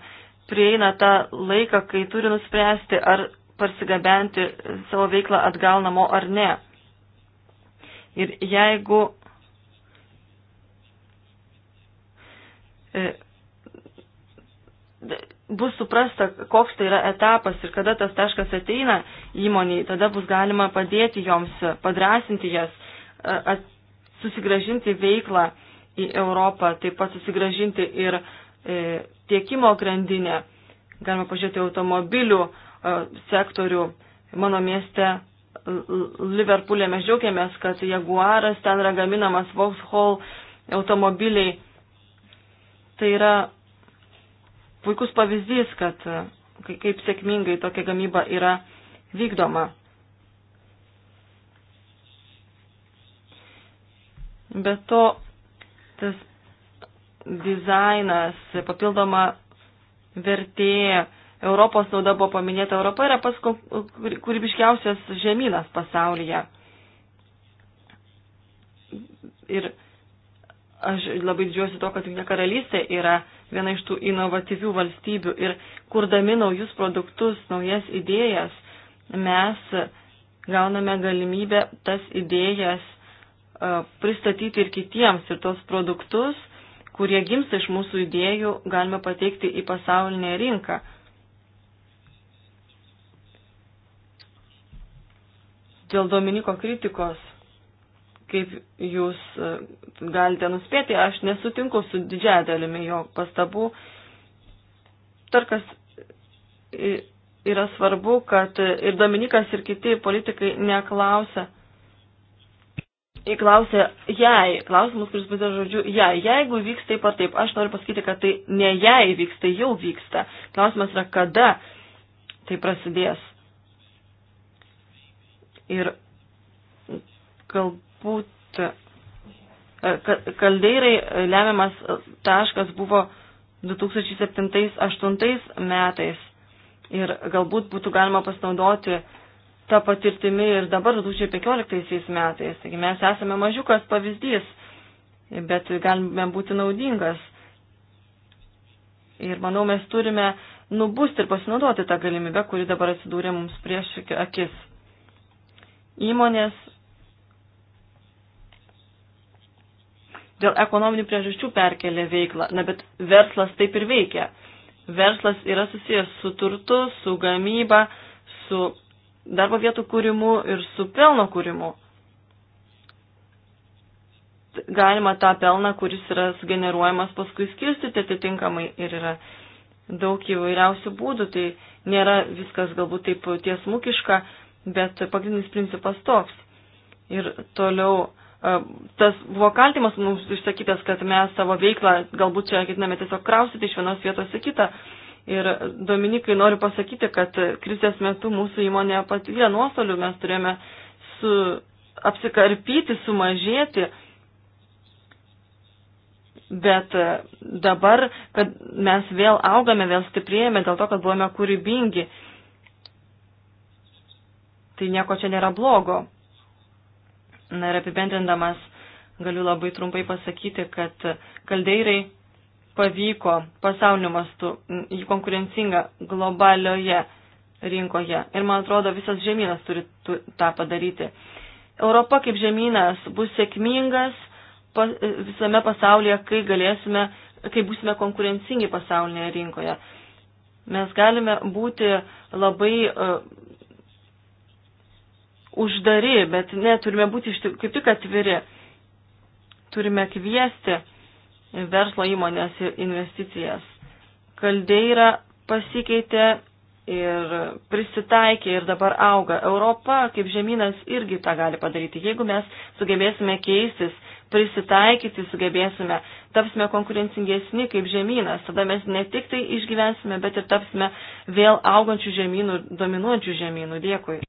prieina tą laiką, kai turi nuspręsti, ar parsigabenti savo veiklą atgal namo ar ne. Ir jeigu e, bus suprasta, koks tai yra etapas ir kada tas taškas ateina įmoniai, tada bus galima padėti joms, padrasinti jas, susigražinti veiklą į Europą, taip pat susigražinti ir e, tiekimo grandinę. Galima pažiūrėti automobilių sektorių. Mano mieste Liverpoolė mes džiaugiamės, kad Jaguaras ten yra gaminamas Vauxhall automobiliai. Tai yra puikus pavyzdys, kad e, kaip sėkmingai tokia gamyba yra vykdoma. Be to, tas dizainas, papildoma vertė, Europos nauda buvo paminėta, Europa yra pats kūrybiškiausias žemynas pasaulyje. Ir aš labai džiuosi to, kad Junktinė karalystė yra viena iš tų inovatyvių valstybių ir kurdami naujus produktus, naujas idėjas, mes gauname galimybę tas idėjas e, pristatyti ir kitiems ir tos produktus, kurie gimsta iš mūsų idėjų, galime pateikti į pasaulinę rinką. Dėl Dominiko kritikos kaip jūs e, galite nuspėti, aš nesutinku su didžiaja dalimi jo pastabų. Tarkas yra svarbu, kad ir Dominikas, ir kiti politikai neklausia. Įklausė, jei, klausimus, kuris būtų žodžiu, jei, jeigu vyks taip ar taip, aš noriu pasakyti, kad tai ne jei vyks, tai jau vyksta. Klausimas yra, kada tai prasidės. Ir gal galbūt e, kaldeirai lemiamas taškas buvo 2007-2008 metais ir galbūt būtų galima pasinaudoti tą patirtimį ir dabar 2015 metais. Taigi mes esame mažiukas pavyzdys, bet galime būti naudingas. Ir manau, mes turime nubusti ir pasinaudoti tą galimybę, kuri dabar atsidūrė mums prieš akis. Įmonės dėl ekonominių priežasčių perkelė veiklą. Na, bet verslas taip ir veikia. Verslas yra susijęs su turtu, su gamyba, su darbo vietų kūrimu ir su pelno kūrimu. Galima tą pelną, kuris yra sugeneruojamas, paskui skirstyti atitinkamai ir yra daug įvairiausių būdų, tai nėra viskas galbūt taip tiesmukiška, bet pagrindinis principas toks. Ir toliau tas buvo kaltimas mums išsakytas, kad mes savo veiklą galbūt čia ketiname tiesiog kraustyti iš vienos vietos į kitą. Ir Dominikai noriu pasakyti, kad krizės metu mūsų įmonė patyrė nuostolių, mes turėjome su, apsikarpyti, sumažėti. Bet e, dabar, kad mes vėl augame, vėl stiprėjame dėl to, kad buvome kūrybingi, tai nieko čia nėra blogo. Na ir apibendrindamas galiu labai trumpai pasakyti, kad kaldeirai pavyko pasaulio mastu į konkurencingą globalioje rinkoje. Ir man atrodo, visas žemynas turi tą padaryti. Europa kaip žemynas bus sėkmingas visame pasaulyje, kai galėsime, kai būsime konkurencingi pasaulinėje rinkoje. Mes galime būti labai e, uždari, bet ne, turime būti iš tik, kaip tik atviri. Turime kviesti verslo įmonės ir investicijas. Kaldeira pasikeitė ir prisitaikė ir dabar auga. Europa kaip žemynas irgi tą gali padaryti. Jeigu mes sugebėsime keistis, prisitaikyti sugebėsime, tapsime konkurencingesni kaip žemynas, tada mes ne tik tai išgyvensime, bet ir tapsime vėl augančių žemynų, dominuojančių žemynų. Dėkui.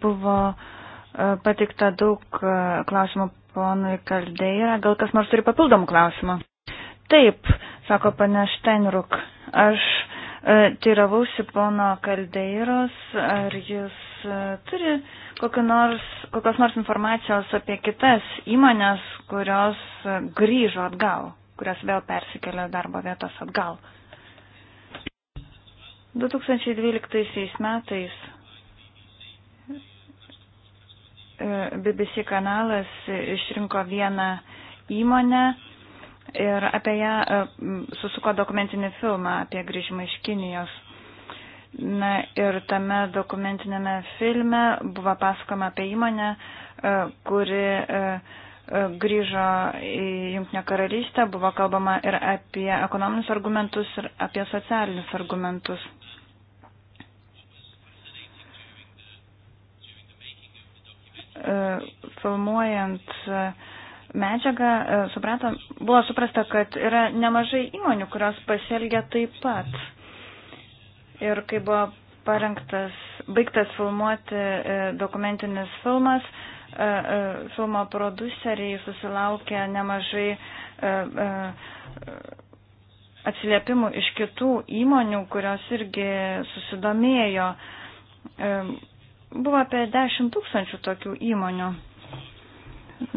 Buvo e, patikta daug e, klausimų ponui Kaldeira. Gal kas nors turi papildomų klausimų? Taip, sako pane Steinruk. Aš e, tyravausi pono Kaldeiros, ar jis turi nors, kokios nors informacijos apie kitas įmonės, kurios grįžo atgal, kurios vėl persikėlė darbo vietos atgal. 2012 metais BBC kanalas išrinko vieną įmonę ir apie ją e, susuko dokumentinį filmą apie grįžimą iš Kinijos. Na ir tame dokumentinėme filme buvo pasakoma apie įmonę, e, kuri e, grįžo į Junktinę karalystę, buvo kalbama ir apie ekonominius argumentus, ir apie socialinius argumentus. E, filmuojant e, medžiagą, e, supratom, buvo suprasta, kad yra nemažai įmonių, kurios pasielgia taip pat. Ir kai buvo parengtas, baigtas filmuoti dokumentinis filmas, filmo produceriai susilaukė nemažai atsiliepimų iš kitų įmonių, kurios irgi susidomėjo Buvo apie 10 tūkstančių tokių įmonių.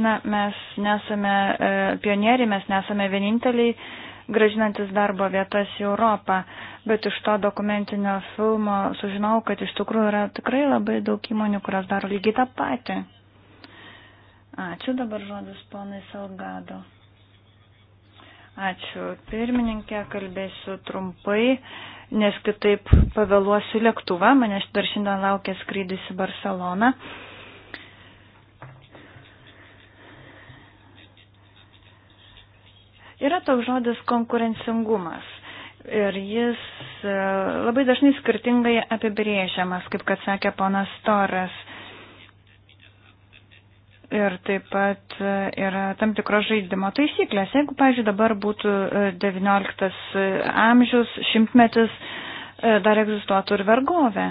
Na, mes nesame e, pionieriai, mes nesame vieninteliai gražinantis darbo vietas į Europą, bet iš to dokumentinio filmo sužinau, kad iš tikrųjų yra tikrai labai daug įmonių, kurios daro lygiai tą patį. Ačiū dabar žodis ponai Salgado. Ačiū pirmininkė, kalbėsiu trumpai nes kitaip pavėluosiu lėktuvą, manęs dar šiandien laukia skrydis į Barceloną. Yra toks žodis konkurencingumas ir jis e, labai dažnai skirtingai apibrėžiamas, kaip kad sakė ponas Toras. Ir taip pat e, yra tam tikros žaidimo taisyklės. Jeigu, pažiūrėjau, dabar būtų 19 e, e, amžius, šimtmetis, dar egzistuotų ir vergovė.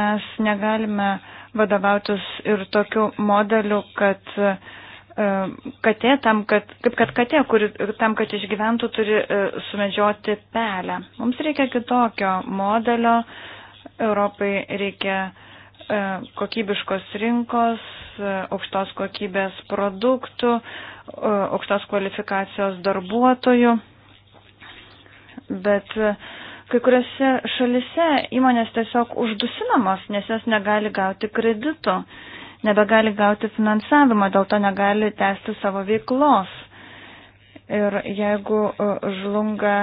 Mes negalime vadovautis ir tokiu modeliu, kad katė tam, kad, kaip kad katė, kuri tam, kad išgyventų, turi sumedžioti pelę. Mums reikia kitokio modelio, uh, Europai reikia e, kokybiškos rinkos, e, aukštos kokybės produktų, e, aukštos kvalifikacijos darbuotojų. Bet kai kuriuose šalise įmonės tiesiog uždusinamos, nes jas negali gauti kreditų, nebegali gauti finansavimo, dėl to negali tęsti savo veiklos. Ir jeigu žlunga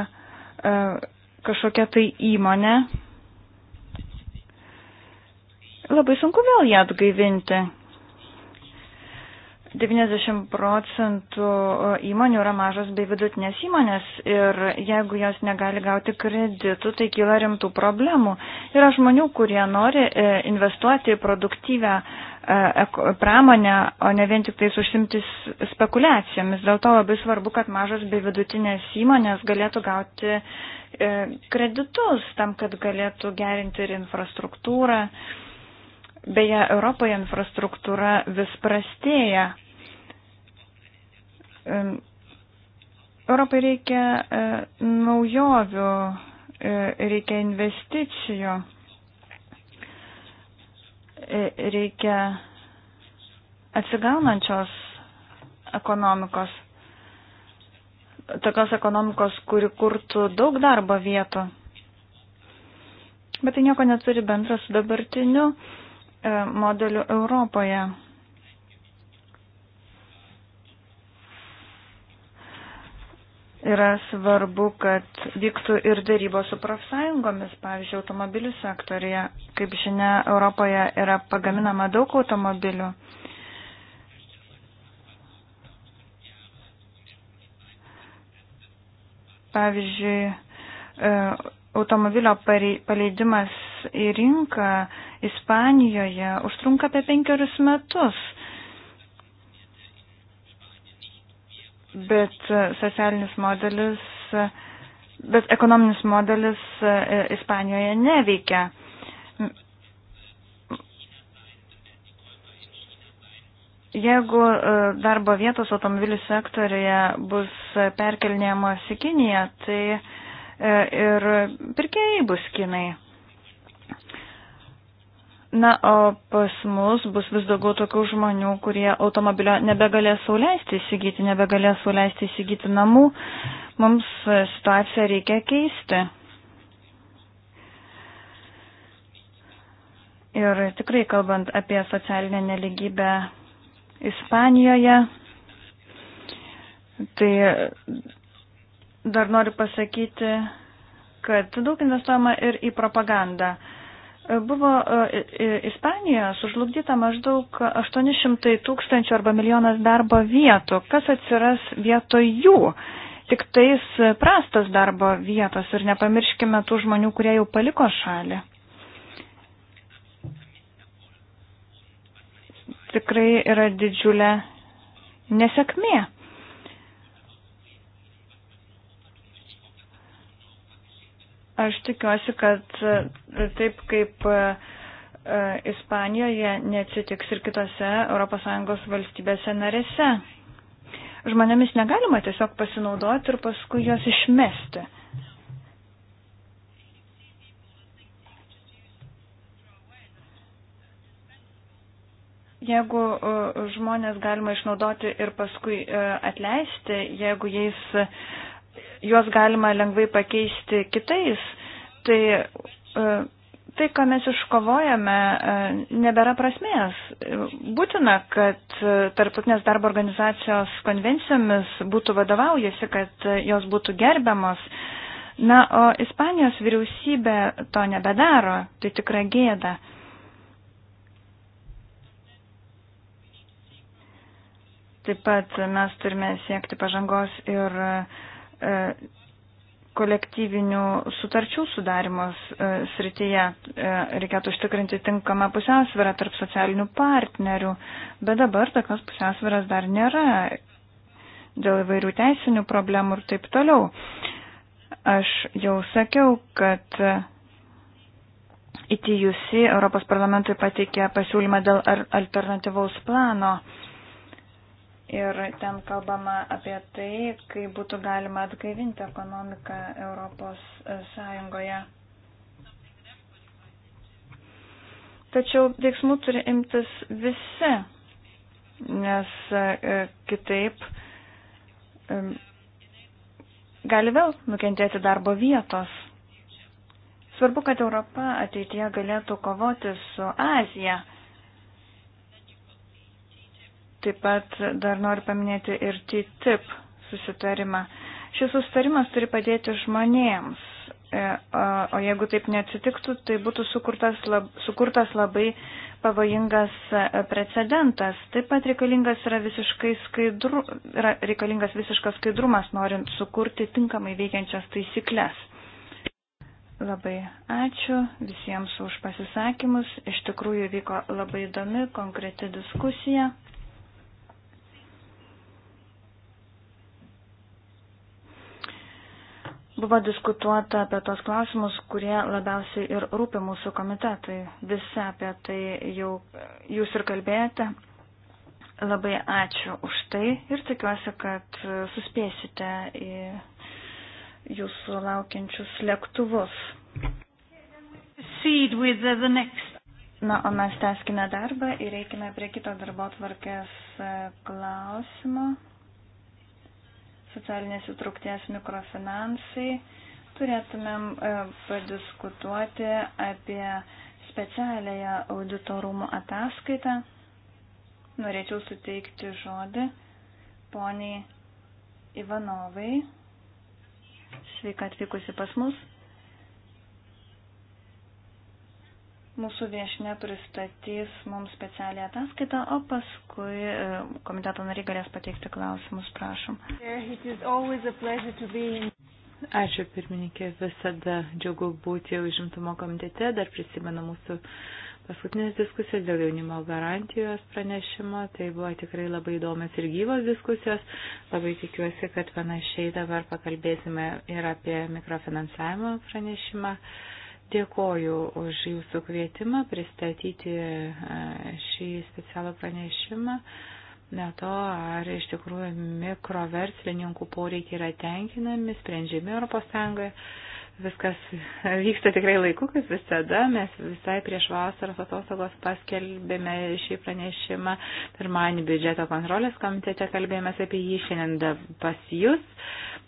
kažkokia tai įmonė, labai sunku vėl ją atgaivinti. 90 procentų įmonių yra mažos bei vidutinės įmonės ir jeigu jos negali gauti kreditų, tai kyla rimtų problemų. Yra žmonių, kurie nori e, investuoti į produktyvę e, pramonę, o ne vien tik tais užsimtis spekulacijomis. Dėl to labai svarbu, kad mažos bei vidutinės įmonės galėtų gauti e, kreditus tam, kad galėtų gerinti ir infrastruktūrą Beje, Europoje infrastruktūra vis prastėja. Europai reikia e, naujovių, e, reikia investicijų, e, reikia atsigaunančios ekonomikos, tokios ekonomikos, kuri kurtų daug darbo vietų. Bet tai nieko neturi bendra su dabartiniu E, modelių Europoje. Yra svarbu, kad vyktų ir darybos su profsąjungomis, pavyzdžiui, automobilių sektorija. Kaip žinia, Europoje yra pagaminama daug automobilių. Pavyzdžiui, e, automobilio paleidimas į rinką Ispanijoje užtrunka apie penkerius metus. Bet socialinis modelis, bet ekonominis modelis e, Ispanijoje neveikia. Jeigu e, darbo vietos automobilių sektorija bus perkelnėjamos į Kiniją, tai e, ir pirkėjai bus kinai. Na, o pas mus bus vis daugiau tokių žmonių, kurie automobilio nebegalės sauliaisti įsigyti, nebegalės sauliaisti įsigyti namų. Mums e, situaciją reikia keisti. Ir tikrai kalbant apie socialinę neligybę Ispanijoje, tai dar noriu pasakyti, kad daug investuojama ir į propagandą. Buvo e, Ispanija sužlugdyta maždaug 800 tūkstančių arba milijonas darbo vietų. Kas atsiras vietoj jų? Tik tais prastas darbo vietos ir nepamirškime tų žmonių, kurie jau paliko šalį. Tikrai yra didžiulė nesėkmė. Aš tikiuosi, kad e, taip kaip e, e, Ispanijoje neatsitiks ir kitose ES valstybėse narėse. Žmonėmis negalima tiesiog pasinaudoti ir paskui juos išmesti. Jeigu žmonės galima išnaudoti ir paskui atleisti, jeigu jais uh, juos galima lengvai pakeisti kitais, tai e, tai, ką mes iškovojame, e, nebėra prasmės. Būtina, kad e, tarptautinės darbo organizacijos konvencijomis būtų vadovaujasi, kad jos būtų gerbiamos. Na, o Ispanijos vyriausybė to nebedaro, tai tikra gėda. Taip pat mes turime siekti pažangos ir uh, E, kolektyvinių sutarčių sudarimos e, srityje e, reikėtų užtikrinti tinkamą pusiausvyrą tarp socialinių partnerių, bet dabar tokios pusiausvyras dar nėra dėl įvairių teisinių problemų ir taip toliau. Aš jau sakiau, kad ITUC Europos parlamentui pateikė pasiūlymą dėl alternatyvaus plano Ir ten kalbama apie tai, kaip būtų galima atgaivinti ekonomiką Europos e, Sąjungoje. Tačiau veiksmų turi imtis visi, nes e, e, kitaip gali vėl nukentėti darbo vietos. Svarbu, kad Europa ateityje galėtų kovoti su Azija. Taip pat dar noriu paminėti ir TTIP susitarimą. Šis susitarimas turi padėti žmonėms, e, o jeigu taip neatsitiktų, tai būtų sukurtas, lab, sukurtas labai pavojingas e, precedentas. Taip pat reikalingas yra, visiškai skaidru, yra reikalingas visiškas skaidrumas, norint sukurti tinkamai veikiančias taisyklės. Labai ačiū visiems už pasisakymus. Iš tikrųjų vyko labai įdomi, konkreti diskusija. Buvo diskutuota apie tos klausimus, kurie labiausiai ir rūpi mūsų komitetui. Visi apie tai jau jūs ir kalbėjote. Labai ačiū už tai ir tikiuosi, kad suspėsite į jūsų laukiančius lėktuvus. Na, o mes teskime darbą ir reikime prie kito darbo tvarkės e, klausimo socialinės įtraukties mikrofinansai, turėtumėm e, padiskutuoti apie specialiąją auditorumų ataskaitą. Norėčiau suteikti žodį poniai Ivanovai. Sveika atvykusi pas mus. Mūsų viešinė pristatys mums specialią ataskaitą, o paskui e, komiteto nariai galės pateikti klausimus, prašom. Ačiū pirmininkė, visada džiaugu būti užimtumo komitete, dar prisimenu mūsų paskutinės diskusijos dėl jaunimo garantijos pranešimo. Tai buvo tikrai labai įdomios ir gyvos diskusijos. Labai tikiuosi, kad panašiai dabar pakalbėsime ir apie mikrofinansavimo pranešimą. Uh, Dėkoju už jūsų kvietimą pristatyti e, šį specialų pranešimą. Ne to, ar iš tikrųjų mikroverslininkų poreikiai yra tenkinami, sprendžiami ES. Viskas [LAUGHS] vyksta tikrai laiku, kaip visada. Mes visai prieš vasaros atostogos paskelbėme šį pranešimą. Pirmąjį biudžeto kontrolės komitete kalbėjomės apie jį šiandien pas jūs.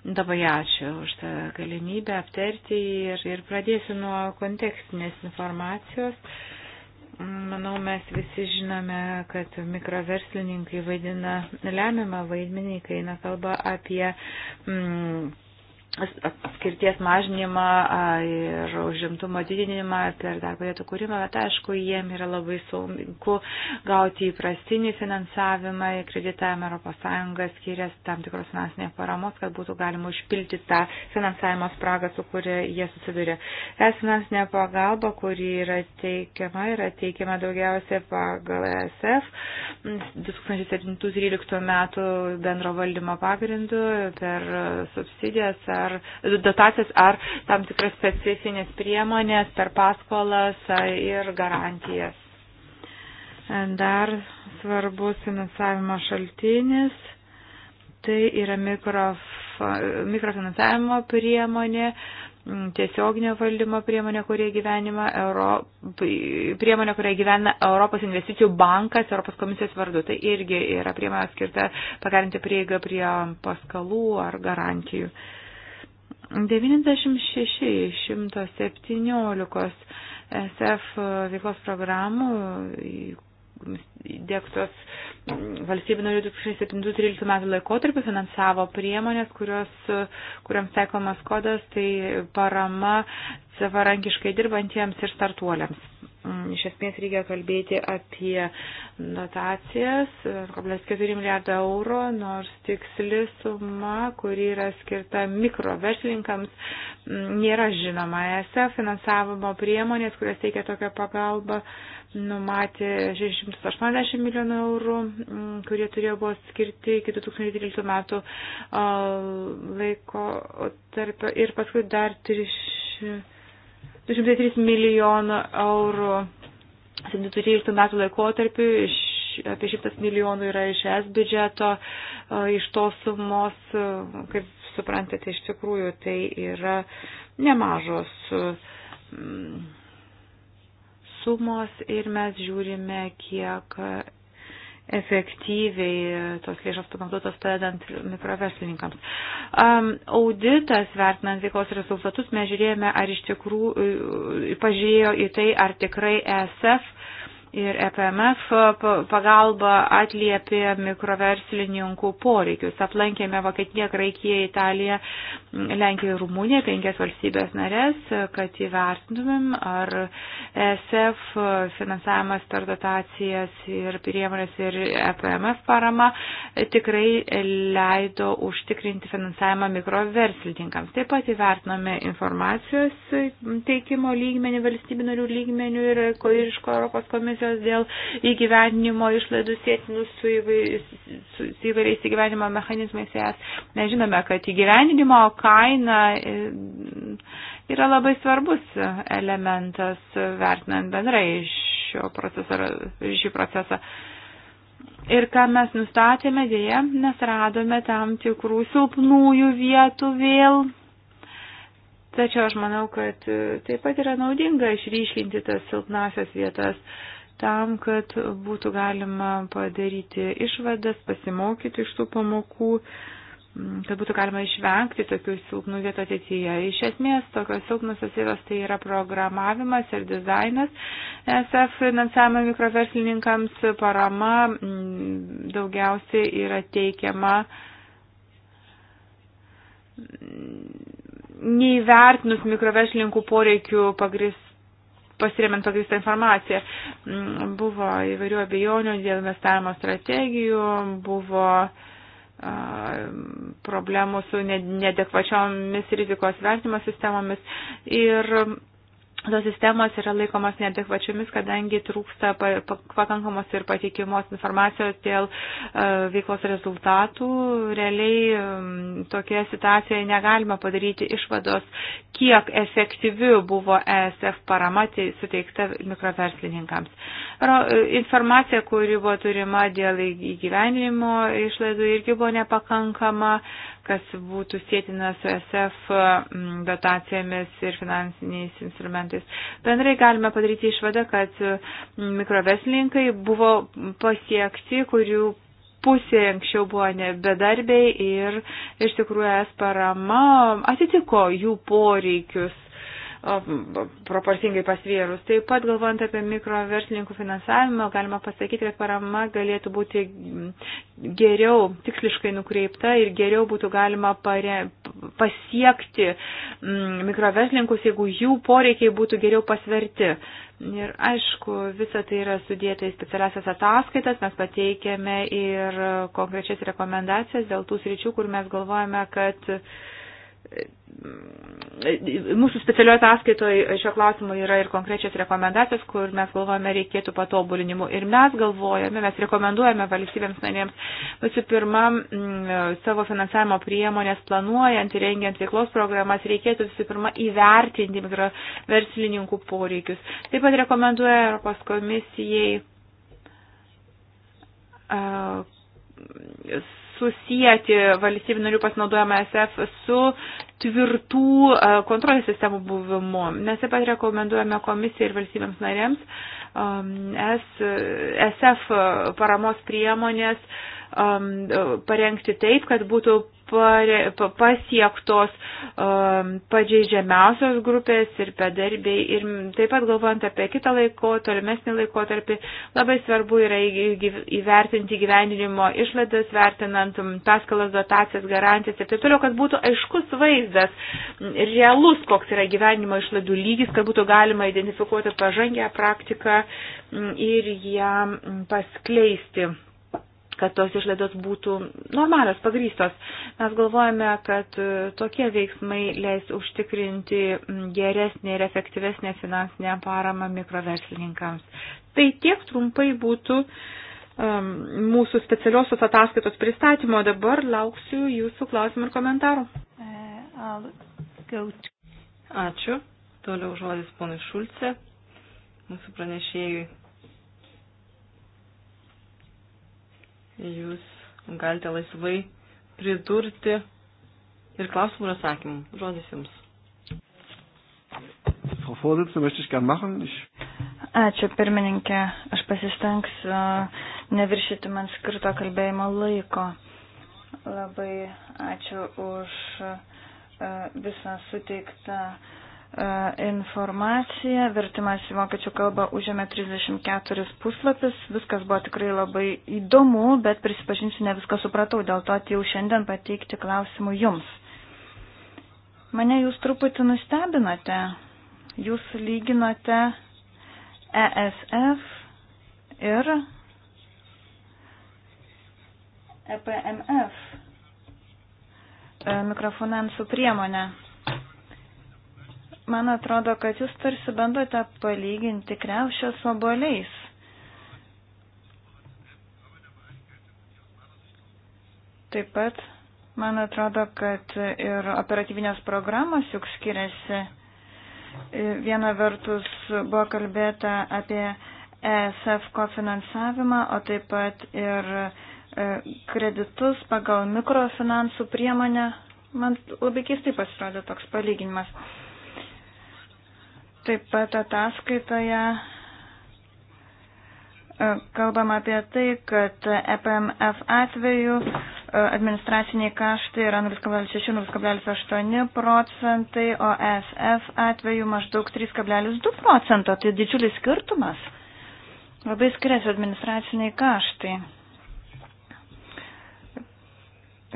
Labai ačiū už tą galimybę aptarti ir, ir pradėsiu nuo kontekstinės informacijos. Manau, mes visi žinome, kad mikroverslininkai vaidina lemiamą vaidmenį, kai eina kalba apie mm, atskirties mažinimą ir užimtumo didinimą per darbo vietų kūrimą, bet aišku, jiem yra labai sunku gauti įprastinį finansavimą, kreditavimą ES skiriasi tam tikros finansinės paramos, kad būtų galima užpilti tą finansavimo spragą, su kuria jie susiduria. Es finansinė pagalba, kuri yra teikiama, yra teikiama daugiausia pagal ESF 2017-2013 metų bendro valdymo pagrindu per subsidijas ar dotacijas, ar tam tikras specifinės priemonės per paskolas ir garantijas. Dar svarbus finansavimo šaltinis tai yra mikrof, mikrofinansavimo priemonė, tiesioginio valdymo priemonė, kurie gyvenima Euro, priemonė, kurie gyvena Europos investicijų bankas Europos komisijos vardu. Tai irgi yra priemonė skirta pagerinti prieigą prie paskalų ar garantijų. Uh, 96 iš 117 SF veiklos programų dėktos valstybių narių 2007-2013 metų laikotarpį finansavo priemonės, kurios, kuriams taikomas kodas, tai parama savarankiškai dirbantiems ir startuoliams. Mm, iš esmės reikia kalbėti apie dotacijas, 4 milijardo eurų, nors tiksli suma, kuri yra skirta mikroverslininkams, mm, nėra žinoma. ESF finansavimo priemonės, kurias teikia tokią pagalbą, numatė 680 milijonų eurų, mm, kurie turėjo buvo skirti iki 2013 metų laiko tarp ir paskui dar 300 203 milijono eurų 2013 metų laikotarpiu, iš, apie 100 milijonų yra iš es biudžeto, iš tos sumos, kaip suprantate, iš tikrųjų tai yra nemažos mm, sumos ir mes žiūrime, kiek efektyviai tos lėšos panaudotos padedant mikroverslininkams. Um, auditas vertinant veiklos rezultatus mes žiūrėjome, ar iš tikrųjų e, pažiūrėjo į tai, ar tikrai ESF ir EPMF pagalba atliepė mikroverslininkų poreikius. Aplankėme Vokietiją, Graikiją, Italiją, Lenkiją ir Rumuniją, penkias valstybės narės, kad įvertintumėm, ar ESF finansavimas per dotacijas ir priemonės ir EPMF parama tikrai leido užtikrinti finansavimą mikroverslininkams. Taip pat įvertinome informacijos teikimo lygmenį, valstybių narių lygmenių ir koiriško Europos komisijos dėl įgyvendinimo išlaidų sėtinų su, įvai, su, su įvairiais įgyvendinimo mechanizmais. Mes žinome, kad įgyvendinimo kaina e, yra labai svarbus elementas vertinant bendrai šio proceso, šį procesą. Ir ką mes nustatėme, dėje, mes radome tam tikrų silpnųjų vietų vėl. Tačiau aš manau, kad e, taip pat yra naudinga išryškinti tas silpnasias vietas tam, kad būtų galima padaryti išvadas, pasimokyti iš tų pamokų. Uh, kad būtų galima išvengti tokių silpnų vietų ateityje. Iš esmės, tokios silpnusios vietos tai yra programavimas ir dizainas, SF finansavimo mikroverslininkams parama daugiausiai yra teikiama neįvertinus mikroverslininkų poreikių pagrist pasiremiant pagrįstą informaciją. Buvo įvairių abejonių dėl investavimo strategijų, buvo uh, problemų su nedekvačiomis rizikos vertimo sistemomis. Ir tos sistemos yra laikomos neadekvačiomis, kadangi trūksta pakankamos ir patikimos informacijos dėl e, veiklos rezultatų. Realiai tokioje situacijoje negalima padaryti išvados, kiek efektyvi buvo ESF parama tai suteikta mikroverslininkams. E, informacija, kuri buvo turima dėl įgyvenimo išlaidų, irgi buvo nepakankama kas būtų sėtina su SF mm, dotacijomis ir finansiniais instrumentais. Bendrai galime padaryti išvadą, kad mm, mikroveslinkai buvo pasiekti, kurių pusė anksčiau buvo bedarbiai ir iš tikrųjų es parama atitiko jų poreikius proporcingai pasvėrus. Taip pat galvojant apie mikroverslininkų finansavimą, galima pasakyti, kad parama galėtų būti geriau tiksliškai nukreipta ir geriau būtų galima pare, pasiekti mm, mikroverslininkus, jeigu jų poreikiai būtų geriau pasverti. Ir aišku, visa tai yra sudėta į specialiasias ataskaitas, mes pateikėme ir konkrečias rekomendacijas dėl tų sričių, kur mes galvojame, kad uh, Mūsų specialioje ataskaitoje šio klausimo yra ir konkrečios rekomendacijos, kur mes galvojame reikėtų patobulinimų. Ir mes galvojame, mes rekomenduojame valstybėms narėms visų pirma mm, savo finansavimo priemonės planuojant ir rengiant veiklos programas reikėtų visų pirma įvertinti verslininkų poreikius. Taip pat rekomenduoja Europos komisijai susijęti valstybių narių pasinaudojimą SF su tvirtų e, kontrolės sistemų buvimu. Mes taip pat rekomenduojame komisijai ir valstybėms narėms um, SF paramos priemonės um, parengti taip, kad būtų pare, pasiektos um, pažeidžiamiausios grupės ir bedarbiai. Ir taip pat galvojant apie kitą laiko, tolimesnį laikotarpį, labai svarbu yra įvertinti gyvenimo išlaidas, vertinant um, paskalas, dotacijas, garantijas ir taip toliau, kad būtų aiškus vaizdas, realus, koks yra gyvenimo išlaidų lygis, kad būtų galima identifikuoti pažangę praktiką ir ją paskleisti kad tos išlaidos būtų normalios, pagrystos. Mes galvojame, kad e, tokie veiksmai leis užtikrinti geresnį ir efektyvesnę finansinę paramą mikroverslininkams. Tai tiek trumpai būtų mūsų specialiosios ataskaitos pristatymo. Dabar lauksiu jūsų klausimų ir komentarų. Uh, Ačiū. Toliau žodis ponui Šulce, mūsų pranešėjui Jūs galite laisvai pridurti ir klausimų ir atsakymų. Žodis Jums. Frau Vorsitzende, möchte ich gern machen. Ich Ačiū pirmininkė, aš pasistengsiu uh, neviršyti man skirto kalbėjimo laiko. Labai ačiū už uh, visą suteiktą E, informacija, vertimas į vokiečių kalbą užėmė 34 puslapis, viskas buvo tikrai labai įdomu, bet prisipažinsiu, ne viską supratau, dėl to atėjau šiandien pateikti klausimų jums. Mane jūs truputį nustebinote, jūs lyginote ESF ir EPMF e, mikrofinansų priemonę. Man atrodo, kad jūs tarsi bandote palyginti kreušę su oboliais. Taip pat, man atrodo, kad ir operatyvinės programos juk skiriasi. Viena vertus buvo kalbėta apie ESF kofinansavimą, o taip pat ir e, kreditus pagal mikrofinansų priemonę. Man labai keistai pasirodė toks palyginimas. Taip pat ataskaitoje e, kalbam apie tai, kad EPMF atveju e, administraciniai kaštai yra 0,6-0,8 procentai, o ESF atveju maždaug 3,2 procento. Tai didžiulis skirtumas. Labai skiriasi administraciniai kaštai.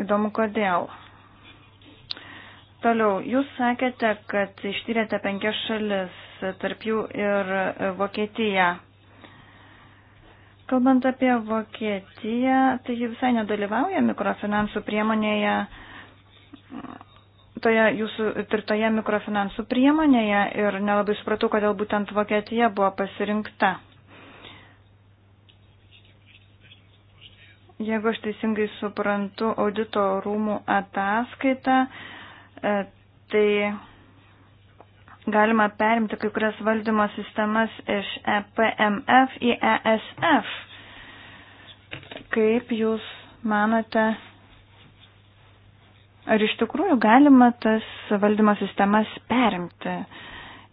Įdomu, kodėl. Toliau, jūs sakėte, kad ištyrėte penkias šalis, tarp jų ir Vokietiją. Kalbant apie Vokietiją, tai ji visai nedalyvauja mikrofinansų priemonėje, toje jūsų tirtoje mikrofinansų priemonėje ir nelabai supratau, kodėl būtent Vokietija buvo pasirinkta. Jeigu aš teisingai suprantu audito rūmų ataskaitą, E, tai galima perimti kai kurias valdymo sistemas iš EPMF į ESF. Kaip Jūs manote, ar iš tikrųjų galima tas valdymo sistemas perimti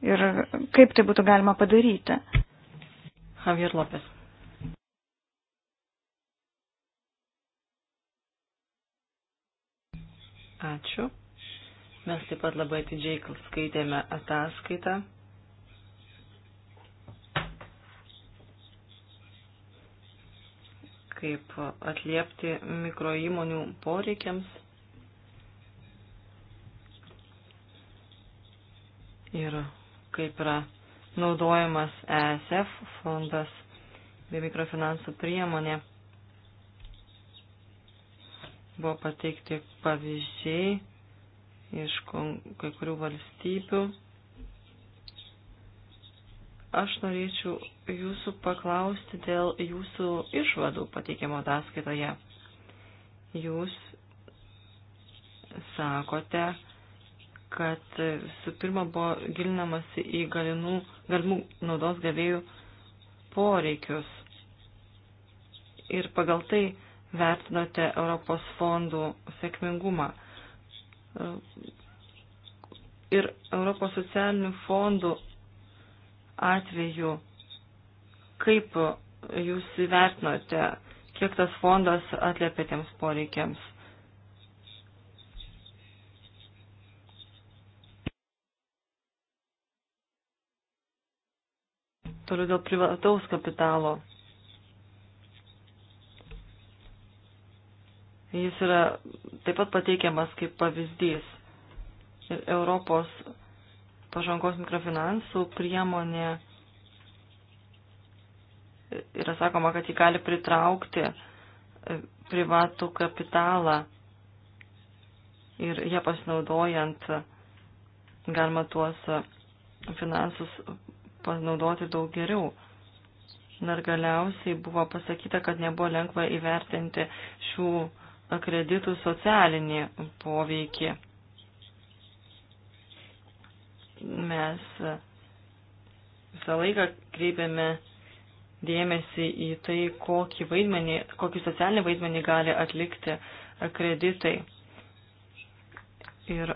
ir kaip tai būtų galima padaryti? Javier Lopes. Ačiū. Mes taip pat labai atidžiai skaitėme ataskaitą. kaip atliepti mikroįmonių poreikiams. Ir kaip yra naudojamas ESF fondas bei mikrofinansų priemonė. Buvo pateikti pavyzdžiai iš kai kurių valstybių. Aš norėčiau jūsų paklausti dėl jūsų išvadų pateikiamo ataskaitoje. Jūs sakote, kad su pirma buvo gilinamasi į galinų, galimų naudos gavėjų poreikius. Ir pagal tai vertinote Europos fondų sėkmingumą ir Europos socialinių fondų atveju, kaip jūs įvertinote, kiek tas fondas atliepia tiems poreikiams? Toliau dėl privataus kapitalo. Jis yra taip pat pateikiamas kaip pavyzdys. Ir Europos pažangos mikrofinansų priemonė yra sakoma, kad jį gali pritraukti e, privatų kapitalą ir jie pasinaudojant galima tuos e, finansus panaudoti daug geriau. Dar galiausiai buvo pasakyta, kad nebuvo lengva įvertinti šių kreditų socialinį poveikį. Mes visą laiką kreipiame dėmesį į tai, kokį, vaidmenį, kokį socialinį vaidmenį gali atlikti kreditai. Ir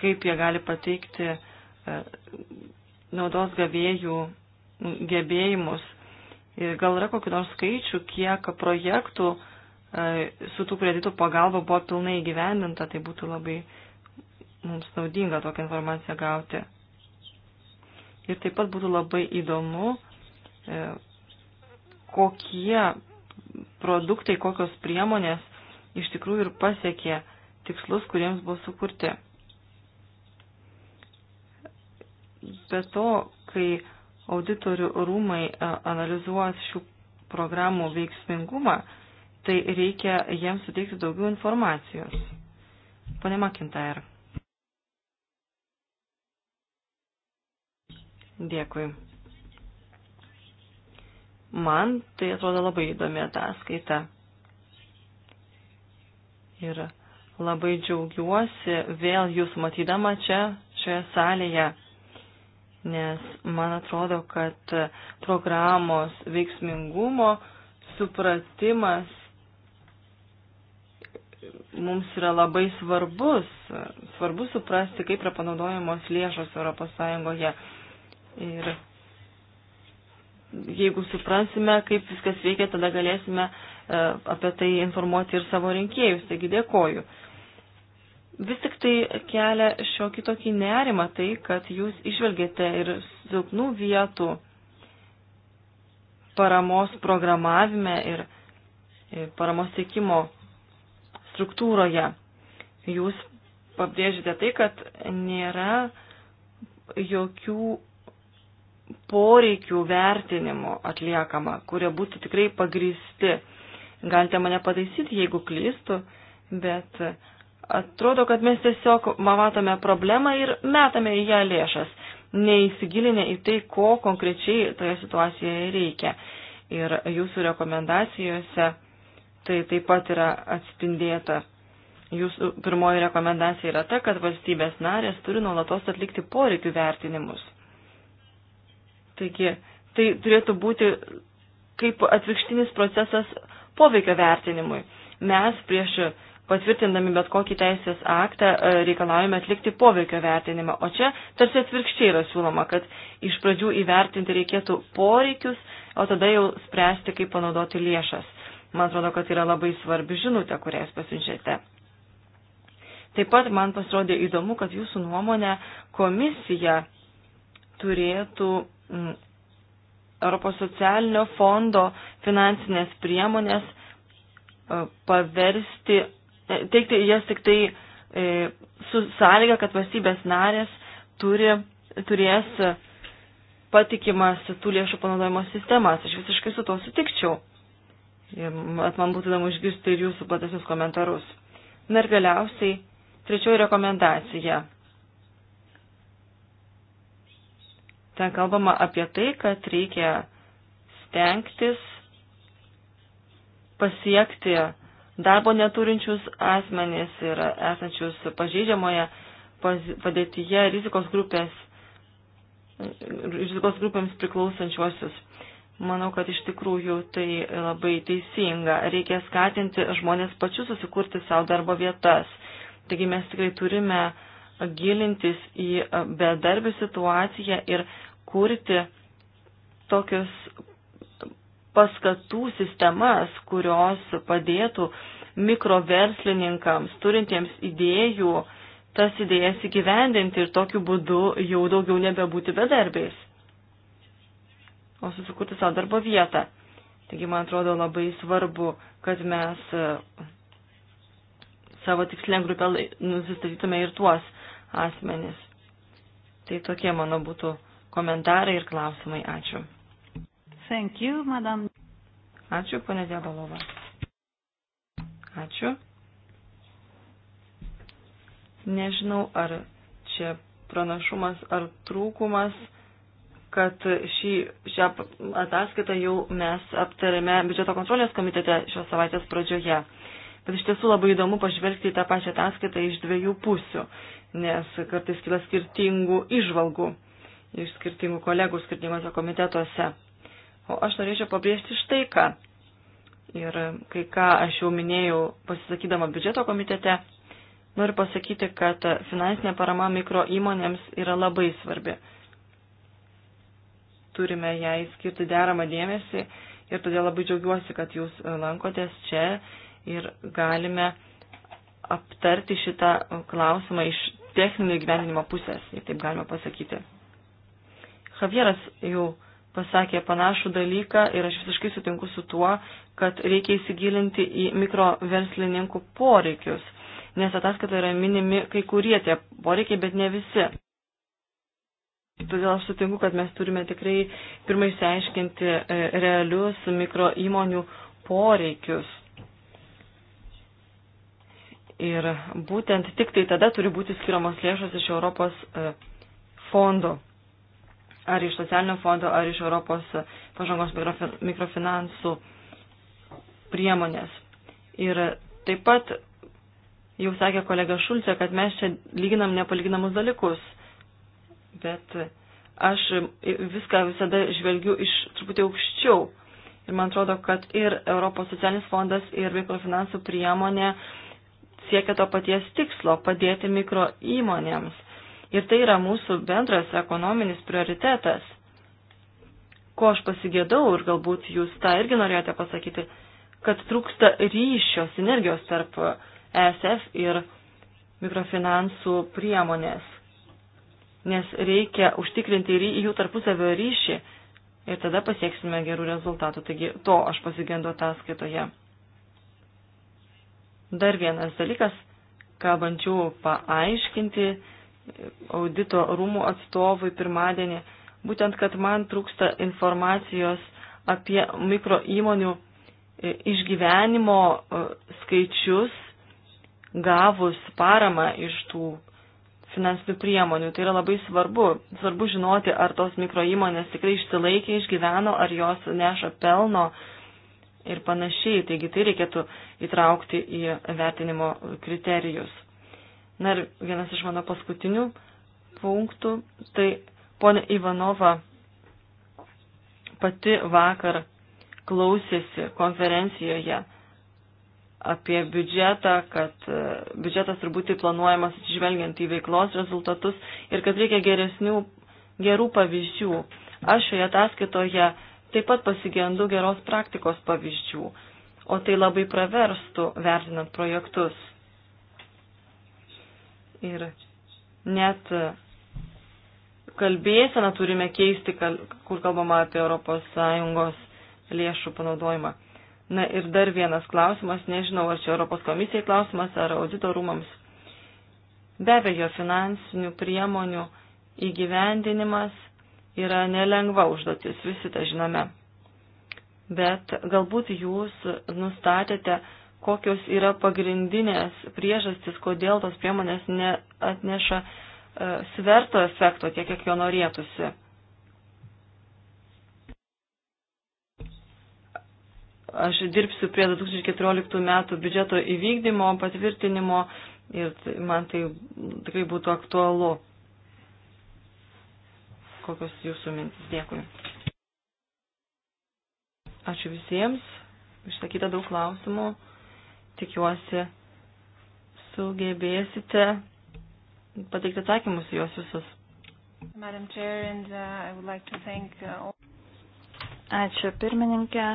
kaip jie gali pateikti e, naudos gavėjų gebėjimus Ir gal yra kokiu nors skaičių, kiek projektų e, su tų kreditų pagalba buvo pilnai įgyvendinta, tai būtų labai mums naudinga tokią informaciją gauti. Ir taip pat būtų labai įdomu, e, kokie produktai, kokios priemonės iš tikrųjų ir pasiekė tikslus, kuriems buvo sukurti. Be to, kai auditorių rūmai e, analizuos šių programų veiksmingumą, tai reikia jiems suteikti daugiau informacijos. Pone McIntyre. Dėkui. Man tai atrodo labai įdomi ataskaita. Ir labai džiaugiuosi vėl jūs matydama čia, šioje salėje nes man atrodo, kad programos veiksmingumo supratimas mums yra labai svarbus. Svarbu suprasti, kaip yra panaudojamos lėšos ES. Ir jeigu suprasime, kaip viskas veikia, tada galėsime e, apie tai informuoti ir savo rinkėjus. Taigi dėkoju. Vis tik tai kelia šiokį tokį nerimą tai, kad jūs išvelgėte ir silpnų vietų paramos programavime ir, ir paramos tiekimo struktūroje. Jūs pabrėžite tai, kad nėra jokių poreikių vertinimo atliekama, kurie būtų tikrai pagristi. Galite mane pataisyti, jeigu klystu, bet Atrodo, kad mes tiesiog matome problemą ir metame į ją lėšas, neįsigilinę į tai, ko konkrečiai toje situacijoje reikia. Ir jūsų rekomendacijose tai taip pat yra atspindėta. Jūsų pirmoji rekomendacija yra ta, kad valstybės narės turi nuolatos atlikti poreikių vertinimus. Taigi, tai turėtų būti kaip atvirkštinis procesas poveikio vertinimui. Mes prieš patvirtindami bet kokį teisės aktą e, reikalavime atlikti poveikio vertinimą. O čia tarsi atvirkščiai yra siūloma, kad iš pradžių įvertinti reikėtų poreikius, o tada jau spręsti, kaip panaudoti lėšas. Man atrodo, kad yra labai svarbi žinutė, kurią jūs pasiunčiate. Taip pat man pasirodė įdomu, kad jūsų nuomonė komisija turėtų mm, Europos socialinio fondo finansinės priemonės e, paversti E, teikti jas tik tai e, su sąlyga, kad valstybės narės turi, turės patikimas tų lėšų panaudojimo sistemas. Aš visiškai su to sutikčiau. Ir man būtų įdomu išgirsti ir jūsų platesnius komentarus. Na ir galiausiai trečioji rekomendacija. Ten kalbama apie tai, kad reikia stengtis pasiekti darbo neturinčius asmenys ir esančius pažeidžiamoje padėtyje rizikos grupės, rizikos grupėms priklausančiuosius. Manau, kad iš tikrųjų tai labai teisinga. Reikia skatinti žmonės pačius susikurti savo darbo vietas. Taigi mes tikrai turime gilintis į bedarbių situaciją ir kurti tokius paskatų sistemas, kurios padėtų mikroverslininkams, turintiems idėjų, tas idėjas įgyvendinti ir tokiu būdu jau daugiau nebebūti bedarbiais, o susikurti savo darbo vietą. Taigi, man atrodo labai svarbu, kad mes e, savo tikslę grupę nusistatytume ir tuos asmenis. Tai tokie mano būtų komentarai ir klausimai. Ačiū. Thank you, madam. Ačiū, ponė Dėbalova. Ačiū. Nežinau, ar čia pranašumas ar trūkumas, kad šį, šią ataskaitą jau mes aptarėme biudžeto kontrolės komitete šios savaitės pradžioje. Bet iš tiesų labai įdomu pažvelgti į tą pačią ataskaitą iš dviejų pusių, nes kartais kyla skirtingų išvalgų iš skirtingų kolegų skirtingose komitetuose. O aš norėčiau pabrėžti štai ką. Ir kai ką aš jau minėjau pasisakydama biudžeto komitete, noriu pasakyti, kad finansinė parama mikro įmonėms yra labai svarbi. Turime jai skirti deramą dėmesį ir todėl labai džiaugiuosi, kad jūs lankotės čia ir galime aptarti šitą klausimą iš techninio gyvenimo pusės, jei taip galima pasakyti. Javieras jau pasakė panašų dalyką ir aš visiškai sutinku su tuo, kad reikia įsigilinti į mikroverslininkų poreikius, nes ataskaitoje yra minimi kai kurie tie poreikiai, bet ne visi. Todėl aš sutinku, kad mes turime tikrai pirmai išsiaiškinti e, realius mikro įmonių poreikius. Ir būtent tik tai tada turi būti skiriamos lėšos iš Europos e, fondo ar iš socialinio fondo, ar iš Europos pažangos mikrofinansų priemonės. Ir taip pat jau sakė kolega Šulce, kad mes čia lyginam nepalyginamus dalykus, bet aš viską visada žvelgiu iš truputį aukščiau. Ir man atrodo, kad ir Europos socialinis fondas, ir mikrofinansų priemonė siekia to paties tikslo - padėti mikro įmonėms Ir tai yra mūsų bendras ekonominis prioritetas. Ko aš pasigėdau ir galbūt jūs tą irgi norėjote pasakyti, kad trūksta ryšio, sinergijos tarp ESF ir mikrofinansų priemonės. Nes reikia užtikrinti jų tarpusavio ryšį ir tada pasieksime gerų rezultatų. Taigi to aš pasigendu ataskaitoje. Dar vienas dalykas, ką bandžiau paaiškinti, audito rūmų atstovui pirmadienį, būtent, kad man trūksta informacijos apie mikro įmonių e, išgyvenimo e, skaičius gavus paramą iš tų finansinių priemonių. Tai yra labai svarbu. Svarbu žinoti, ar tos mikro įmonės tikrai išsilaikė, išgyveno, ar jos neša pelno ir panašiai. Taigi tai reikėtų įtraukti į vertinimo kriterijus. Na ir vienas iš mano paskutinių punktų, tai ponė Ivanova pati vakar klausėsi konferencijoje apie biudžetą, kad e, biudžetas turbūt tai planuojamas atsižvelgiant į veiklos rezultatus ir kad reikia geresnių, gerų pavyzdžių. Aš šioje ataskaitoje taip pat pasigendu geros praktikos pavyzdžių, o tai labai praverstų vertinant projektus. Ir net kalbėseną turime keisti, kur kalbama apie ES lėšų panaudojimą. Na ir dar vienas klausimas, nežinau, ar čia Europos komisijai klausimas, ar audito rūmams. Be abejo, finansinių priemonių įgyvendinimas yra nelengva užduotis, visi tą žinome. Bet galbūt jūs nustatėte kokios yra pagrindinės priežastis, kodėl tos priemonės neatneša e, sverto efekto tiek, kiek jo norėtųsi. Aš dirbsiu prie 2014 metų biudžeto įvykdymo, patvirtinimo ir man tai tikrai būtų aktualu. Kokios jūsų mintis? Dėkui. Ačiū visiems. Išsakyta daug klausimų tikiuosi, sugebėsite pateikti atsakymus į juos visus. Uh, uh, Ačiū pirmininkė.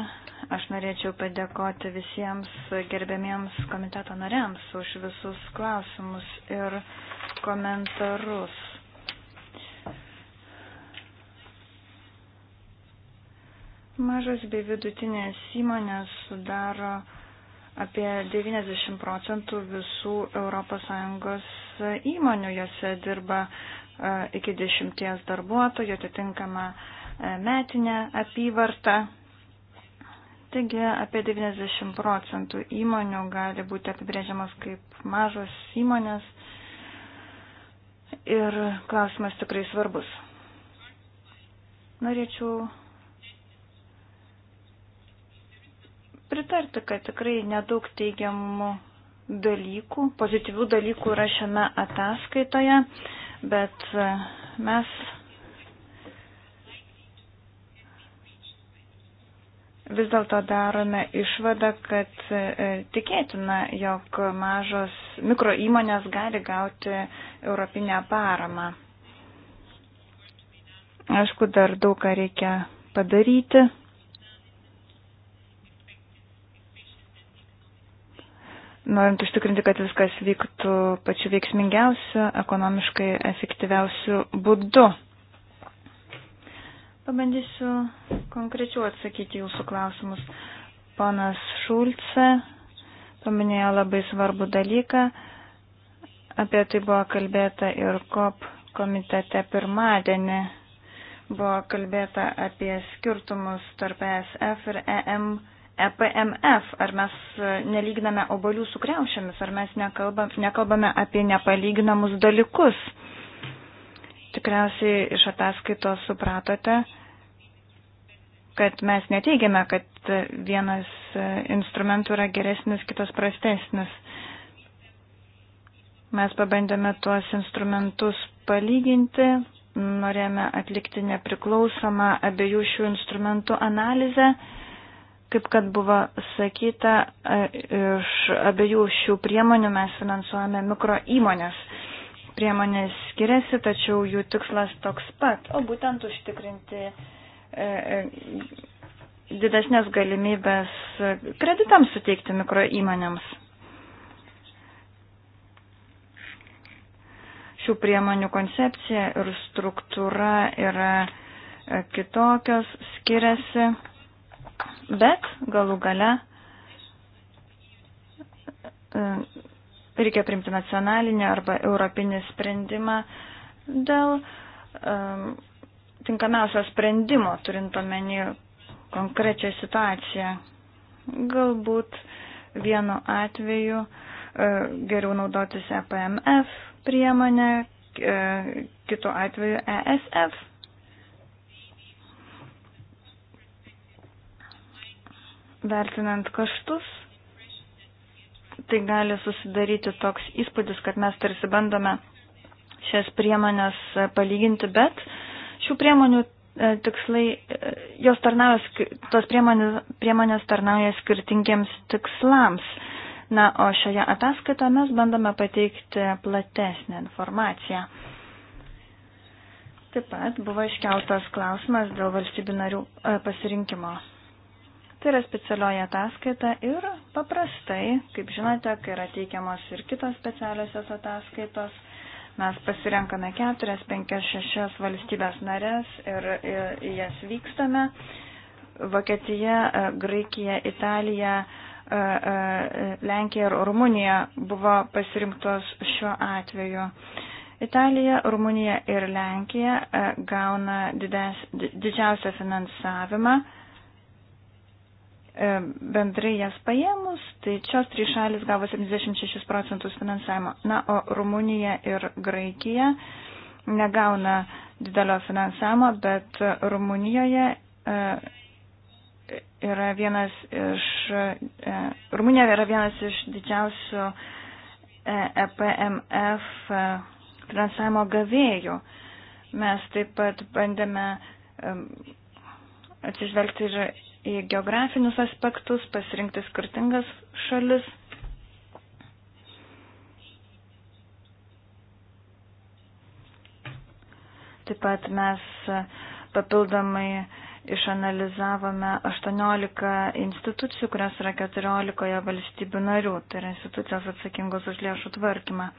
Aš norėčiau padėkoti visiems gerbėmiems komiteto nariams už visus klausimus ir komentarus. Mažas bei vidutinės įmonės sudaro Apie 90 procentų visų ES įmonių jose dirba e, iki 10 darbuotojų, atitinkama e, metinė apyvarta. Taigi apie 90 procentų įmonių gali būti apibrėžiamas kaip mažos įmonės ir klausimas tikrai svarbus. Norėčiau pritarti, kad tikrai nedaug teigiamų dalykų, pozityvių dalykų yra šiame ataskaitoje, bet e, mes vis dėlto darome išvadą, kad e, tikėtina, jog mažos mikro įmonės gali gauti europinę paramą. Aišku, dar daug ką reikia padaryti. norint užtikrinti, kad viskas vyktų pačiu veiksmingiausiu, ekonomiškai efektyviausiu būdu. Pabandysiu konkrečiau atsakyti jūsų klausimus. Ponas Šulce paminėjo labai svarbų dalyką. Apie tai buvo kalbėta ir COP komitete pirmadienį. Buvo kalbėta apie skirtumus tarp ESF ir EM EPMF, ar mes e, nelyginame obolių su kreušiamis, ar mes nekalbam, nekalbame apie nepalyginamus dalykus. Tikriausiai iš ataskaitos supratote, kad mes neteigiame, kad vienas e, instrumentų yra geresnis, kitas prastesnis. Mes pabandėme tuos instrumentus palyginti, norėjome atlikti nepriklausomą abiejų šių instrumentų analizę Kaip kad buvo sakyta, e, iš abiejų šių priemonių mes finansuojame mikro įmonės. Priemonės skiriasi, tačiau jų tikslas toks pat, o būtent užtikrinti e, e, didesnės galimybės kreditams suteikti mikro įmonėms. šių priemonių koncepcija ir struktūra yra kitokios, skiriasi bet galų gale e, reikia priimti nacionalinį arba europinį sprendimą dėl um, tinkamiausio sprendimo, turint omeny konkrečią situaciją. Galbūt vienu atveju uh, geriau naudotis EPMF priemonę, uh, kitu atveju ESF Vertinant kaštus, tai gali susidaryti toks įspūdis, kad mes tarsi bandome šias priemonės e, palyginti, bet šių priemonių e, tikslai, e, jos tarnauja, tos priemonės, priemonės tarnauja skirtingiems tikslams. Na, o šioje ataskaitoje mes bandome pateikti platesnę informaciją. Taip pat buvo iškeltas klausimas dėl valstybių narių pasirinkimo Tai yra specialioji ataskaita ir paprastai, kaip žinote, kai yra teikiamos ir kitos specialiosios ataskaitos, mes pasirenkame keturias, penkias, šešias valstybės narės ir į jas vykstame. Vokietija, e, Graikija, Italija, e, e, Lenkija ir Rumunija buvo pasirinktos šiuo atveju. Italija, Rumunija ir Lenkija gauna dides, didžiausią finansavimą E, bendrai jas paėmus, tai šios trys šalis gavo 76 procentus finansavimo. Na, o Rumunija ir Graikija negauna didelio finansavimo, bet Rumunijoje e, yra vienas iš, e, Rumunija yra vienas iš didžiausių EPMF finansavimo gavėjų. Mes taip pat bandėme atsižvelgti ir į geografinius aspektus, pasirinkti skirtingas šalis. Taip pat mes papildomai išanalizavome 18 institucijų, kurios yra 14 valstybių narių, tai yra institucijos atsakingos už lėšų tvarkymą.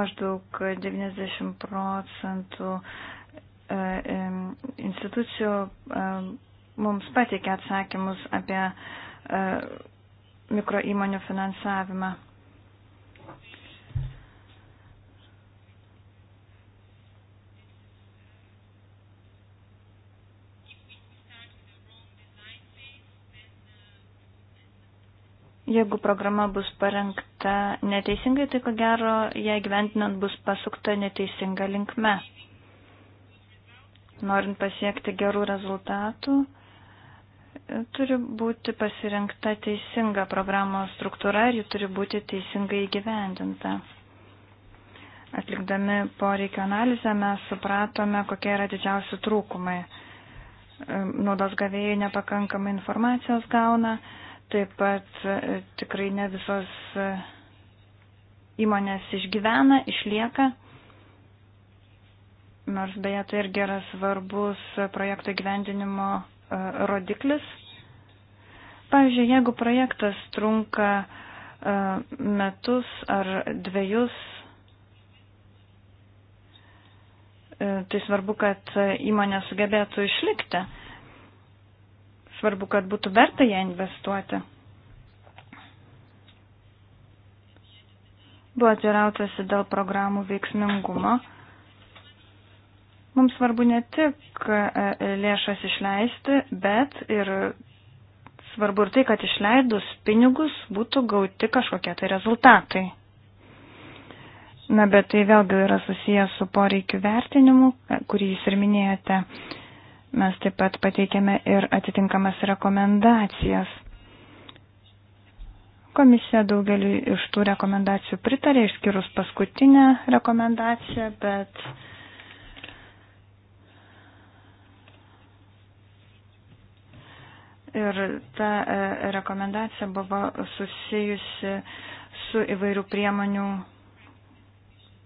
Maždaug 90 procentų E, e, institucijų e, mums pateikė atsakymus apie mikro įmonių finansavimą. Jeigu programa bus parengta neteisingai, tai ko gero, jei gyventinant bus pasukta neteisinga linkme norint pasiekti gerų rezultatų, turi būti pasirinkta teisinga programos struktūra ir ji turi būti teisingai įgyvendinta. Atlikdami poreikio analizę mes supratome, kokie yra didžiausi trūkumai. Naudos gavėjai nepakankamai informacijos gauna, taip pat e, tikrai ne visos e, įmonės išgyvena, išlieka nors beje tai irgi yra svarbus projekto gyvendinimo e, rodiklis. Pavyzdžiui, jeigu projektas trunka e, metus ar dviejus, e, tai svarbu, kad įmonė sugebėtų išlikti. Svarbu, kad būtų verta ją investuoti. Buvo atirautasi dėl programų veiksmingumo. Mums svarbu ne tik e, lėšas išleisti, bet ir svarbu ir tai, kad išleidus pinigus būtų gauti kažkokie tai rezultatai. Na, bet tai vėlgi yra susijęs su poreikiu vertinimu, kurį jūs ir minėjote. Mes taip pat pateikėme ir atitinkamas rekomendacijas. Komisija daugeliu iš tų rekomendacijų pritarė, išskyrus paskutinę rekomendaciją, bet uh, Ir ta e, rekomendacija buvo susijusi su įvairių priemonių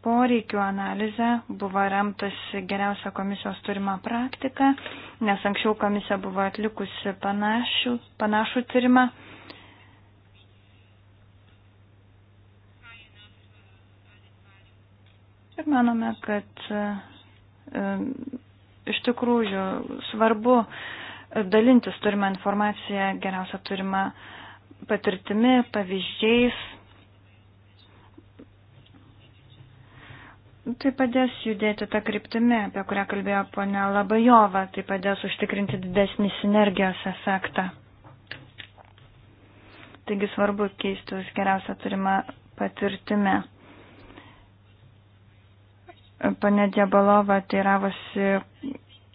poreikių analizė, buvo remtas geriausia komisijos turima praktika, nes anksčiau komisija buvo atlikusi panašių, panašų tyrimą. Ir manome, kad e, iš tikrųjų svarbu e, dalintis turime informaciją, geriausia turime patirtimi, pavyzdžiais. Tai padės judėti tą kryptimį, apie kurią kalbėjo ponia Labajova, tai padės užtikrinti didesnį sinergijos efektą. Taigi svarbu keisti už geriausią turimą patirtimį. Pane Diabalova teiravosi,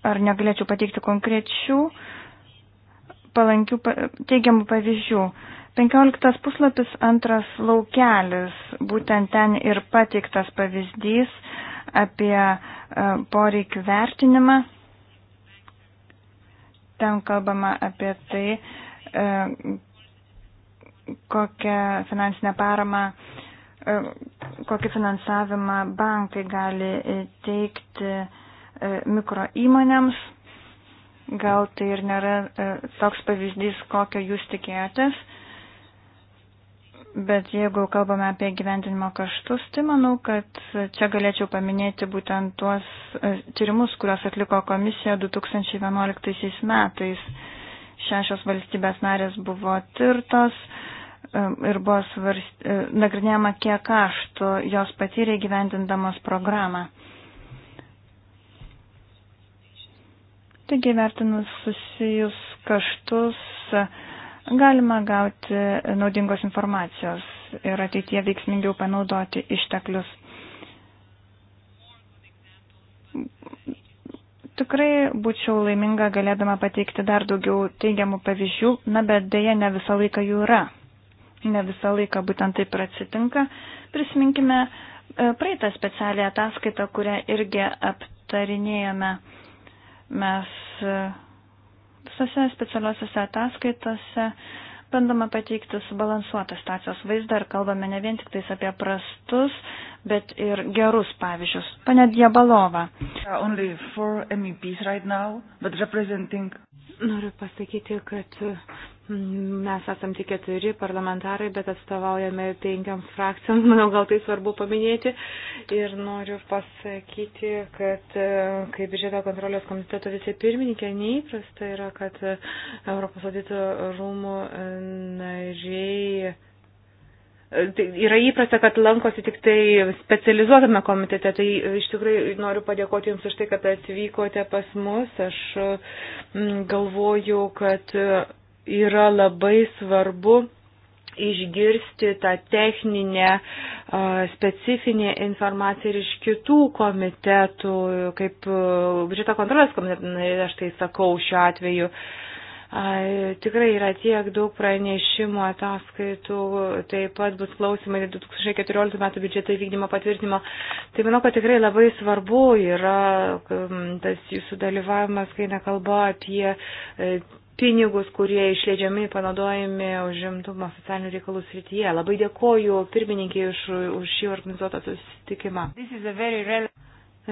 ar negalėčiau pateikti konkrečių palankių teigiamų pavyzdžių. 15 puslapis antras laukelis, būtent ten ir pateiktas pavyzdys apie e, poreikių vertinimą. Ten kalbama apie tai, e, kokią finansinę paramą, e, kokį finansavimą bankai gali teikti E, mikro įmonėms. Gal tai ir nėra e, toks pavyzdys, kokio jūs tikėjotės. Bet jeigu kalbame apie gyventinimo kaštus, tai manau, kad čia galėčiau paminėti būtent tuos e, tyrimus, kuriuos atliko komisija 2011 metais. Šešios valstybės narės buvo tirtos ir buvo svarst... nagrinėjama, kiek kaštų jos patyrė gyventindamos programą. Taigi, vertinus susijus kaštus, galima gauti naudingos informacijos ir ateitie veiksmingiau panaudoti išteklius. Tikrai būčiau laiminga galėdama pateikti dar daugiau teigiamų pavyzdžių, na bet dėja ne visą laiką jų yra. Ne visą laiką būtent taip ir atsitinka. Prisiminkime e, praeitą specialią ataskaitą, kurią irgi aptarinėjome. Mes e, visose specialiuosiuose ataskaitose bandoma pateikti subalansuotą stacijos vaizdą ir kalbame ne vien tik tais apie prastus, bet ir gerus pavyzdžius. Pane Diebalova. E right now, representing... Noriu pasakyti, kad Mes esam tik keturi parlamentarai, bet atstovaujame penkiams frakcijoms, manau gal tai svarbu paminėti. Ir noriu pasakyti, kad e, kaip biudžeto kontrolės komiteto vicepirmininkė, neįprasta yra, kad e, Europos audito rūmų e, nariai tai yra įprasta, kad lankosi tik tai specializuotame komitete, tai iš tikrųjų noriu padėkoti Jums už tai, kad atvykote pas mus. Aš galvoju, kad yra labai svarbu išgirsti tą techninę, specifinę informaciją ir iš kitų komitetų, kaip biudžeto kontrolės komitetų, aš tai sakau šiuo atveju. Tikrai yra tiek daug pranešimų, ataskaitų, taip pat bus klausimai 2014 metų biudžeto įvykdymo patvirtinimo. Tai manau, kad tikrai labai svarbu yra tas jūsų dalyvavimas, kai nekalba apie e, pinigus, kurie išleidžiami panaudojami užimtumo socialinių reikalų srityje. Labai dėkoju pirmininkiai už, už šį organizuotą susitikimą.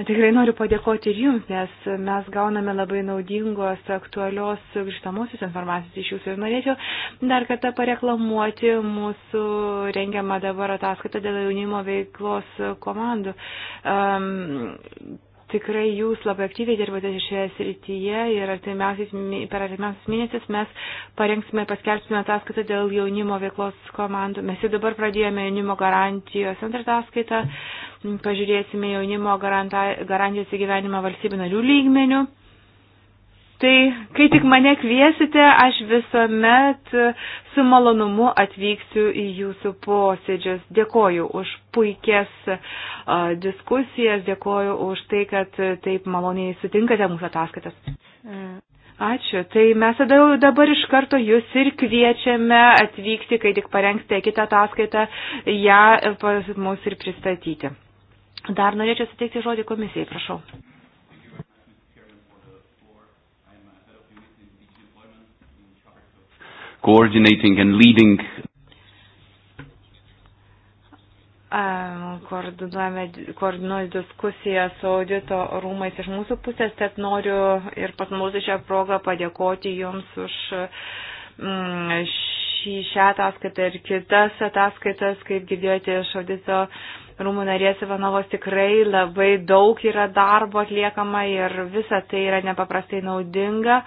Tikrai noriu padėkoti ir jums, nes mes gauname labai naudingos, aktualios grįžtamosios informacijos iš jūsų ir norėčiau dar kartą pareklamuoti mūsų rengiamą dabar ataskaitą dėl jaunimo veiklos komandų. Um, Tikrai jūs labai aktyviai dirbate šioje srityje ir artimiausiais, per artimiausius mėnesius mes parengsime ir paskelbsime ataskaitą dėl jaunimo veiklos komandų. Mes jau dabar pradėjome jaunimo garantijos antrą ataskaitą, pažiūrėsime jaunimo garantijos įgyvenimą valstybių narių lygmenių. Tai kai tik mane kviesite, aš visuomet su malonumu atvyksiu į jūsų posėdžius. Dėkoju už puikias uh, diskusijas, dėkoju už tai, kad taip maloniai sutinkate mūsų ataskaitas. Ačiū. Tai mes tada dabar iš karto jūs ir kviečiame atvykti, kai tik parengsite kitą ataskaitą, ją pas mus ir pristatyti. Dar norėčiau suteikti žodį komisijai, prašau. coordinating and leading. Koordinuoju diskusiją su audito rūmais iš mūsų pusės, tad noriu ir pasinaudoti šią progą padėkoti Jums už mm, šį, šią ataskaitą ir kitas ataskaitas, kaip girdėjote iš audito rūmų narės Ivanovos tikrai labai daug yra darbo atliekama ir visa tai yra nepaprastai naudinga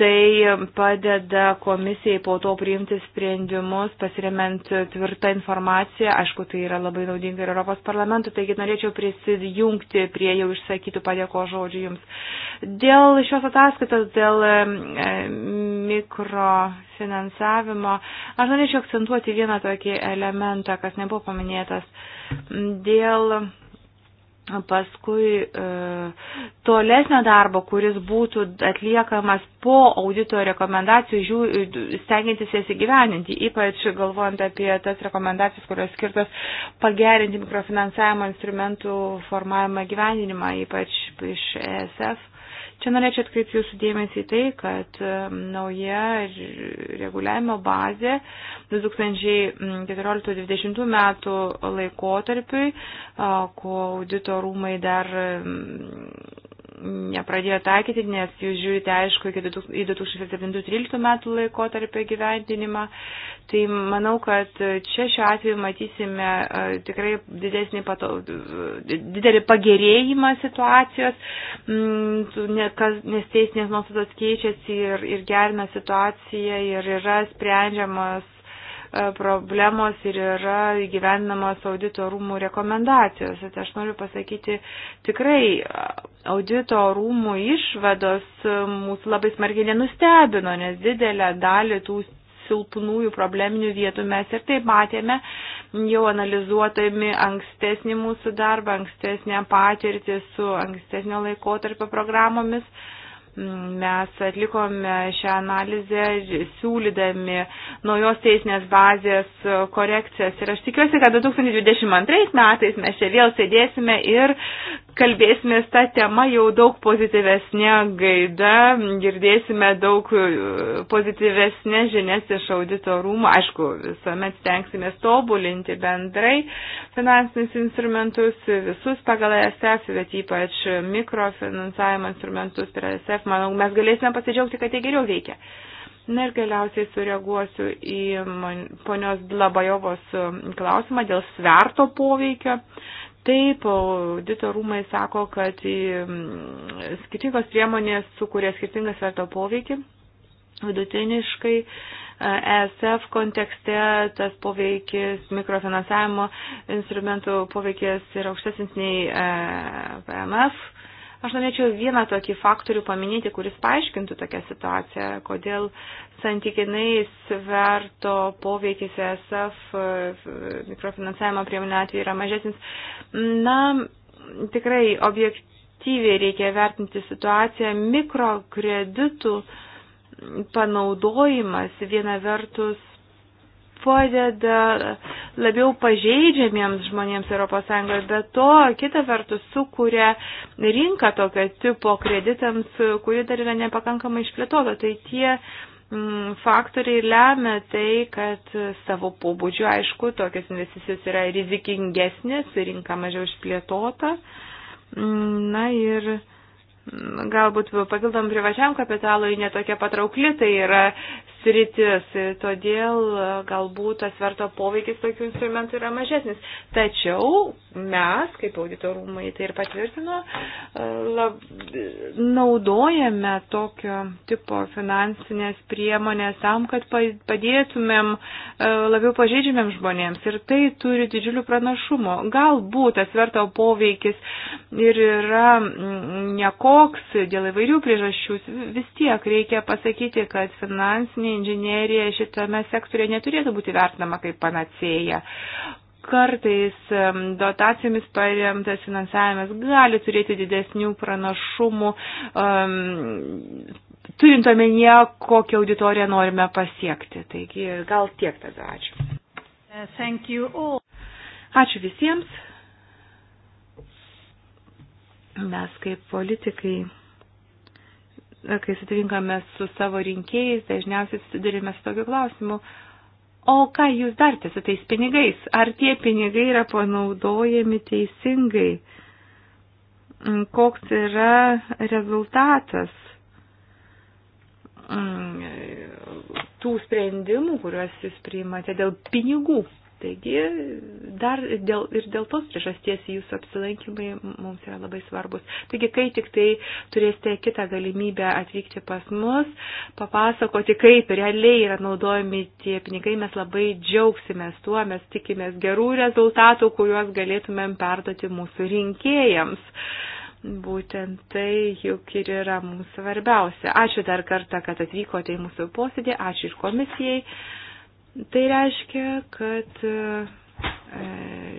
tai padeda komisijai po to priimti sprendimus, pasiremiant tvirtą informaciją. Aišku, tai yra labai naudinga ir Europos parlamentui, taigi norėčiau prisijungti prie jau išsakytų padėko žodžių jums. Dėl šios ataskaitos, dėl e, mikrofinansavimo, aš norėčiau akcentuoti vieną tokį elementą, kas nebuvo paminėtas. Dėl paskui e, tolesnio darbo, kuris būtų atliekamas po audito rekomendacijų, žiū, stengiantis jas įgyveninti, ypač galvojant apie tas rekomendacijas, kurios skirtos pagerinti mikrofinansavimo instrumentų formavimą gyveninimą, ypač iš ESF Čia norėčiau atkreipti jūsų dėmesį į tai, kad um, nauja reguliavimo bazė 2014-2020 metų laikotarpiui, uh, ko audito rūmai dar um, nepradėjo taikyti, nes jūs žiūrite, aišku, į 2007-2013 metų laikotarpio gyventinimą. Tai manau, kad čia šiuo atveju matysime e, tikrai didesnį pato, didelį pagerėjimą situacijos, mm, nes teisinės nuostatos keičiasi ir, ir gerina situaciją ir yra sprendžiamas E, problemos ir yra gyvenamos audito rūmų rekomendacijos. Tai aš noriu pasakyti, tikrai e, audito rūmų išvados e, mūsų labai smarkiai nenustebino, nes didelę dalį tų silpnųjų probleminių vietų mes ir taip matėme, jau analizuotami ankstesnį mūsų darbą, ankstesnę patirtį su ankstesnio laikotarpio programomis. Mes atlikome šią analizę siūlydami naujos teisinės bazės korekcijas ir aš tikiuosi, kad 2022 metais mes čia vėl sėdėsime ir kalbėsime tą temą jau daug pozityvesnė gaida, girdėsime daug e, pozityvesnė žinias iš audito rūmų. Aišku, visuomet stengsime tobulinti bendrai finansinius instrumentus, visus pagal ESF, bet ypač mikrofinansavimo instrumentus per ESF. Manau, mes galėsime pasidžiaugti, kad jie geriau veikia. Na ir galiausiai sureaguosiu į ponios Dlabajovos klausimą dėl sverto poveikio. Uh, Taip, audito rūmai sako, kad skirtingos priemonės sukuria skirtingą sverto poveikį. Vidutiniškai ESF e kontekste tas poveikis, mikrofinansavimo instrumentų poveikis yra aukštesnis nei PMF. E, Aš norėčiau vieną tokį faktorių paminėti, kuris paaiškintų tokią situaciją, kodėl santykinai sverto poveikis ESF mikrofinansavimo priemonė atveju yra mažesnis. Na, tikrai objektyviai reikia vertinti situaciją mikrokreditų panaudojimas viena vertus padeda labiau pažeidžiamiems žmonėms ES, bet to kita vertus sukuria rinką tokio tipo kreditams, kuri dar yra nepakankamai išplėtota. Tai tie mm, faktoriai lemia tai, kad savo pobūdžiu, aišku, tokias investicijos yra rizikingesnės, rinka mažiau išplėtota. Mm, na ir mm, galbūt papildom privačiam kapitalui netokia patraukli, tai yra sritis, todėl e, galbūt tas verto poveikis tokių instrumentų yra mažesnis. Tačiau mes, kaip auditorumai tai ir patvirtino, e, lab, naudojame tokio tipo finansinės priemonės tam, kad padėtumėm e, labiau pažeidžiamėm žmonėms ir tai turi didžiulių pranašumo. Galbūt tas verto poveikis ir yra mm, nekoks dėl įvairių priežasčių, vis tiek reikia pasakyti, kad finansiniai socialinė inžinierija šitame sektorėje neturėtų būti vertinama kaip panacėja kartais dotacijomis paremtas finansavimas gali turėti didesnių pranašumų, um, turint omenyje, kokią auditoriją norime pasiekti. Taigi gal tiek tada ačiū. Uh, ačiū visiems. Mes kaip politikai kai sutinkame su savo rinkėjais, dažniausiai susidurime su tokiu klausimu, o ką jūs darėte su tais pinigais? Ar tie pinigai yra panaudojami teisingai? Mm, koks yra rezultatas mm, tų sprendimų, kuriuos jūs priimate dėl pinigų? Taigi dar dėl, ir dėl tos priežasties jūsų apsilankymai mums yra labai svarbus. Taigi, kai tik tai turėsite kitą galimybę atvykti pas mus, papasakoti, kaip realiai yra naudojami tie pinigai, mes labai džiaugsimės tuo, mes tikimės gerų rezultatų, kuriuos galėtumėm perduoti mūsų rinkėjams. Būtent tai juk ir yra mums svarbiausia. Ačiū dar kartą, kad atvykote į mūsų posėdį, ačiū ir komisijai. Tai reiškia, kad e,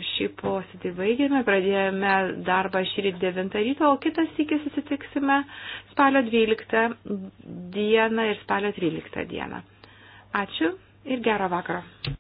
šį posėdį baigėme, pradėjome darbą šį rytą 9 ryto, o kitas iki susitiksime spalio 12 dieną ir spalio 13 dieną. Ačiū ir gerą vakarą.